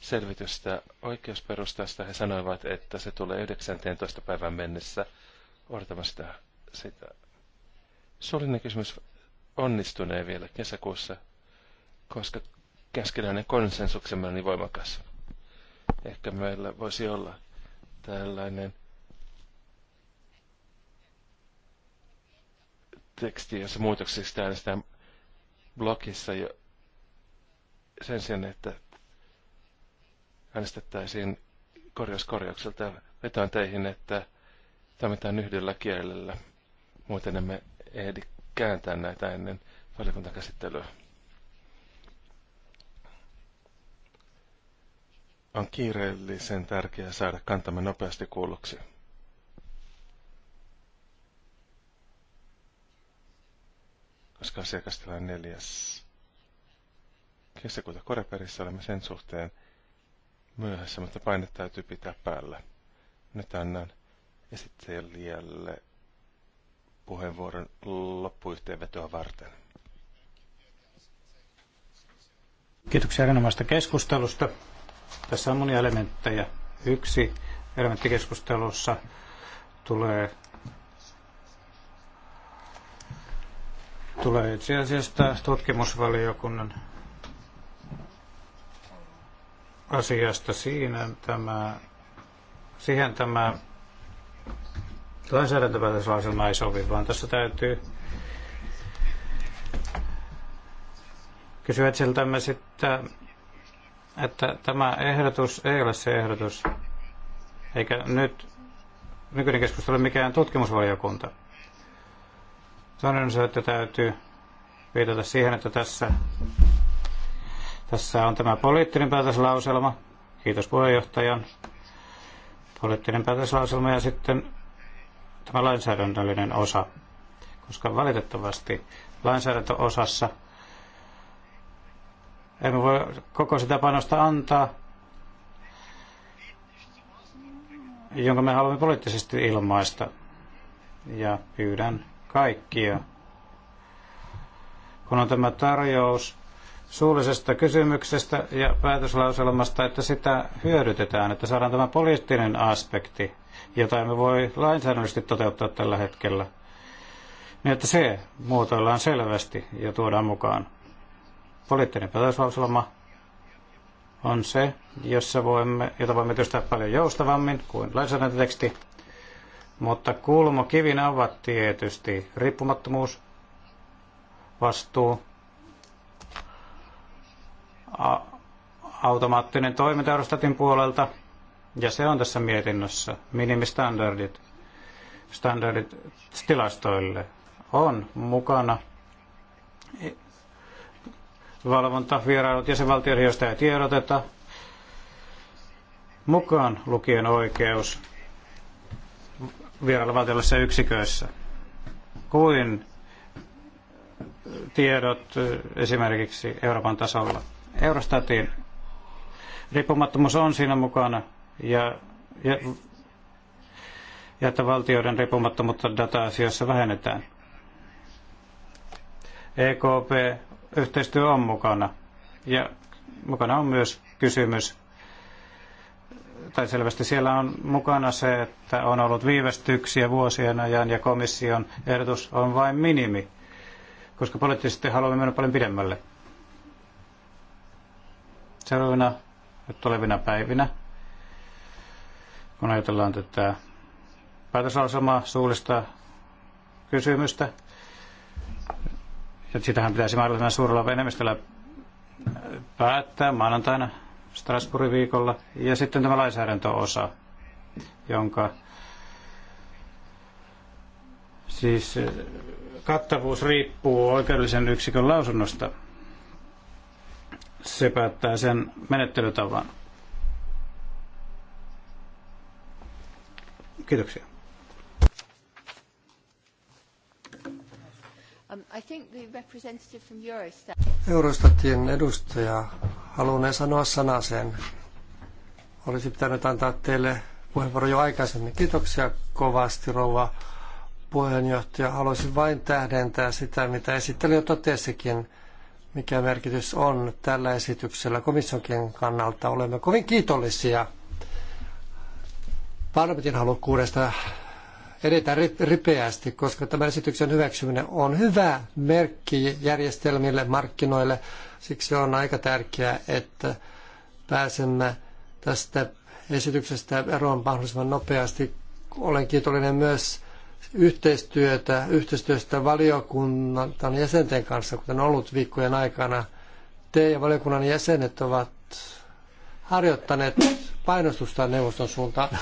selvitystä oikeusperustasta. He sanoivat, että se tulee 19. päivän mennessä. Odotamme sitä. sitä. Suullinen kysymys onnistunee vielä kesäkuussa, koska keskinäinen konsensuksemme on niin voimakas. Ehkä meillä voisi olla tällainen tekstiä, jossa muutoksista äänestetään blogissa jo sen sijaan, että äänestettäisiin korjauskorjaukselta vetoan teihin, että toimitaan yhdellä kielellä. Muuten emme ehdi kääntää näitä ennen valiokuntakäsittelyä. On kiireellisen tärkeää saada kantamme nopeasti kuulluksi. koska asiakas tulee neljäs. Kesäkuuta Koreperissä olemme sen suhteen myöhässä, mutta paine täytyy pitää päällä. Nyt annan esittelijälle puheenvuoron loppuyhteenvetoa varten. Kiitoksia erinomaista keskustelusta. Tässä on monia elementtejä. Yksi elementti keskustelussa tulee tulee itse asiassa tutkimusvaliokunnan asiasta. Siinä tämä, siihen tämä lainsäädäntöpäätöslauselma ei sovi, vaan tässä täytyy kysyä itseltämme sitten, että tämä ehdotus ei ole se ehdotus, eikä nyt nykyinen keskustelu mikään tutkimusvaliokunta se, että täytyy viitata siihen, että tässä, tässä on tämä poliittinen päätöslauselma. Kiitos puheenjohtajan. Poliittinen päätöslauselma ja sitten tämä lainsäädännöllinen osa, koska valitettavasti lainsäädäntöosassa emme voi koko sitä panosta antaa, jonka me haluamme poliittisesti ilmaista. Ja pyydän kaikkia. Kun on tämä tarjous suullisesta kysymyksestä ja päätöslauselmasta, että sitä hyödytetään, että saadaan tämä poliittinen aspekti, jota emme voi lainsäädännöllisesti toteuttaa tällä hetkellä, niin että se muotoillaan selvästi ja tuodaan mukaan. Poliittinen päätöslauselma on se, jossa voimme, jota voimme työstää paljon joustavammin kuin lainsäädäntöteksti. Mutta kulmokivinä ovat tietysti riippumattomuus, vastuu, a- automaattinen toiminta Eurostatin puolelta, ja se on tässä mietinnössä, minimistandardit standardit tilastoille on mukana valvontavierailut jäsenvaltioihin, joista ei tiedoteta, mukaan lukien oikeus vierailla yksiköissä kuin tiedot esimerkiksi Euroopan tasolla. Eurostatin riippumattomuus on siinä mukana ja, ja, ja että valtioiden riippumattomuutta data-asioissa vähennetään. EKP-yhteistyö on mukana ja mukana on myös kysymys tai selvästi siellä on mukana se, että on ollut viivästyksiä vuosien ajan ja komission ehdotus on vain minimi, koska poliittisesti haluamme mennä paljon pidemmälle. Seuraavina tulevina päivinä, kun ajatellaan tätä päätösalaisomaa suullista kysymystä, ja sitähän pitäisi mahdollisimman suurella enemmistöllä päättää maanantaina Strasbourgin viikolla. Ja sitten tämä lainsäädäntöosa, jonka siis eh, kattavuus riippuu oikeudellisen yksikön lausunnosta. Se päättää sen menettelytavan. Kiitoksia. Eurostatin edustaja halunneen sanoa sanaseen. Olisi pitänyt antaa teille puheenvuoro jo aikaisemmin. Kiitoksia kovasti, rouva puheenjohtaja. Haluaisin vain tähdentää sitä, mitä esittelijä totesikin, mikä merkitys on tällä esityksellä komissionkin kannalta. Olemme kovin kiitollisia parlamentin halukkuudesta edetä ripeästi, koska tämän esityksen hyväksyminen on hyvä merkki järjestelmille, markkinoille. Siksi on aika tärkeää, että pääsemme tästä esityksestä eroon mahdollisimman nopeasti. Olen kiitollinen myös yhteistyötä, yhteistyöstä valiokunnan jäsenten kanssa, kuten on ollut viikkojen aikana. Te ja valiokunnan jäsenet ovat harjoittaneet painostusta neuvoston suuntaan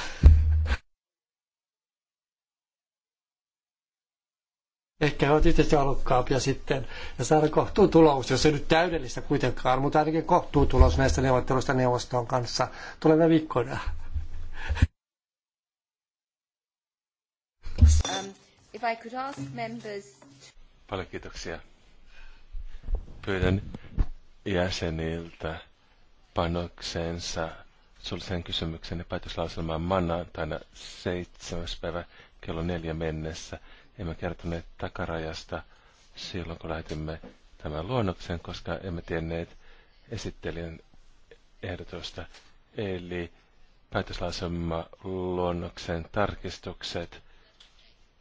Ehkä he ovat itse halukkaampia sitten ja saada tulos, jos ei nyt täydellistä kuitenkaan, mutta ainakin tulos näistä neuvotteluista neuvoston kanssa tulevina viikkoina. Um, if I could ask members... Paljon kiitoksia. Pyydän jäseniltä panoksensa suullisen kysymyksen ja päätöslauselmaan maanantaina 7. päivä kello neljä mennessä emme kertoneet takarajasta silloin, kun lähetimme tämän luonnoksen, koska emme tienneet esittelijän ehdotusta. Eli päätöslauselma luonnoksen tarkistukset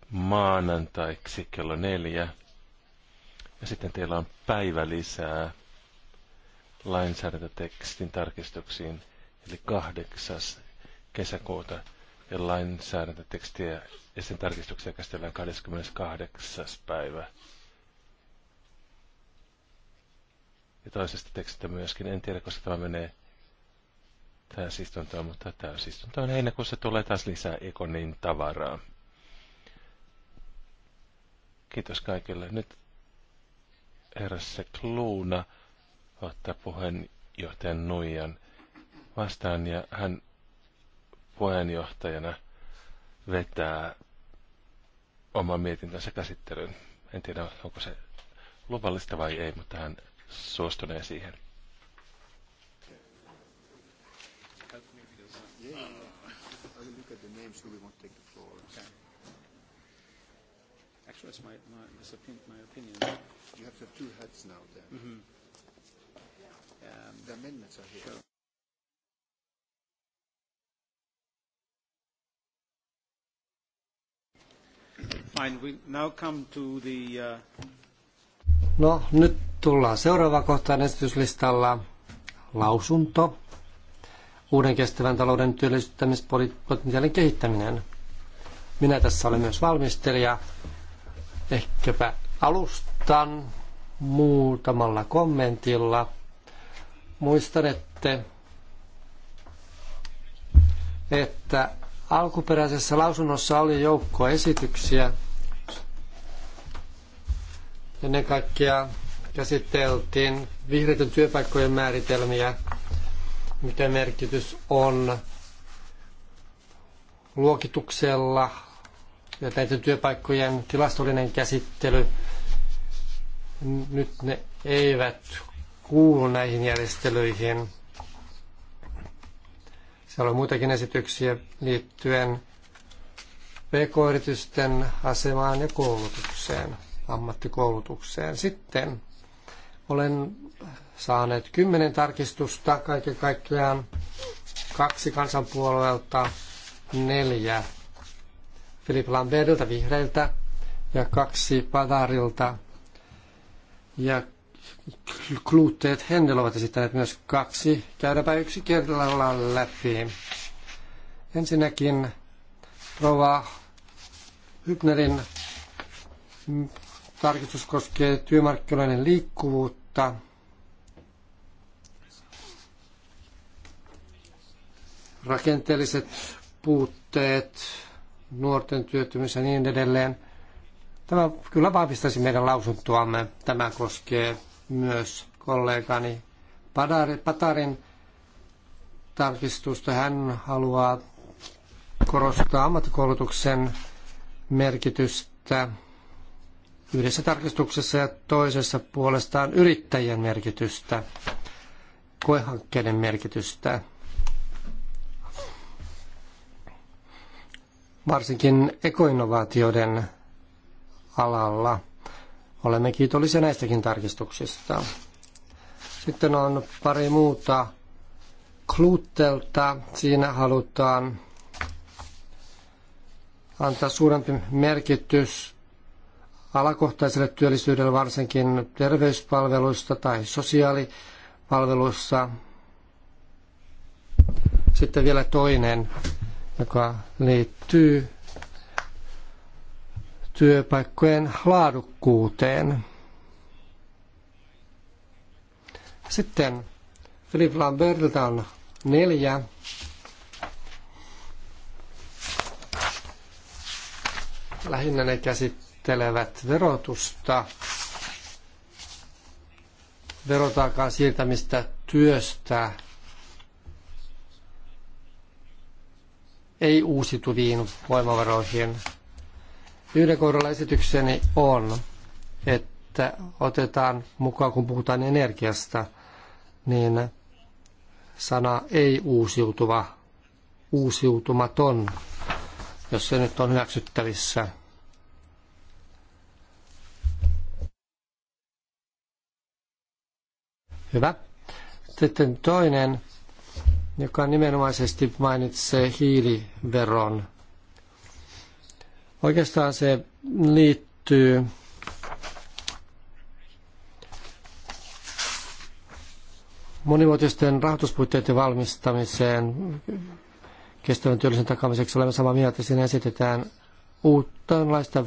maanantaiksi kello neljä. Ja sitten teillä on päivä lisää lainsäädäntötekstin tarkistuksiin, eli kahdeksas kesäkuuta. Ja lainsäädäntötekstiä ja sen tarkistuksia käsitellään 28. päivä. Ja toisesta tekstistä myöskin, en tiedä koska tämä menee täysistuntoon, mutta täysistuntoon heinäkuussa tulee taas lisää Ekonin tavaraa. Kiitos kaikille. Nyt eräs kluuna ottaa puheenjohtajan Nuijan vastaan ja hän puheenjohtajana – vetää oman mietintönsä käsittelyyn. En tiedä, onko se luvallista vai ei, mutta hän suostunee siihen. the amendments are here. Sure. Fine, we now come to the, uh, No, nyt tullaan seuraava kohtaan esityslistalla. Lausunto. Uuden kestävän talouden työllistämispotentiaalin kehittäminen. Minä tässä olen myös valmistelija. Ehkäpä alustan muutamalla kommentilla. Muistan, että, että alkuperäisessä lausunnossa oli joukko esityksiä, Ennen kaikkea käsiteltiin vihreiden työpaikkojen määritelmiä, mikä merkitys on luokituksella ja näiden työpaikkojen tilastollinen käsittely. Nyt ne eivät kuulu näihin järjestelyihin. Siellä on muitakin esityksiä liittyen pk-yritysten asemaan ja koulutukseen ammattikoulutukseen. Sitten olen saaneet kymmenen tarkistusta kaiken kaikkiaan kaksi kansanpuolueelta, neljä Filip Lambertilta vihreiltä ja kaksi Padarilta. Ja Kluteet Hendel ovat esittäneet myös kaksi. Käydäpä yksi kerralla läpi. Ensinnäkin Rova Hübnerin tarkistus koskee työmarkkinoiden liikkuvuutta. Rakenteelliset puutteet, nuorten työttömyys ja niin edelleen. Tämä kyllä vahvistaisi meidän lausuntoamme. Tämä koskee myös kollegani Patarin tarkistusta. Hän haluaa korostaa ammattikoulutuksen merkitystä yhdessä tarkistuksessa ja toisessa puolestaan yrittäjien merkitystä, koehankkeiden merkitystä. Varsinkin ekoinnovaatioiden alalla olemme kiitollisia näistäkin tarkistuksista. Sitten on pari muuta kluuttelta. Siinä halutaan antaa suurempi merkitys alakohtaiselle työllisyydelle varsinkin terveyspalveluista tai sosiaalipalveluissa. Sitten vielä toinen, joka liittyy työpaikkojen laadukkuuteen. Sitten Philip Lambertilta on neljä. Lähinnä ne käsittää käsittelevät verotusta, verotaakan siirtämistä työstä ei uusituviin voimavaroihin. Yhden kohdalla esitykseni on, että otetaan mukaan, kun puhutaan energiasta, niin sana ei uusiutuva, uusiutumaton, jos se nyt on hyväksyttävissä – Hyvä. Sitten toinen, joka nimenomaisesti mainitsee hiiliveron. Oikeastaan se liittyy monivuotisten rahoituspuitteiden valmistamiseen kestävän työllisyyden takaamiseksi olemme samaa mieltä. Siinä esitetään uudenlaista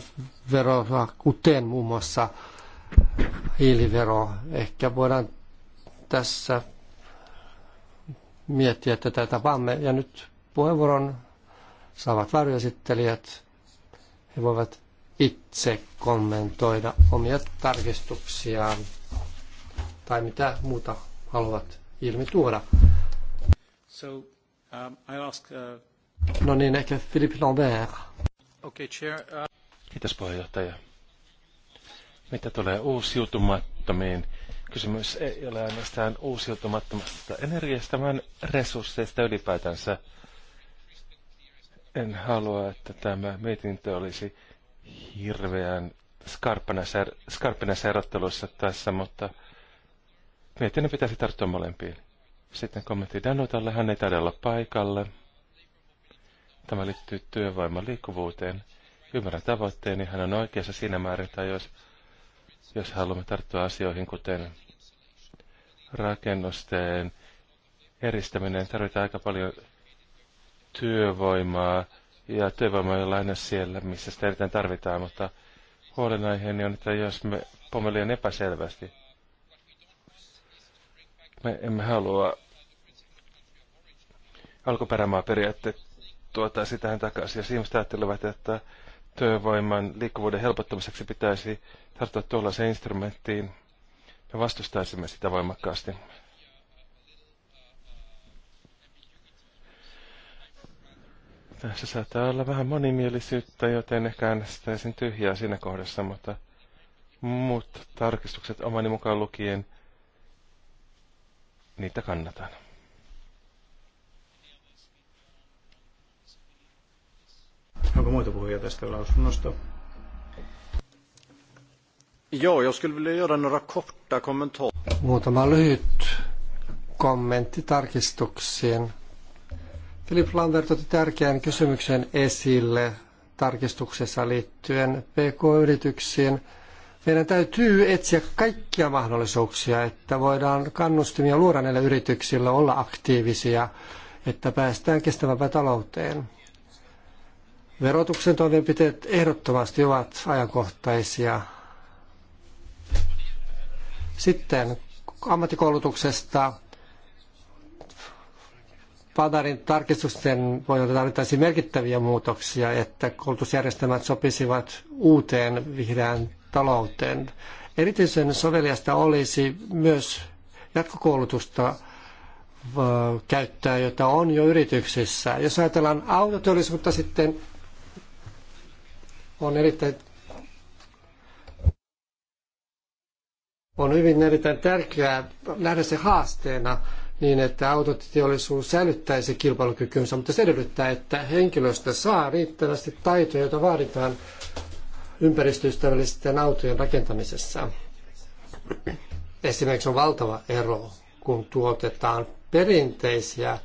veroa, kuten muun muassa hiilivero. Ehkä voidaan tässä miettiä tätä tapaamme. Ja nyt puheenvuoron saavat varjoesittelijät. He voivat itse kommentoida omia tarkistuksiaan tai mitä muuta haluavat ilmi tuoda. So, um, I ask, uh... No niin, ehkä Philippe Lambert. Okay, chair, uh... Kiitos puheenjohtaja. Mitä tulee uusiutumattomiin kysymys ei ole ainoastaan uusiutumattomasta energiasta, vaan resursseista ylipäätänsä. En halua, että tämä mietintö olisi hirveän skarppina erotteluissa tässä, mutta mietinnön pitäisi tarttua molempiin. Sitten kommentti Danutalle, hän ei taida olla paikalle. Tämä liittyy työvoiman liikkuvuuteen. Ymmärrän tavoitteeni, hän on oikeassa siinä määrin, tai jos, jos haluamme tarttua asioihin, kuten rakennusten eristäminen. Tarvitaan aika paljon työvoimaa ja työvoima ei ole aina siellä, missä sitä erittäin tarvitaan, mutta huolenaiheeni on, että jos me pomme on epäselvästi, me emme halua alkuperämaa periaatteet tuotaisiin tähän takaisin. Jos ihmiset ajattelevat, että työvoiman liikkuvuuden helpottamiseksi pitäisi tarttua tuollaiseen instrumenttiin, ja vastustaisimme sitä voimakkaasti. Tässä saattaa olla vähän monimielisyyttä, joten ehkä äänestäisin tyhjää siinä kohdassa, mutta muut tarkistukset omani mukaan lukien, niitä kannatan. Onko muita puhujia tästä lausunnosta? Joo, jag skulle vilja göra några korta kommentarer. Muutama lyhyt kommentti tarkistuksiin. Filip Lambert otti tärkeän kysymyksen esille tarkistuksessa liittyen PK-yrityksiin. Meidän täytyy etsiä kaikkia mahdollisuuksia, että voidaan kannustimia luoda näille yrityksille olla aktiivisia, että päästään kestävämpään talouteen. Verotuksen toimenpiteet ehdottomasti ovat ajankohtaisia. Sitten ammattikoulutuksesta Padarin tarkistusten pohjalta tarvittaisiin merkittäviä muutoksia, että koulutusjärjestelmät sopisivat uuteen vihreään talouteen. Erityisen soveliasta olisi myös jatkokoulutusta käyttää, jota on jo yrityksissä. Jos ajatellaan autoteollisuutta sitten, on erittäin on hyvin erittäin tärkeää nähdä se haasteena niin, että autotiteollisuus säilyttäisi kilpailukykynsä, mutta se edellyttää, että henkilöstö saa riittävästi taitoja, joita vaaditaan ympäristöystävällisten autojen rakentamisessa. Esimerkiksi on valtava ero, kun tuotetaan perinteisiä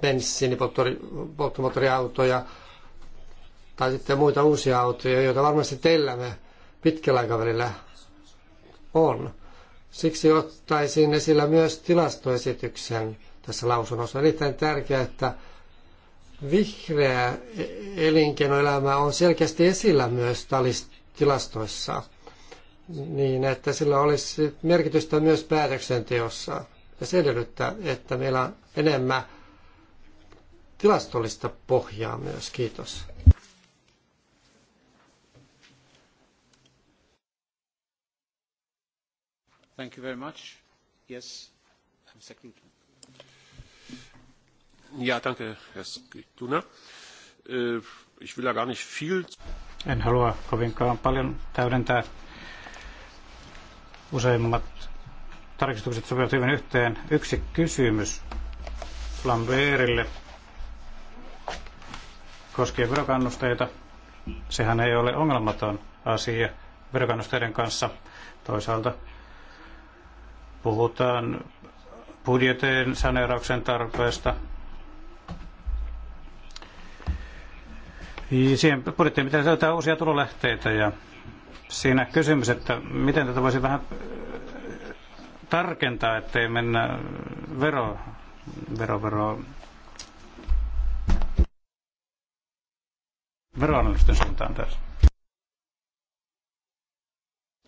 bensiinipolttomoottoriautoja tai sitten muita uusia autoja, joita varmasti teillämme pitkällä aikavälillä on. Siksi ottaisin esillä myös tilastoesityksen tässä lausunnossa. On erittäin tärkeää, että vihreä elinkeinoelämä on selkeästi esillä myös tilastoissa, niin että sillä olisi merkitystä myös päätöksenteossa. Ja se edellyttää, että meillä on enemmän tilastollista pohjaa myös. Kiitos. Herr Skituna. Äh, ich will da gar nicht viel... En halua kovinkaan paljon täydentää. Useimmat tarkistukset sopivat hyvin yhteen. Yksi kysymys Lambertille koskien verokannusteita. Sehän ei ole ongelmaton asia verokannusteiden kanssa. Toisaalta Puhutaan budjetin saneerauksen tarpeesta. Siihen budjettiin pitää löytää uusia tulolähteitä ja siinä kysymys, että miten tätä voisi vähän äh, tarkentaa, ettei mennä vero, vero, vero veroanalysten suuntaan tässä.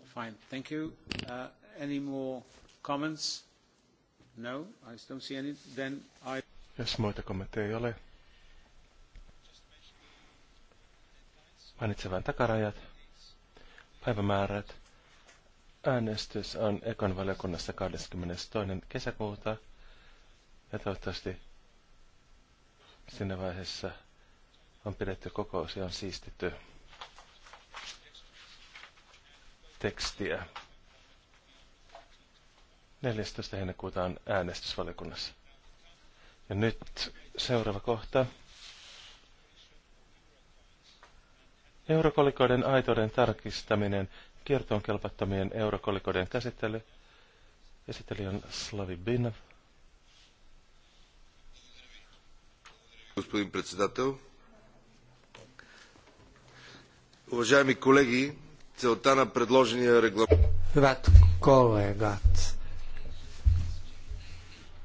Fine, thank you. Uh, any more Comments? No, I don't see any. Then I... Jos muita kommentteja ei ole, mainitsen vain takarajat, päivämäärät. Äänestys on Ekon valiokunnassa 22. kesäkuuta ja toivottavasti siinä vaiheessa on pidetty kokous ja on siistitty tekstiä. 14. heinäkuuta on äänestysvaliokunnassa. Ja nyt seuraava kohta. Eurokolikoiden aitoiden tarkistaminen, kiertoon kelpattomien eurokolikoiden käsittely. Esittely on Slavi Bin. господин председател. Уважаеми колеги, целта на предложения регламент... Hyvät kollegat,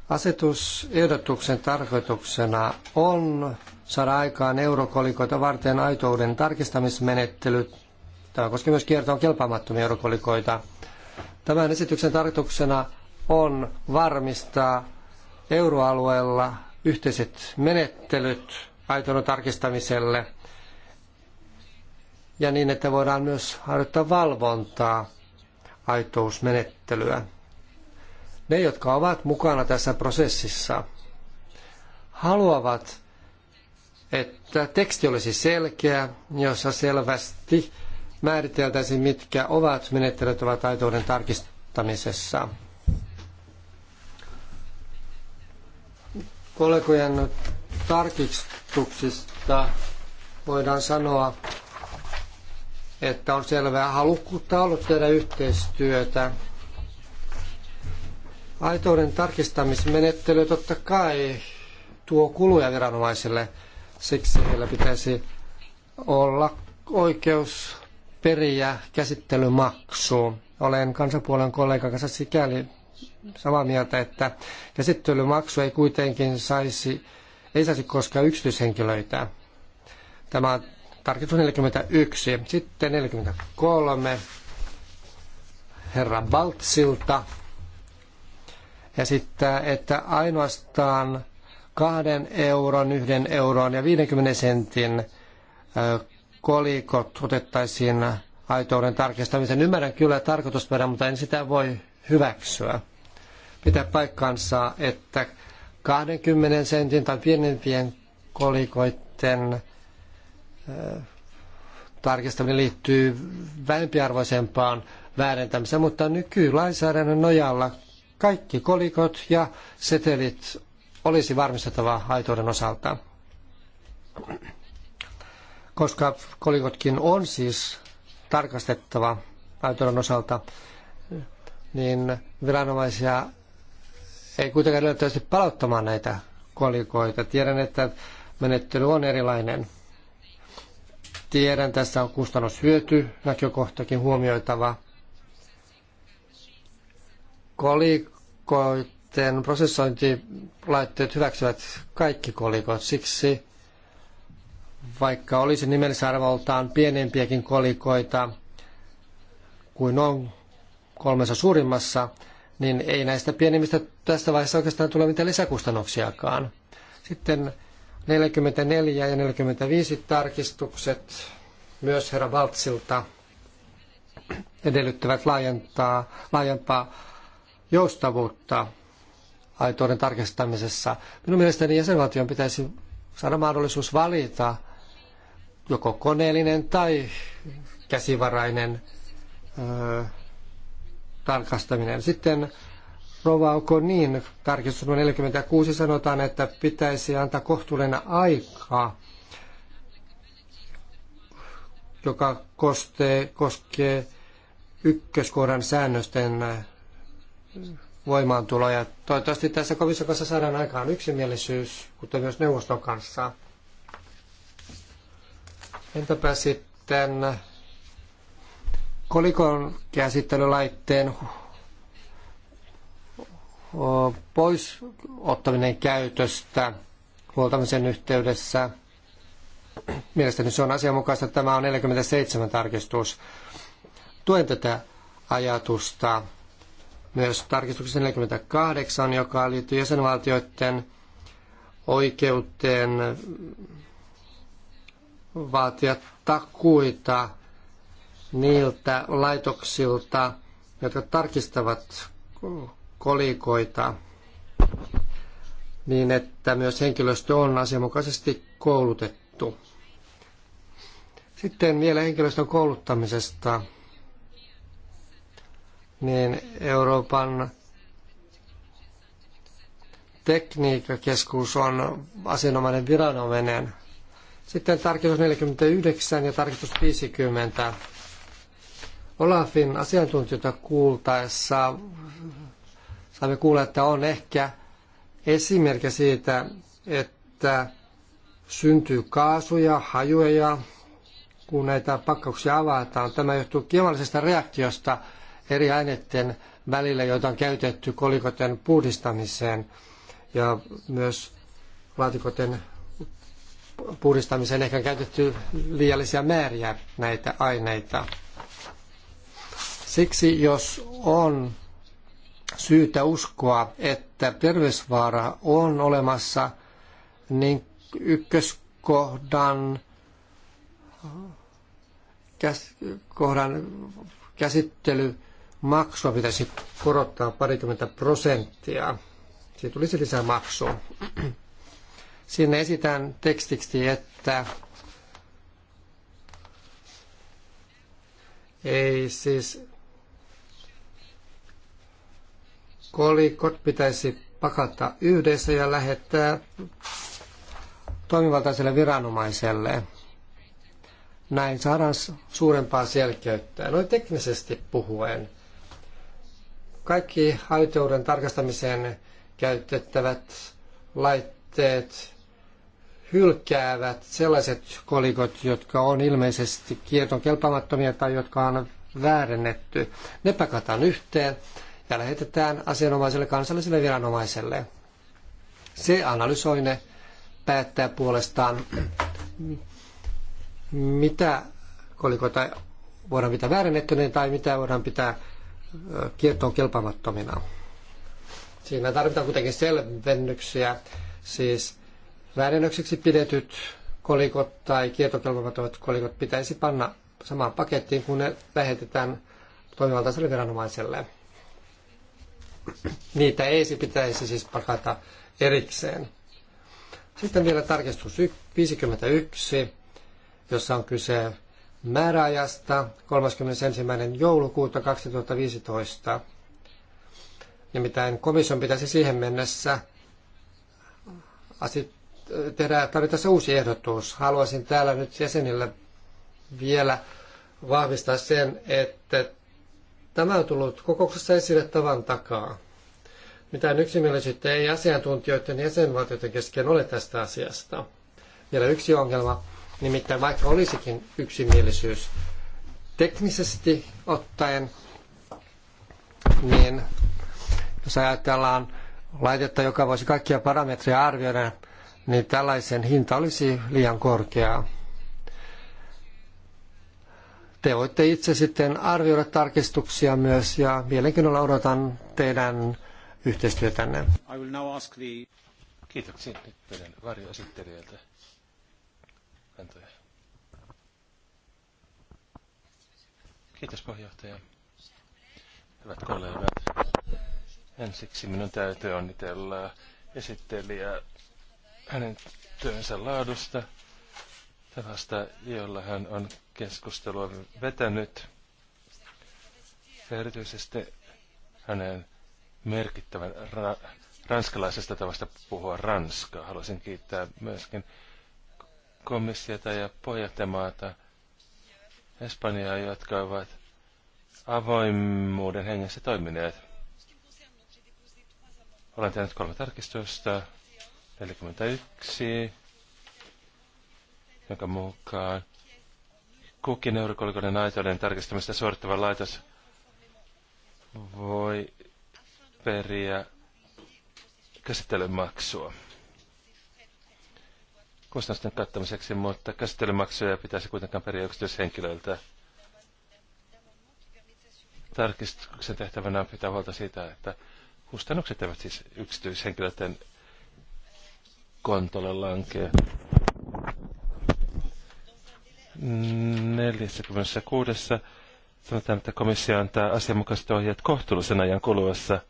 Asetusehdotuksen tarkoituksena on saada aikaan eurokolikoita varten aitouden tarkistamismenettely. Tämä koskee myös kiertoon kelpaamattomia eurokolikoita. Tämän esityksen tarkoituksena on varmistaa euroalueella yhteiset menettelyt aitouden tarkistamiselle ja niin, että voidaan myös harjoittaa valvontaa aitousmenettelyä ne, jotka ovat mukana tässä prosessissa, haluavat, että teksti olisi selkeä, jossa selvästi määriteltäisiin, mitkä ovat menettelytavat taitoiden tarkistamisessa. Kollegojen tarkistuksista voidaan sanoa, että on selvää halukkuutta ollut tehdä yhteistyötä Aitouden tarkistamismenettely totta kai tuo kuluja viranomaisille, siksi heillä pitäisi olla oikeus periä käsittelymaksu. Olen kansapuolen kollegan kanssa sikäli samaa mieltä, että käsittelymaksu ei kuitenkin saisi, ei saisi koskaan yksityishenkilöitä. Tämä on tarkistus 41. Sitten 43. Herra Baltsilta esittää, että ainoastaan kahden euron, yhden euron ja 50 sentin kolikot otettaisiin aitouden tarkistamisen. Ymmärrän kyllä tarkoitusperän, mutta en sitä voi hyväksyä. Pitää paikkansa, että 20 sentin tai pienempien kolikoiden tarkistaminen liittyy vähempiarvoisempaan väärentämiseen, mutta nykylainsäädännön nojalla kaikki kolikot ja setelit olisi varmistettava aitouden osalta. Koska kolikotkin on siis tarkastettava aitouden osalta, niin viranomaisia ei kuitenkaan löytäisi palauttamaan näitä kolikoita. Tiedän, että menettely on erilainen. Tiedän, tässä on kustannushyöty näkökohtakin huomioitava – kolikoiden prosessointilaitteet hyväksyvät kaikki kolikot. Siksi vaikka olisi nimellisarvoltaan pienempiäkin kolikoita kuin on kolmessa suurimmassa, niin ei näistä pienimmistä tästä vaiheessa oikeastaan tule mitään lisäkustannuksiakaan. Sitten 44 ja 45 tarkistukset myös herra Valtsilta edellyttävät laajentaa, laajempaa joustavuutta aitouden tarkistamisessa. Minun mielestäni jäsenvaltion pitäisi saada mahdollisuus valita joko koneellinen tai käsivarainen öö, tarkastaminen. Sitten Rova niin, tarkistus 46 sanotaan, että pitäisi antaa kohtuullinen aika, joka koskee, koskee ykköskohdan säännösten voimaantulo. Ja toivottavasti tässä kovissa kanssa saadaan aikaan yksimielisyys, kuten myös neuvoston kanssa. Entäpä sitten kolikon käsittelylaitteen pois ottaminen käytöstä huoltamisen yhteydessä. Mielestäni se on asianmukaista. Tämä on 47 tarkistus. Tuen tätä ajatusta myös tarkistuksessa 48, joka liittyy jäsenvaltioiden oikeuteen vaatia takuita niiltä laitoksilta, jotka tarkistavat kolikoita niin, että myös henkilöstö on asianmukaisesti koulutettu. Sitten vielä henkilöstön kouluttamisesta niin Euroopan tekniikkakeskus on asianomainen viranomainen. Sitten tarkistus 49 ja tarkistus 50. Olafin asiantuntijoita kuultaessa saimme kuulla, että on ehkä esimerkki siitä, että syntyy kaasuja, hajuja, kun näitä pakkauksia avataan. Tämä johtuu kemallisesta reaktiosta – eri aineiden välillä, joita on käytetty kolikoten puhdistamiseen ja myös laatikoten puhdistamiseen ehkä on käytetty liiallisia määriä näitä aineita. Siksi jos on syytä uskoa, että terveysvaara on olemassa, niin ykköskohdan käs, kohdan käsittely maksua pitäisi korottaa parikymmentä prosenttia. Siitä tulisi lisää maksua. Sinne esitän tekstiksi, että ei siis kolikot pitäisi pakata yhdessä ja lähettää toimivaltaiselle viranomaiselle. Näin saadaan suurempaa selkeyttä. Noin teknisesti puhuen kaikki aitouden tarkastamiseen käytettävät laitteet hylkäävät sellaiset kolikot, jotka on ilmeisesti kierton kelpaamattomia tai jotka on väärennetty. Ne pakataan yhteen ja lähetetään asianomaiselle kansalliselle viranomaiselle. Se analysoi ne, päättää puolestaan, mitä kolikoita voidaan pitää väärennettyneen tai mitä voidaan pitää kiertoon kelpaamattomina. Siinä tarvitaan kuitenkin selvennyksiä, siis väärennökseksi pidetyt kolikot tai kiertokelpaamattomat kolikot pitäisi panna samaan pakettiin, kun ne lähetetään toimivaltaiselle viranomaiselle. Niitä ei pitäisi siis pakata erikseen. Sitten vielä tarkistus 51, jossa on kyse määräajasta 31. joulukuuta 2015. Nimittäin komission pitäisi siihen mennessä tehdä tarvittaessa uusi ehdotus. Haluaisin täällä nyt jäsenille vielä vahvistaa sen, että tämä on tullut kokouksessa esille tavan takaa. Mitään yksimielisyyttä ei asiantuntijoiden ja jäsenvaltioiden kesken ole tästä asiasta. Vielä yksi ongelma Nimittäin vaikka olisikin yksimielisyys teknisesti ottaen, niin jos ajatellaan laitetta, joka voisi kaikkia parametreja arvioida, niin tällaisen hinta olisi liian korkea. Te voitte itse sitten arvioida tarkistuksia myös ja mielenkiinnolla odotan teidän yhteistyötänne. I will now ask the... Kiitoksia. Nyt varjoesittelijöiltä Kiitos puheenjohtaja. Hyvät kollegat, ensiksi minun täytyy onnitella esittelijä hänen työnsä laadusta, tavasta, jolla hän on keskustelua vetänyt. erityisesti hänen merkittävän ra- ranskalaisesta tavasta puhua ranskaa. Haluaisin kiittää myöskin komissiota ja puheenjohtajamaata – Espanjaa, jotka ovat avoimuuden hengessä toimineet. Olen tehnyt kolme tarkistusta. 41, jonka mukaan kukin neurokolikoiden aitoiden tarkistamista suorittava laitos voi periä käsittelymaksua kustannusten kattamiseksi, mutta käsittelymaksuja pitäisi kuitenkaan periä yksityishenkilöiltä. Tarkistuksen tehtävänä on pitää huolta siitä, että kustannukset eivät siis yksityishenkilöiden kontolle lankea. 46. Sanotaan, että komissio antaa asianmukaiset ohjeet kohtuullisen ajan kuluessa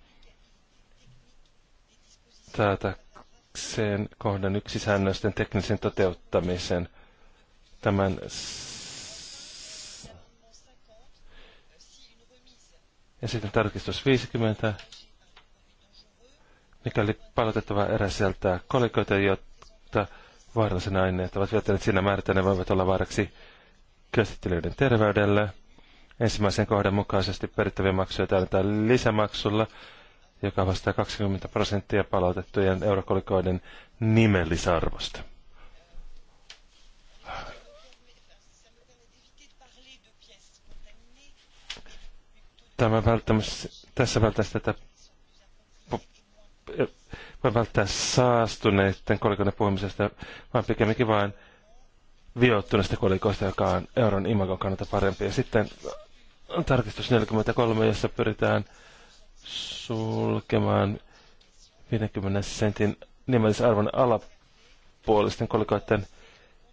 taata toisekseen kohdan yksi säännösten teknisen toteuttamisen tämän ja sitten tarkistus 50, mikäli palautettava erä sieltä kolikoita, jotta vaarallisen aineet ovat viettäneet siinä määrä, että ne voivat olla vaaraksi käsittelijöiden terveydelle. Ensimmäisen kohdan mukaisesti perittäviä maksuja täydetään lisämaksulla, joka vastaa 20 prosenttia palautettujen eurokolikoiden nimellisarvosta. Tämä tässä välttäisi tätä voi välttää saastuneiden kolikoiden puhumisesta, vaan pikemminkin vain vioittuneista kolikoista, joka on euron imagon kannalta parempi. Ja sitten on tarkistus 43, jossa pyritään sulkemaan 50 sentin nimellisarvon alapuolisten kolikoiden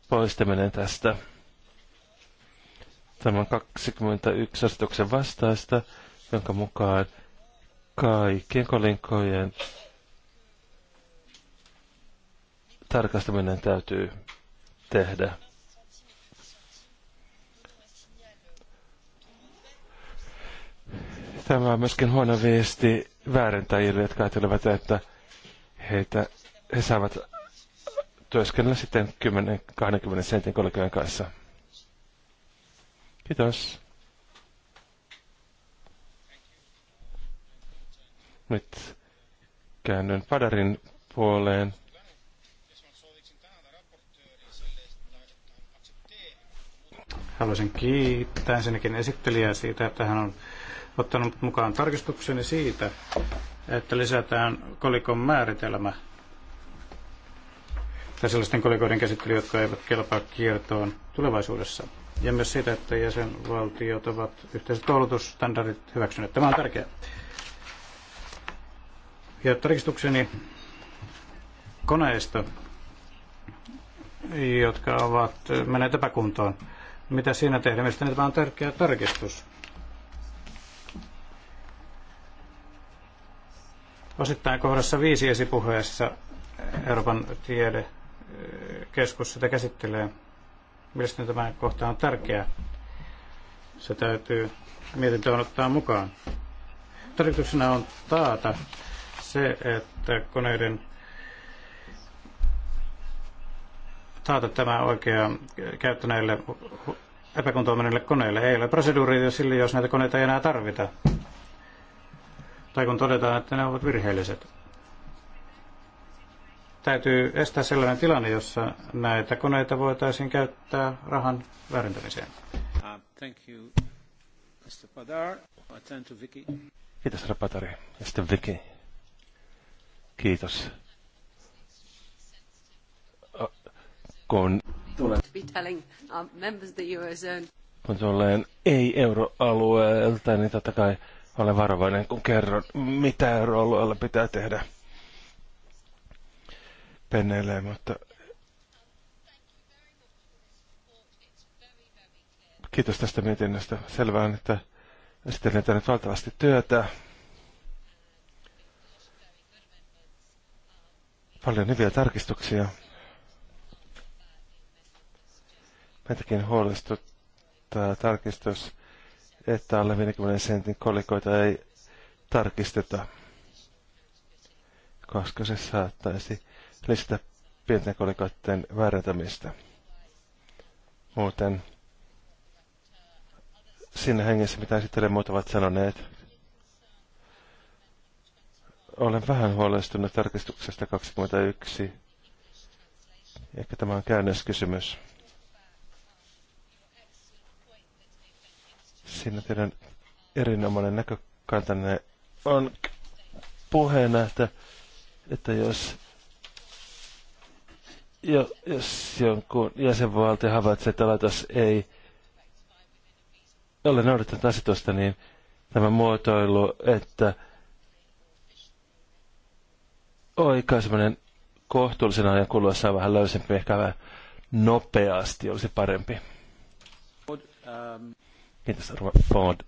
poistaminen tästä. Tämä on 21 asetuksen vastaista, jonka mukaan kaikkien kolinkojen tarkastaminen täytyy tehdä. Tämä on myöskin huono viesti väärentäjille, jotka ajattelevat, että heitä, he saavat työskennellä sitten 10-20 sentin kollegojen kanssa. Kiitos. Nyt käännyn Padarin puoleen. Haluaisin kiittää ensinnäkin esittelijää siitä, että hän on ottanut mukaan tarkistukseni siitä, että lisätään kolikon määritelmä tai sellaisten kolikoiden käsittely, jotka eivät kelpaa kiertoon tulevaisuudessa. Ja myös siitä, että jäsenvaltiot ovat yhteiset koulutusstandardit hyväksyneet. Tämä on tärkeää. Ja tarkistukseni koneista, jotka ovat menneet epäkuntoon. Mitä siinä tehdään? Mielestäni tämä on tärkeä tarkistus. Osittain kohdassa viisi esipuheessa Euroopan tiedekeskus sitä käsittelee. Mielestäni tämä kohta on tärkeä. Se täytyy mietintöön ottaa mukaan. Tarkoituksena on taata se, että koneiden taata tämä oikea käyttö näille koneille. Ei ole proseduuria sille, jos näitä koneita ei enää tarvita tai kun todetaan, että ne ovat virheelliset. Täytyy estää sellainen tilanne, jossa näitä koneita voitaisiin käyttää rahan väärintämiseen. Uh, thank you, Mr. Padar. to Vicky. Kiitos, herra Padari. Ja sitten Vicky. Kiitos. Kun tulen, uh, kun tulee ei-euroalueelta, niin totta kai ole varovainen, kun kerron, mitä euroalueella pitää tehdä penneille, mutta kiitos tästä mietinnöstä. Selvää on, että esittelen tänne valtavasti työtä. Paljon hyviä tarkistuksia. Meitäkin huolestuttaa tarkistus että alle 50 sentin kolikoita ei tarkisteta, koska se saattaisi lisätä pienten kolikoiden väärentämistä. Muuten siinä hengessä, mitä sitten muut ovat sanoneet, olen vähän huolestunut tarkistuksesta 21. Ehkä tämä on käännöskysymys. Siinä teidän erinomainen näkökantanne on puheena, että, että jos, jo, jos jonkun jäsenvaltio havaitsee, että laitos ei ole noudattanut asetusta, niin tämä muotoilu, että oikaisemmoinen kohtuullisen ajan kuluessa on vähän löysempi, ehkä vähän nopeasti olisi parempi. Um, Kiitos, Arva Ford.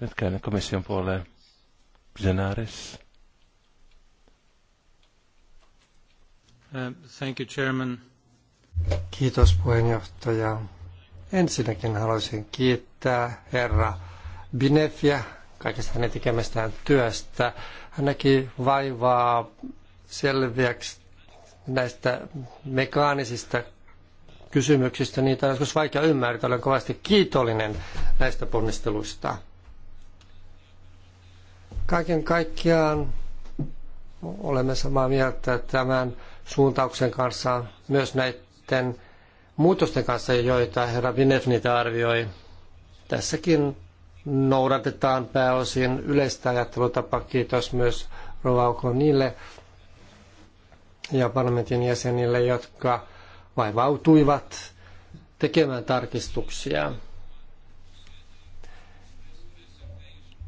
Nyt käymme komission puoleen. Zenaris. Uh, thank you, Chairman. Kiitos puheenjohtaja. Ensinnäkin haluaisin kiittää herra Binefia kaikesta hänen tekemästään työstä. Hän näki vaivaa selviäksi näistä mekaanisista kysymyksistä, niitä on joskus vaikea ymmärtää. Olen kovasti kiitollinen näistä ponnisteluista. Kaiken kaikkiaan olemme samaa mieltä tämän suuntauksen kanssa myös näiden muutosten kanssa, joita herra niitä arvioi. Tässäkin noudatetaan pääosin yleistä ajattelutapaa. Kiitos myös Rovauko niille ja parlamentin jäsenille, jotka vaivautuivat tekemään tarkistuksia.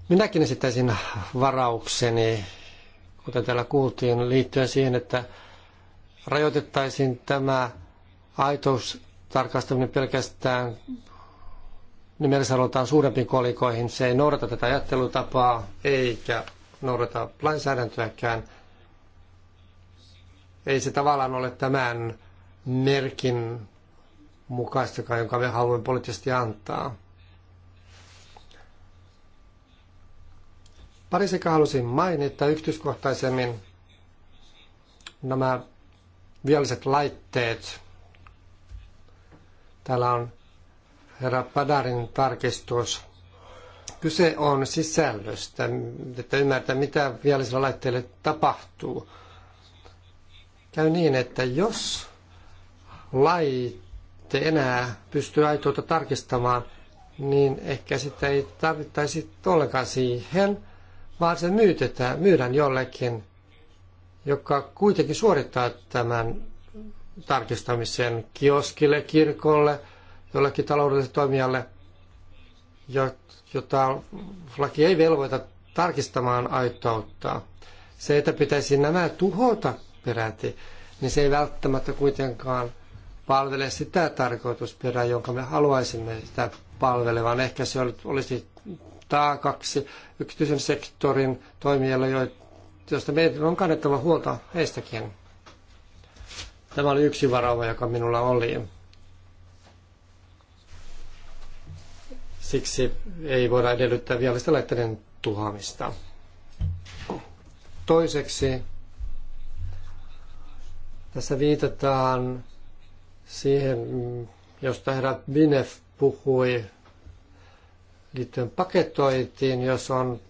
Minäkin esittäisin varaukseni, kuten täällä kuultiin, liittyen siihen, että rajoitettaisiin tämä aitous tarkastaminen pelkästään nimellisarvoltaan suurempiin kolikoihin. Se ei noudata tätä ajattelutapaa eikä noudata lainsäädäntöäkään. Ei se tavallaan ole tämän merkin mukaistakaan, jonka me haluamme poliittisesti antaa. Pari sekä halusin mainita yksityiskohtaisemmin nämä vialliset laitteet. Täällä on herra Padarin tarkistus. Kyse on sisällöstä, että ymmärtää mitä viallisilla laitteille tapahtuu. Käy niin, että jos laite enää pystyy aitoita tarkistamaan, niin ehkä sitä ei tarvittaisi ollenkaan siihen, vaan se myytetään, myydään jollekin, joka kuitenkin suorittaa tämän tarkistamisen kioskille, kirkolle, jollekin taloudelliselle toimijalle, jota laki ei velvoita tarkistamaan aitoutta. Se, että pitäisi nämä tuhota peräti, niin se ei välttämättä kuitenkaan palvele sitä tarkoitusperää, jonka me haluaisimme sitä palvelevan. Ehkä se olisi taakaksi yksityisen sektorin toimijalle, joista meidän on kannettava huolta heistäkin. Tämä oli yksi varauma, joka minulla oli. Siksi ei voida edellyttää viallisten laitteiden tuhoamista. Toiseksi tässä viitataan siihen, josta herra Binef puhui liittyen paketointiin, jos on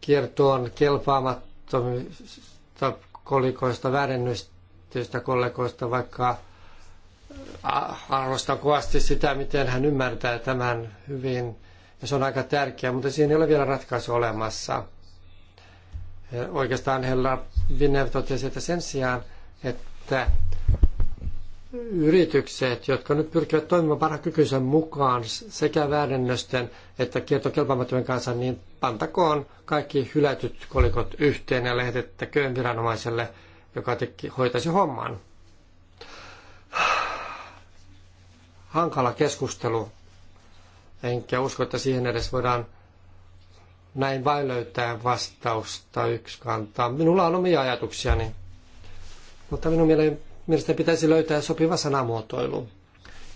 kiertoon kelpaamattomista kolikoista, väärennystyistä kollegoista, vaikka arvostan kovasti sitä, miten hän ymmärtää tämän hyvin. Ja se on aika tärkeää, mutta siinä ei ole vielä ratkaisu olemassa. oikeastaan Hella vinev totesi, että sen sijaan, että yritykset, jotka nyt pyrkivät toimimaan parakykynsä mukaan sekä väärennösten että kiertokelpaamattomien kanssa, niin pantakoon kaikki hylätyt kolikot yhteen ja lähetettäköön viranomaiselle, joka teki, hoitaisi homman. Hankala keskustelu. Enkä usko, että siihen edes voidaan näin vain löytää vastausta yksi kantaa. Minulla on omia ajatuksiani, mutta minun mieleen mielestäni pitäisi löytää sopiva sanamuotoilu,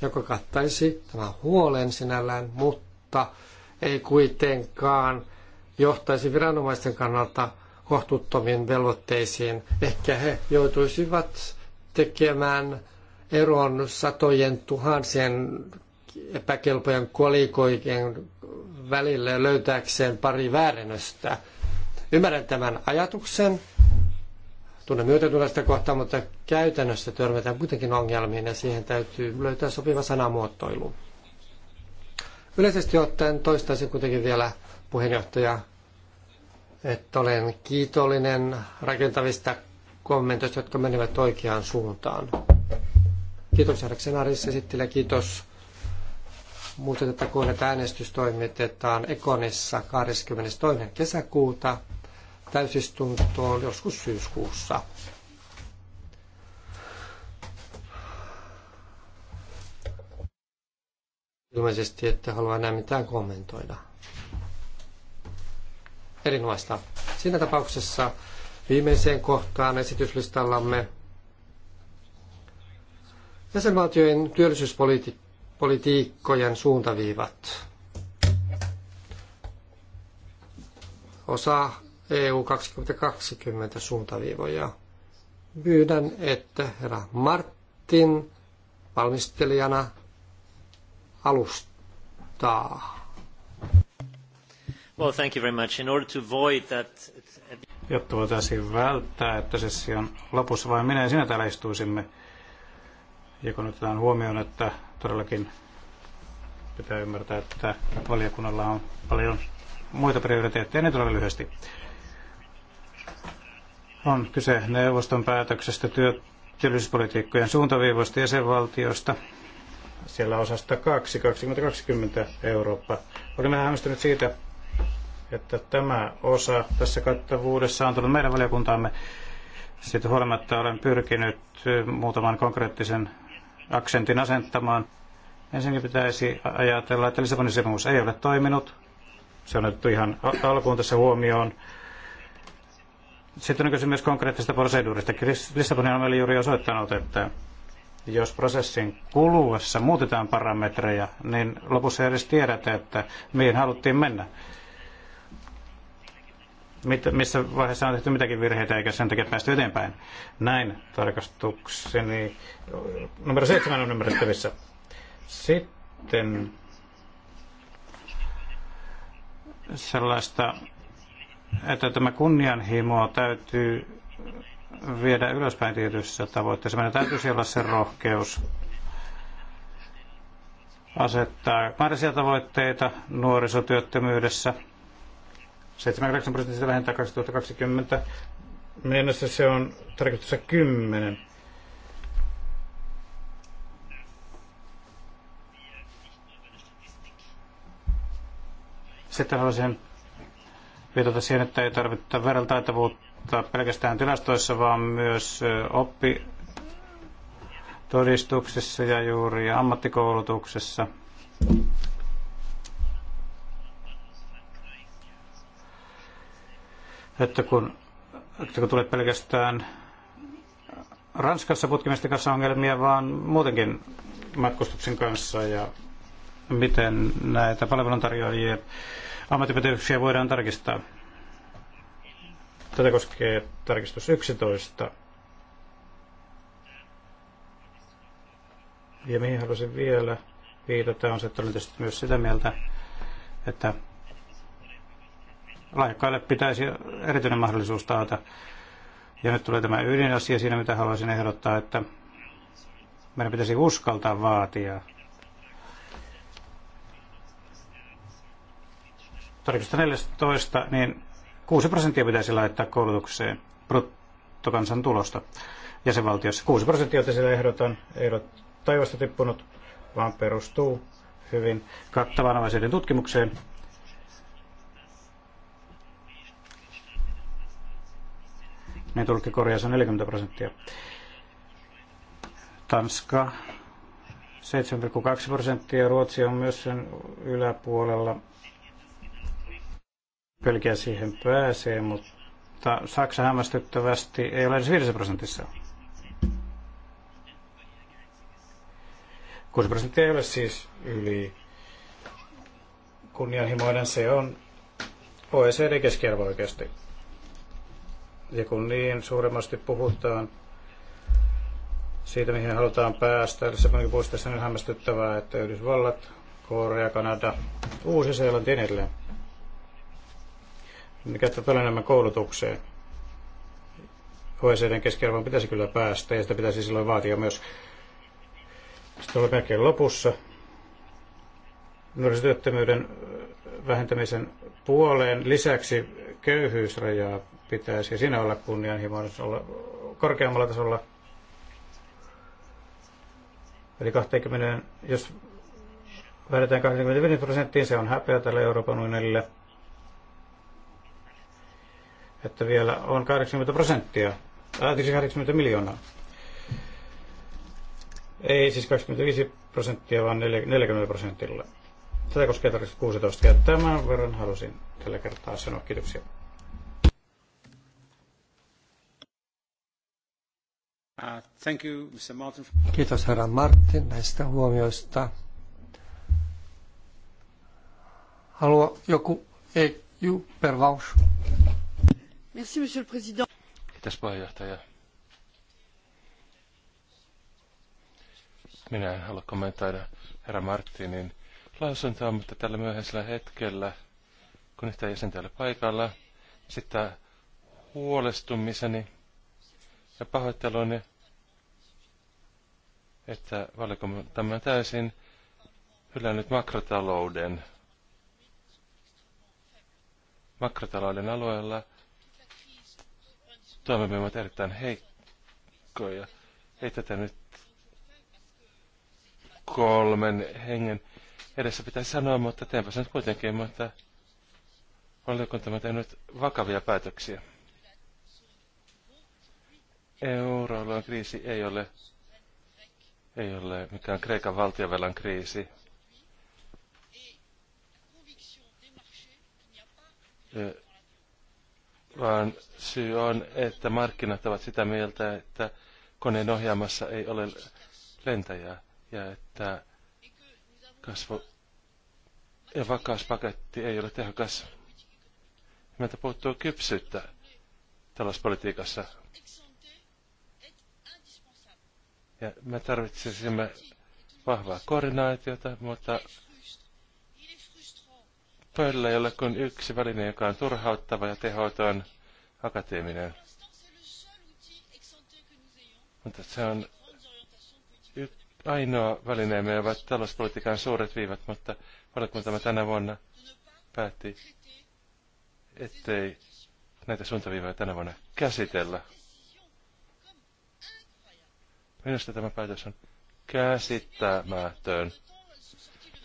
joka kattaisi tämän huolen sinällään, mutta ei kuitenkaan johtaisi viranomaisten kannalta kohtuuttomiin velvoitteisiin. Ehkä he joutuisivat tekemään eron satojen tuhansien epäkelpojen kolikoikien välille löytääkseen pari väärennöstä. Ymmärrän tämän ajatuksen, tunne myötätunnasta kohtaan, mutta käytännössä törmätään kuitenkin ongelmiin ja siihen täytyy löytää sopiva sanamuotoilu. Yleisesti ottaen toistaisin kuitenkin vielä puheenjohtaja, että olen kiitollinen rakentavista kommentoista, jotka menivät oikeaan suuntaan. Kiitos Järjeksen Aris esittelee, kiitos Muistutettakoon, että äänestys toimitetaan Ekonissa 22. kesäkuuta täysistuntoon joskus syyskuussa. Ilmeisesti ette halua enää mitään kommentoida. Erinomaista. Siinä tapauksessa viimeiseen kohtaan esityslistallamme jäsenvaltiojen työllisyyspolitiikkojen suuntaviivat. Osa EU 2020 suuntaviivoja. Pyydän, että herra Martin valmistelijana alustaa. Well, thank you very much. In order to avoid that... Jotta voitaisiin välttää, että session lopussa vain minä ja sinä täällä istuisimme, ja kun otetaan huomioon, että todellakin pitää ymmärtää, että valiokunnalla on paljon muita prioriteetteja, niin todella lyhyesti. On kyse neuvoston päätöksestä työllisyyspolitiikkojen suuntaviivoista jäsenvaltiosta. Siellä osasta 2, 2020 Eurooppa. Olin vähän hämmästynyt siitä, että tämä osa tässä kattavuudessa on tullut meidän valiokuntaamme. Sitten huolimatta olen pyrkinyt muutaman konkreettisen aksentin asentamaan. Ensinnäkin pitäisi ajatella, että Lissabonin sopimus ei ole toiminut. Se on otettu ihan alkuun tässä huomioon. Sitten on kysymys konkreettisesta proseduurista. Lissabonin on juuri osoittanut, että jos prosessin kuluessa muutetaan parametreja, niin lopussa edes tiedät, että mihin haluttiin mennä. Mit, missä vaiheessa on tehty mitäkin virheitä eikä sen takia päästy eteenpäin. Näin tarkastukseni. Numero seitsemän on ymmärrettävissä. Sitten sellaista että tämä kunnianhimo täytyy viedä ylöspäin tietyissä tavoitteissa. Meidän täytyisi olla se rohkeus asettaa määräisiä tavoitteita nuorisotyöttömyydessä. 78 prosenttia vähentää 2020 Mielestäni se on tarkoituksessa 10. Sitten haluaisin viitata siihen, että ei tarvitse vertailtavuutta pelkästään tilastoissa, vaan myös oppitodistuksessa ja juuri ammattikoulutuksessa. Että kun, että kun tulee pelkästään Ranskassa putkimisten kanssa ongelmia, vaan muutenkin matkustuksen kanssa ja miten näitä palveluntarjoajia ammattipätevyyksiä voidaan tarkistaa. Tätä koskee tarkistus 11. Ja mihin halusin vielä viitata on se, että olen tietysti myös sitä mieltä, että lahjakkaille pitäisi erityinen mahdollisuus taata. Ja nyt tulee tämä ydinasia siinä, mitä haluaisin ehdottaa, että meidän pitäisi uskaltaa vaatia 2014, niin 6 prosenttia pitäisi laittaa koulutukseen bruttokansantulosta jäsenvaltiossa. 6 prosenttia, jota siellä ehdotan, ei ole taivasta tippunut, vaan perustuu hyvin kattavaan avaisuuden tutkimukseen. Ne tulkki korjaus on 40 prosenttia. Tanska 7,2 prosenttia, Ruotsi on myös sen yläpuolella pylkiä siihen pääsee, mutta Saksa hämmästyttävästi ei ole edes 5 prosentissa. 6 prosenttia ei ole siis yli kunnianhimoinen, se on OECD keskiarvo oikeasti. Ja kun niin suuremmasti puhutaan siitä, mihin halutaan päästä, se puistossa on hämmästyttävää, että Yhdysvallat, Korea, Kanada, Uusi-Seelanti ja niin edelleen ne käyttää paljon enemmän koulutukseen. OECDn keskiarvoon pitäisi kyllä päästä ja sitä pitäisi silloin vaatia myös. Sitten ollaan melkein lopussa. Nuorisotyöttömyyden vähentämisen puoleen lisäksi köyhyysrajaa pitäisi siinä olla kunnianhimoinen olla korkeammalla tasolla. Eli 20, jos vähennetään 25 prosenttiin, se on häpeä tälle Euroopan unionille että vielä on 80 prosenttia, ää, äh, siis 80 miljoonaa. Ei siis 25 prosenttia, vaan 40 prosentilla. Tätä koskee tarkistus 16 ja tämän verran halusin tällä kertaa sanoa. Kiitoksia. Uh, thank you, Mr. Martin. Kiitos herra Martin näistä huomioista. Haluaa joku, ei, Jupervaus. Merci, monsieur le président. Minä en halua kommentoida herra Martinin lausuntoa, mutta tällä myöhäisellä hetkellä, kun yhtään jäsentä oli paikalla, sitä huolestumiseni ja pahoitteluni, että valiokuntamme on täysin hylännyt makrotalouden. Makrotalouden alueella toimemme ovat erittäin heikkoja. Ei tätä nyt kolmen hengen edessä pitäisi sanoa, mutta teenpä sen kuitenkin, mutta valiokunta on tehnyt vakavia päätöksiä. Euroalueen kriisi ei ole, ei ole mikään Kreikan valtiovelan kriisi. Ja vaan syy on, että markkinat ovat sitä mieltä, että koneen ohjaamassa ei ole lentäjää ja että kasvo- ja vakauspaketti ei ole tehokas. Meiltä puuttuu kypsyyttä talouspolitiikassa. Ja me tarvitsisimme vahvaa koordinaatiota, mutta pöydällä ei ole kuin yksi väline, joka on turhauttava ja tehoton akateeminen. Mutta se on ainoa me ovat talouspolitiikan suuret viivat, mutta valiokuntamme tänä vuonna päätti, ettei näitä suuntaviivoja tänä vuonna käsitellä. Minusta tämä päätös on käsittämätön.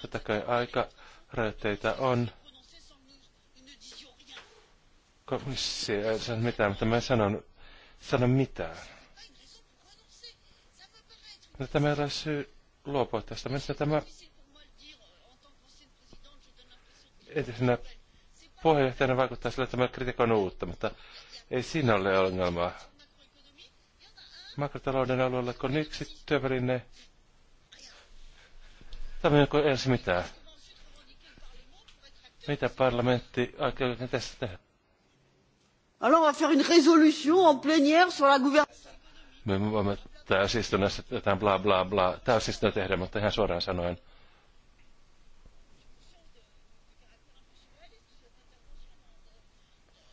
Totta kai aika rajoitteita on, komissio ei sano mitään, mutta mä en sanon, sano mitään. No, tämä ei ole syy luopua tästä. sanon, tämä entisenä puheenjohtajana vaikuttaa sillä, että mä kritikoin uutta, mutta ei siinä ole ongelmaa. Makrotalouden alueella, kun yksi työväline, tämä ei ensi mitään. Mitä parlamentti aikoo tässä tehdä? Alors on va faire une résolution en plénière sur la gouvernance. Me voimme täysistunnassa jotain bla bla bla täysistunto tehdä, mutta ihan suoraan sanoen.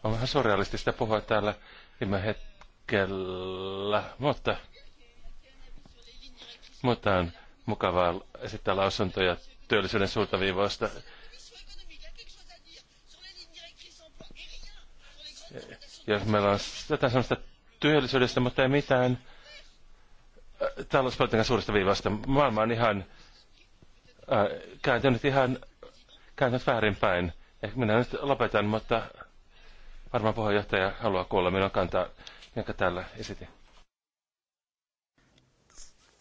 On vähän surrealistista puhua täällä viime hetkellä, mutta, mutta on mukavaa esittää lausuntoja työllisyyden suuntaviivoista ja meillä on jotain sellaista työllisyydestä, mutta ei mitään äh, talouspolitiikan suurista viivasta. Maailma on ihan äh, kääntynyt ihan kääntynyt väärinpäin. Ehkä minä nyt lopetan, mutta varmaan puheenjohtaja haluaa kuulla minun kantaa, jonka täällä esitin.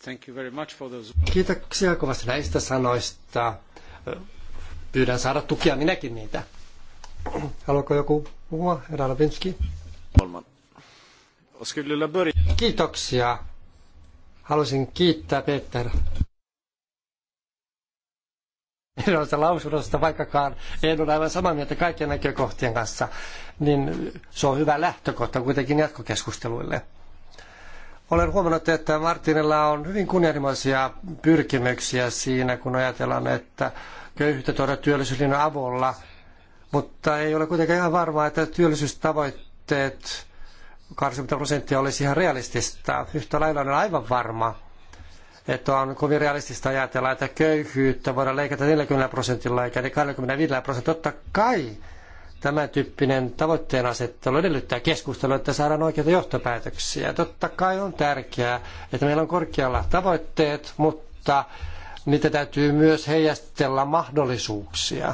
Thank you very much for those... Kiitoksia kovasti näistä sanoista. Pyydän saada tukea minäkin niitä. Haluaako joku puhua, herra Lapinski? Kiitoksia. Haluaisin kiittää Peter hienoista lausunnosta, vaikkakaan en ole aivan samaa mieltä kaikkien näkökohtien kanssa, niin se on hyvä lähtökohta kuitenkin jatkokeskusteluille. Olen huomannut, että Martinilla on hyvin kunnianhimoisia pyrkimyksiä siinä, kun ajatellaan, että köyhyyttä tuoda työllisyyslinjan avulla, mutta ei ole kuitenkaan ihan varmaa, että työllisyystavoitteet 80 prosenttia olisi ihan realistista. Yhtä lailla on aivan varma, että on kovin realistista ajatella, että köyhyyttä voidaan leikata 40 prosentilla eikä 25 prosentilla. Totta kai tämän tyyppinen tavoitteen asettelu edellyttää keskustelua, että saadaan oikeita johtopäätöksiä. Totta kai on tärkeää, että meillä on korkealla tavoitteet, mutta niitä täytyy myös heijastella mahdollisuuksia.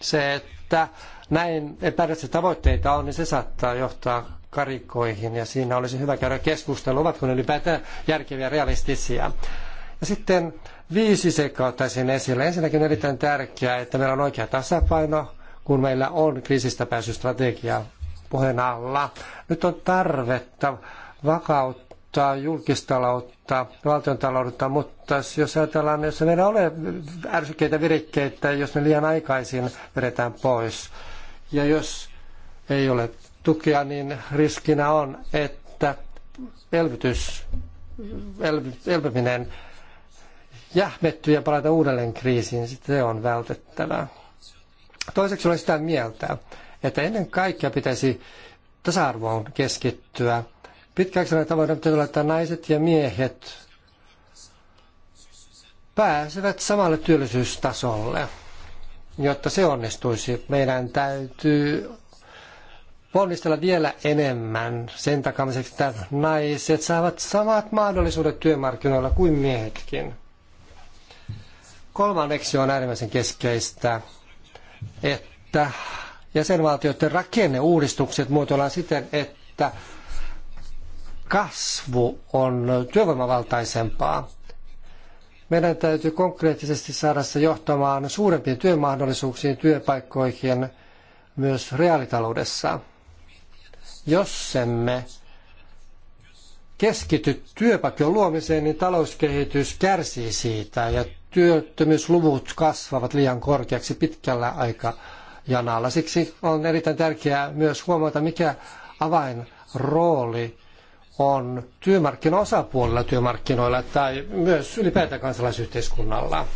Se, että näin epäräisiä tavoitteita on, niin se saattaa johtaa karikkoihin ja siinä olisi hyvä käydä keskustelua, ovatko ne ylipäätään järkeviä ja realistisia. Ja sitten viisi seikkaa ottaisin esille. Ensinnäkin on erittäin tärkeää, että meillä on oikea tasapaino, kun meillä on kriisistä pääsystrategia puheen alla. Nyt on tarvetta vakauttaa julkistaloutta, valtion mutta jos ajatellaan, jos meillä ei ole ärsykkeitä virikkeitä, jos ne liian aikaisin vedetään pois, ja jos ei ole tukea, niin riskinä on, että elvytys, elpyminen jähmettyy ja palata uudelleen kriisiin. Se on vältettävää. Toiseksi olen sitä mieltä, että ennen kaikkea pitäisi tasa-arvoon keskittyä. Pitkäaikaisena tavoitteena pitäisi olla, että naiset ja miehet pääsevät samalle työllisyystasolle. Jotta se onnistuisi, meidän täytyy ponnistella vielä enemmän sen takamiseksi, että naiset saavat samat mahdollisuudet työmarkkinoilla kuin miehetkin. Kolmanneksi on äärimmäisen keskeistä, että jäsenvaltioiden rakenneuudistukset muotoillaan siten, että kasvu on työvoimavaltaisempaa. Meidän täytyy konkreettisesti saada se johtamaan suurempiin työmahdollisuuksiin työpaikkoihin myös reaalitaloudessa. Jos emme keskity työpaikkojen luomiseen, niin talouskehitys kärsii siitä ja työttömyysluvut kasvavat liian korkeaksi pitkällä aikajanalla. Siksi on erittäin tärkeää myös huomata, mikä avainrooli on työmarkkinaosapuolilla työmarkkinoilla tai myös ylipäätään kansalaisyhteiskunnalla.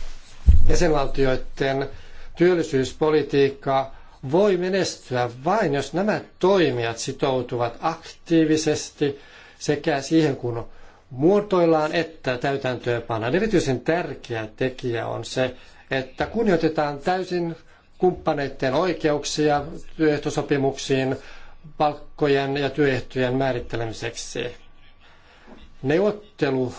Jäsenvaltioiden työllisyyspolitiikka voi menestyä vain, jos nämä toimijat sitoutuvat aktiivisesti sekä siihen, kun muotoillaan että täytäntöönpannaan. Erityisen tärkeä tekijä on se, että kunnioitetaan täysin kumppaneiden oikeuksia työehtosopimuksiin palkkojen ja työehtojen määrittelemiseksi. Neuvottelu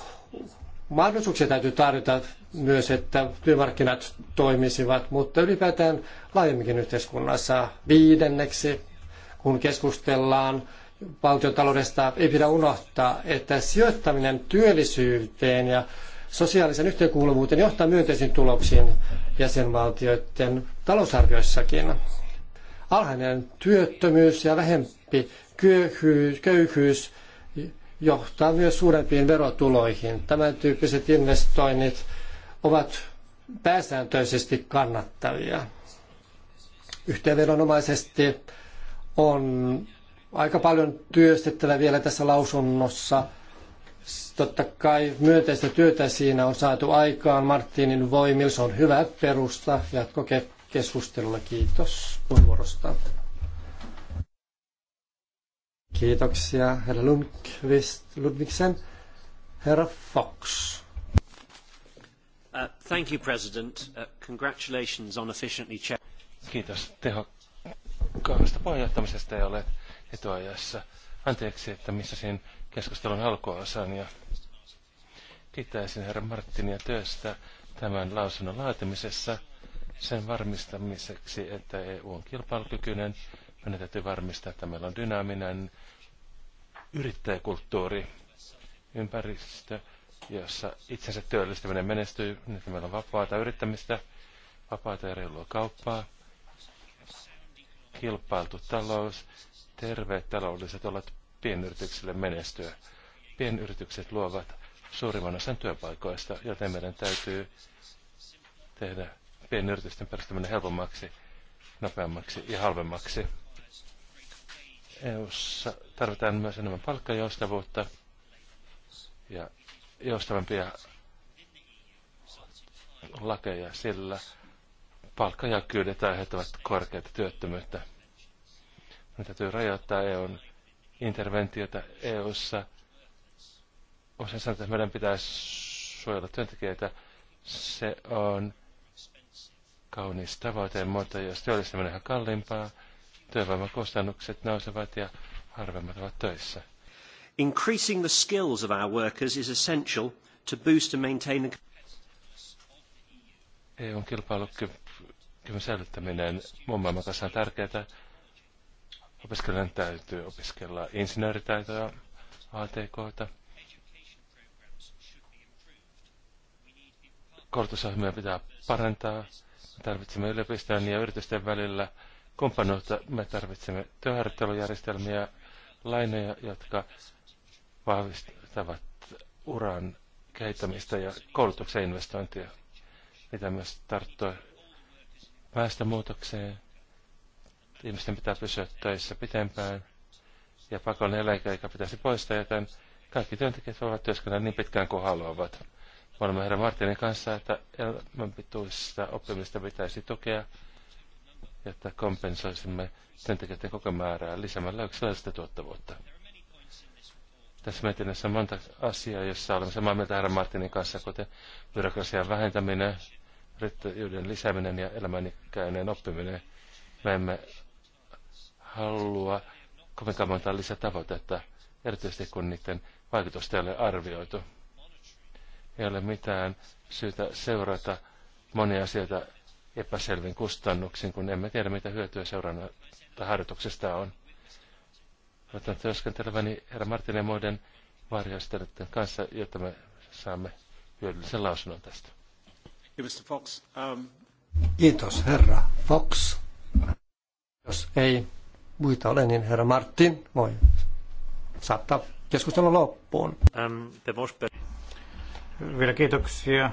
mahdollisuuksia täytyy tarjota myös, että työmarkkinat toimisivat, mutta ylipäätään laajemminkin yhteiskunnassa. Viidenneksi, kun keskustellaan valtiontaloudesta, ei pidä unohtaa, että sijoittaminen työllisyyteen ja sosiaalisen yhteenkuuluvuuteen johtaa myönteisiin tuloksiin jäsenvaltioiden talousarvioissakin. Alhainen työttömyys ja vähempi köyhyys johtaa myös suurempiin verotuloihin. Tämän tyyppiset investoinnit ovat pääsääntöisesti kannattavia. Yhteenvedonomaisesti on aika paljon työstettävä vielä tässä lausunnossa. Totta kai myönteistä työtä siinä on saatu aikaan. Martinin voimil, se on hyvä perusta jatkokeskustelulle. Kiitos puheenvuorosta. Kiitoksia herra Lundqvist, Ludvigsen, herra Fox. Thank you, President. Uh, congratulations on efficiently check. Kiitos tehokkaasta puheenjohtamisesta ja olet etuajassa. Anteeksi, että missasin keskustelun alkuosan ja kiittäisin herra Marttinia työstä tämän lausunnon laatimisessa sen varmistamiseksi, että EU on kilpailukykyinen. Meidän täytyy varmistaa, että meillä on dynaaminen yrittäjäkulttuuri, ympäristö, jossa itsensä työllistäminen menestyy. Nyt meillä on vapaata yrittämistä, vapaata ja reilua kauppaa, kilpailtu talous, terveet taloudelliset ovat pienyrityksille menestyä. Pienyritykset luovat suurimman osan työpaikoista, joten meidän täytyy tehdä pienyritysten perustaminen helpommaksi, nopeammaksi ja halvemmaksi. EU:ssa tarvitaan myös enemmän palkkajoustavuutta ja joustavampia lakeja, sillä palkkajakyydet aiheuttavat korkeita työttömyyttä. Meidän täytyy rajoittaa EUn interventiota EUssa. Usein sanotaan, että meidän pitäisi suojella työntekijöitä. Se on kaunis tavoite, mutta jos työllistäminen on kalliimpaa, työvoimakustannukset nousevat ja harvemmat ovat töissä. Increasing the skills of our workers is essential to boost and maintain the... EUn kilpailukyvyn säilyttäminen muun maailman kanssa on tärkeää. Opiskelijan täytyy opiskella insinööritaitoja, atk Koulutusohjelmia pitää parantaa. Me tarvitsemme yliopistojen ja yritysten välillä kumppanuutta. Me tarvitsemme työharjoittelujärjestelmiä, lainoja, jotka vahvistavat uran kehittämistä ja koulutuksen investointia. Mitä myös tarttua väestömuutokseen. Ihmisten pitää pysyä töissä pitempään ja pakollinen eläkeikä pitäisi poistaa, joten kaikki työntekijät voivat työskennellä niin pitkään kuin haluavat. Me olemme herra Martinin kanssa, että elämänpituista oppimista pitäisi tukea, jotta kompensoisimme työntekijöiden kokomäärää lisäämällä yksilöllistä tuottavuutta. Tässä mietinnässä monta asiaa, jossa olemme samaa mieltä herra Martinin kanssa, kuten byrokrasian vähentäminen, yrittäjyyden lisääminen ja elämänikäinen oppiminen. Me emme halua kovinkaan monta lisätavoitetta, erityisesti kun niiden vaikutusta ei ole arvioitu. Ei ole mitään syytä seurata monia asioita epäselvin kustannuksin, kun emme tiedä, mitä hyötyä seurannasta harjoituksesta on. Otan työskenteleväni herra Martin ja muiden varjostelijoiden kanssa, jotta me saamme hyödyllisen lausunnon tästä. Fox, um... Kiitos, herra Fox. Jos ei muita ole, niin herra Martin voi saattaa keskustelun loppuun. Um, Vielä kiitoksia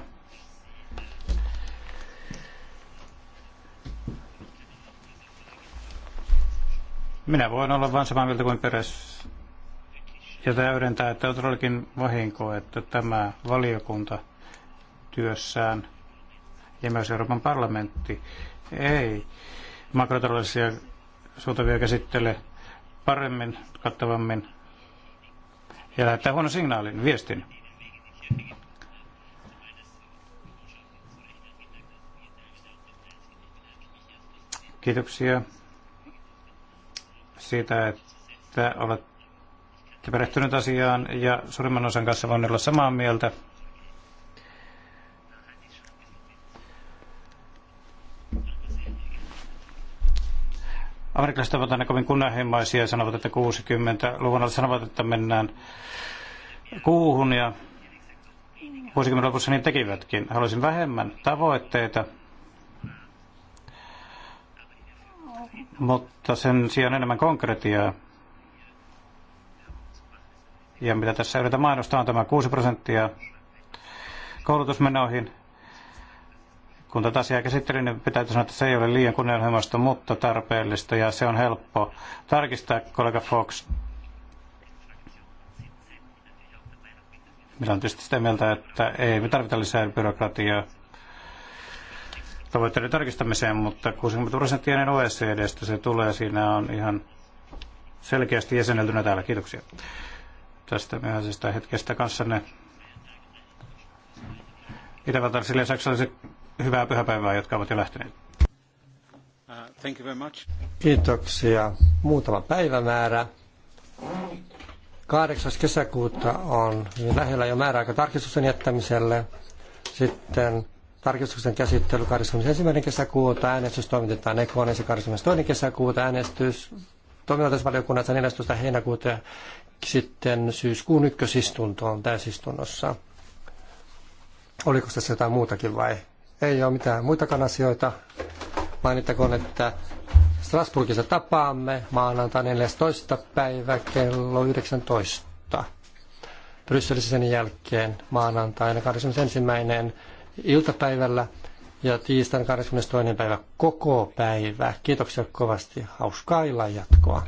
Minä voin olla vain samaa mieltä kuin peräs ja täydentää, että on todellakin vahinko, että tämä valiokunta työssään ja myös Euroopan parlamentti ei makrotaloudellisia suuntavia käsittele paremmin, kattavammin ja lähettää huono signaalin, viestin. Kiitoksia siitä, että olette perehtynyt asiaan ja suurimman osan kanssa voin olla samaa mieltä. Amerikkalaiset ovat aina kovin kunnianhimoisia ja sanovat, että 60-luvun sanovat, että mennään kuuhun ja vuosikymmenen lopussa niin tekivätkin. Haluaisin vähemmän tavoitteita, mutta sen sijaan enemmän konkretiaa. Ja mitä tässä yritän mainostaa on tämä 6 prosenttia koulutusmenoihin. Kun tätä asiaa käsittelin, niin pitää sanoa, että se ei ole liian kunnianhimoista, mutta tarpeellista ja se on helppo tarkistaa, kollega Fox. Minä olen tietysti sitä mieltä, että ei me tarvita lisää byrokratiaa tavoitteiden tarkistamiseen, mutta 60 prosenttia niin OECDstä se tulee. Siinä on ihan selkeästi jäseneltynä täällä. Kiitoksia tästä myöhäisestä hetkestä kanssanne. Itävaltaisille ja saksalaisille hyvää pyhäpäivää, jotka ovat jo lähteneet. Uh, thank you very much. Kiitoksia. Muutama päivämäärä. 8. kesäkuuta on lähellä jo määräaika tarkistuksen jättämiselle. Sitten Tarkistuksen käsittely 21. kesäkuuta, äänestys toimitetaan Ekonissa 22. kesäkuuta, äänestys toimivaltaisvaliokunnassa 14. heinäkuuta ja sitten syyskuun ykkösistuntoon täysistunnossa. Oliko tässä jotain muutakin vai? Ei ole mitään muitakaan asioita. Mainittakoon, että Strasbourgissa tapaamme maanantai 14. päivä kello 19. Brysselissä sen jälkeen maanantaina 21 iltapäivällä ja tiistaina 22. päivä koko päivä. Kiitoksia kovasti. Hauskaa illan jatkoa.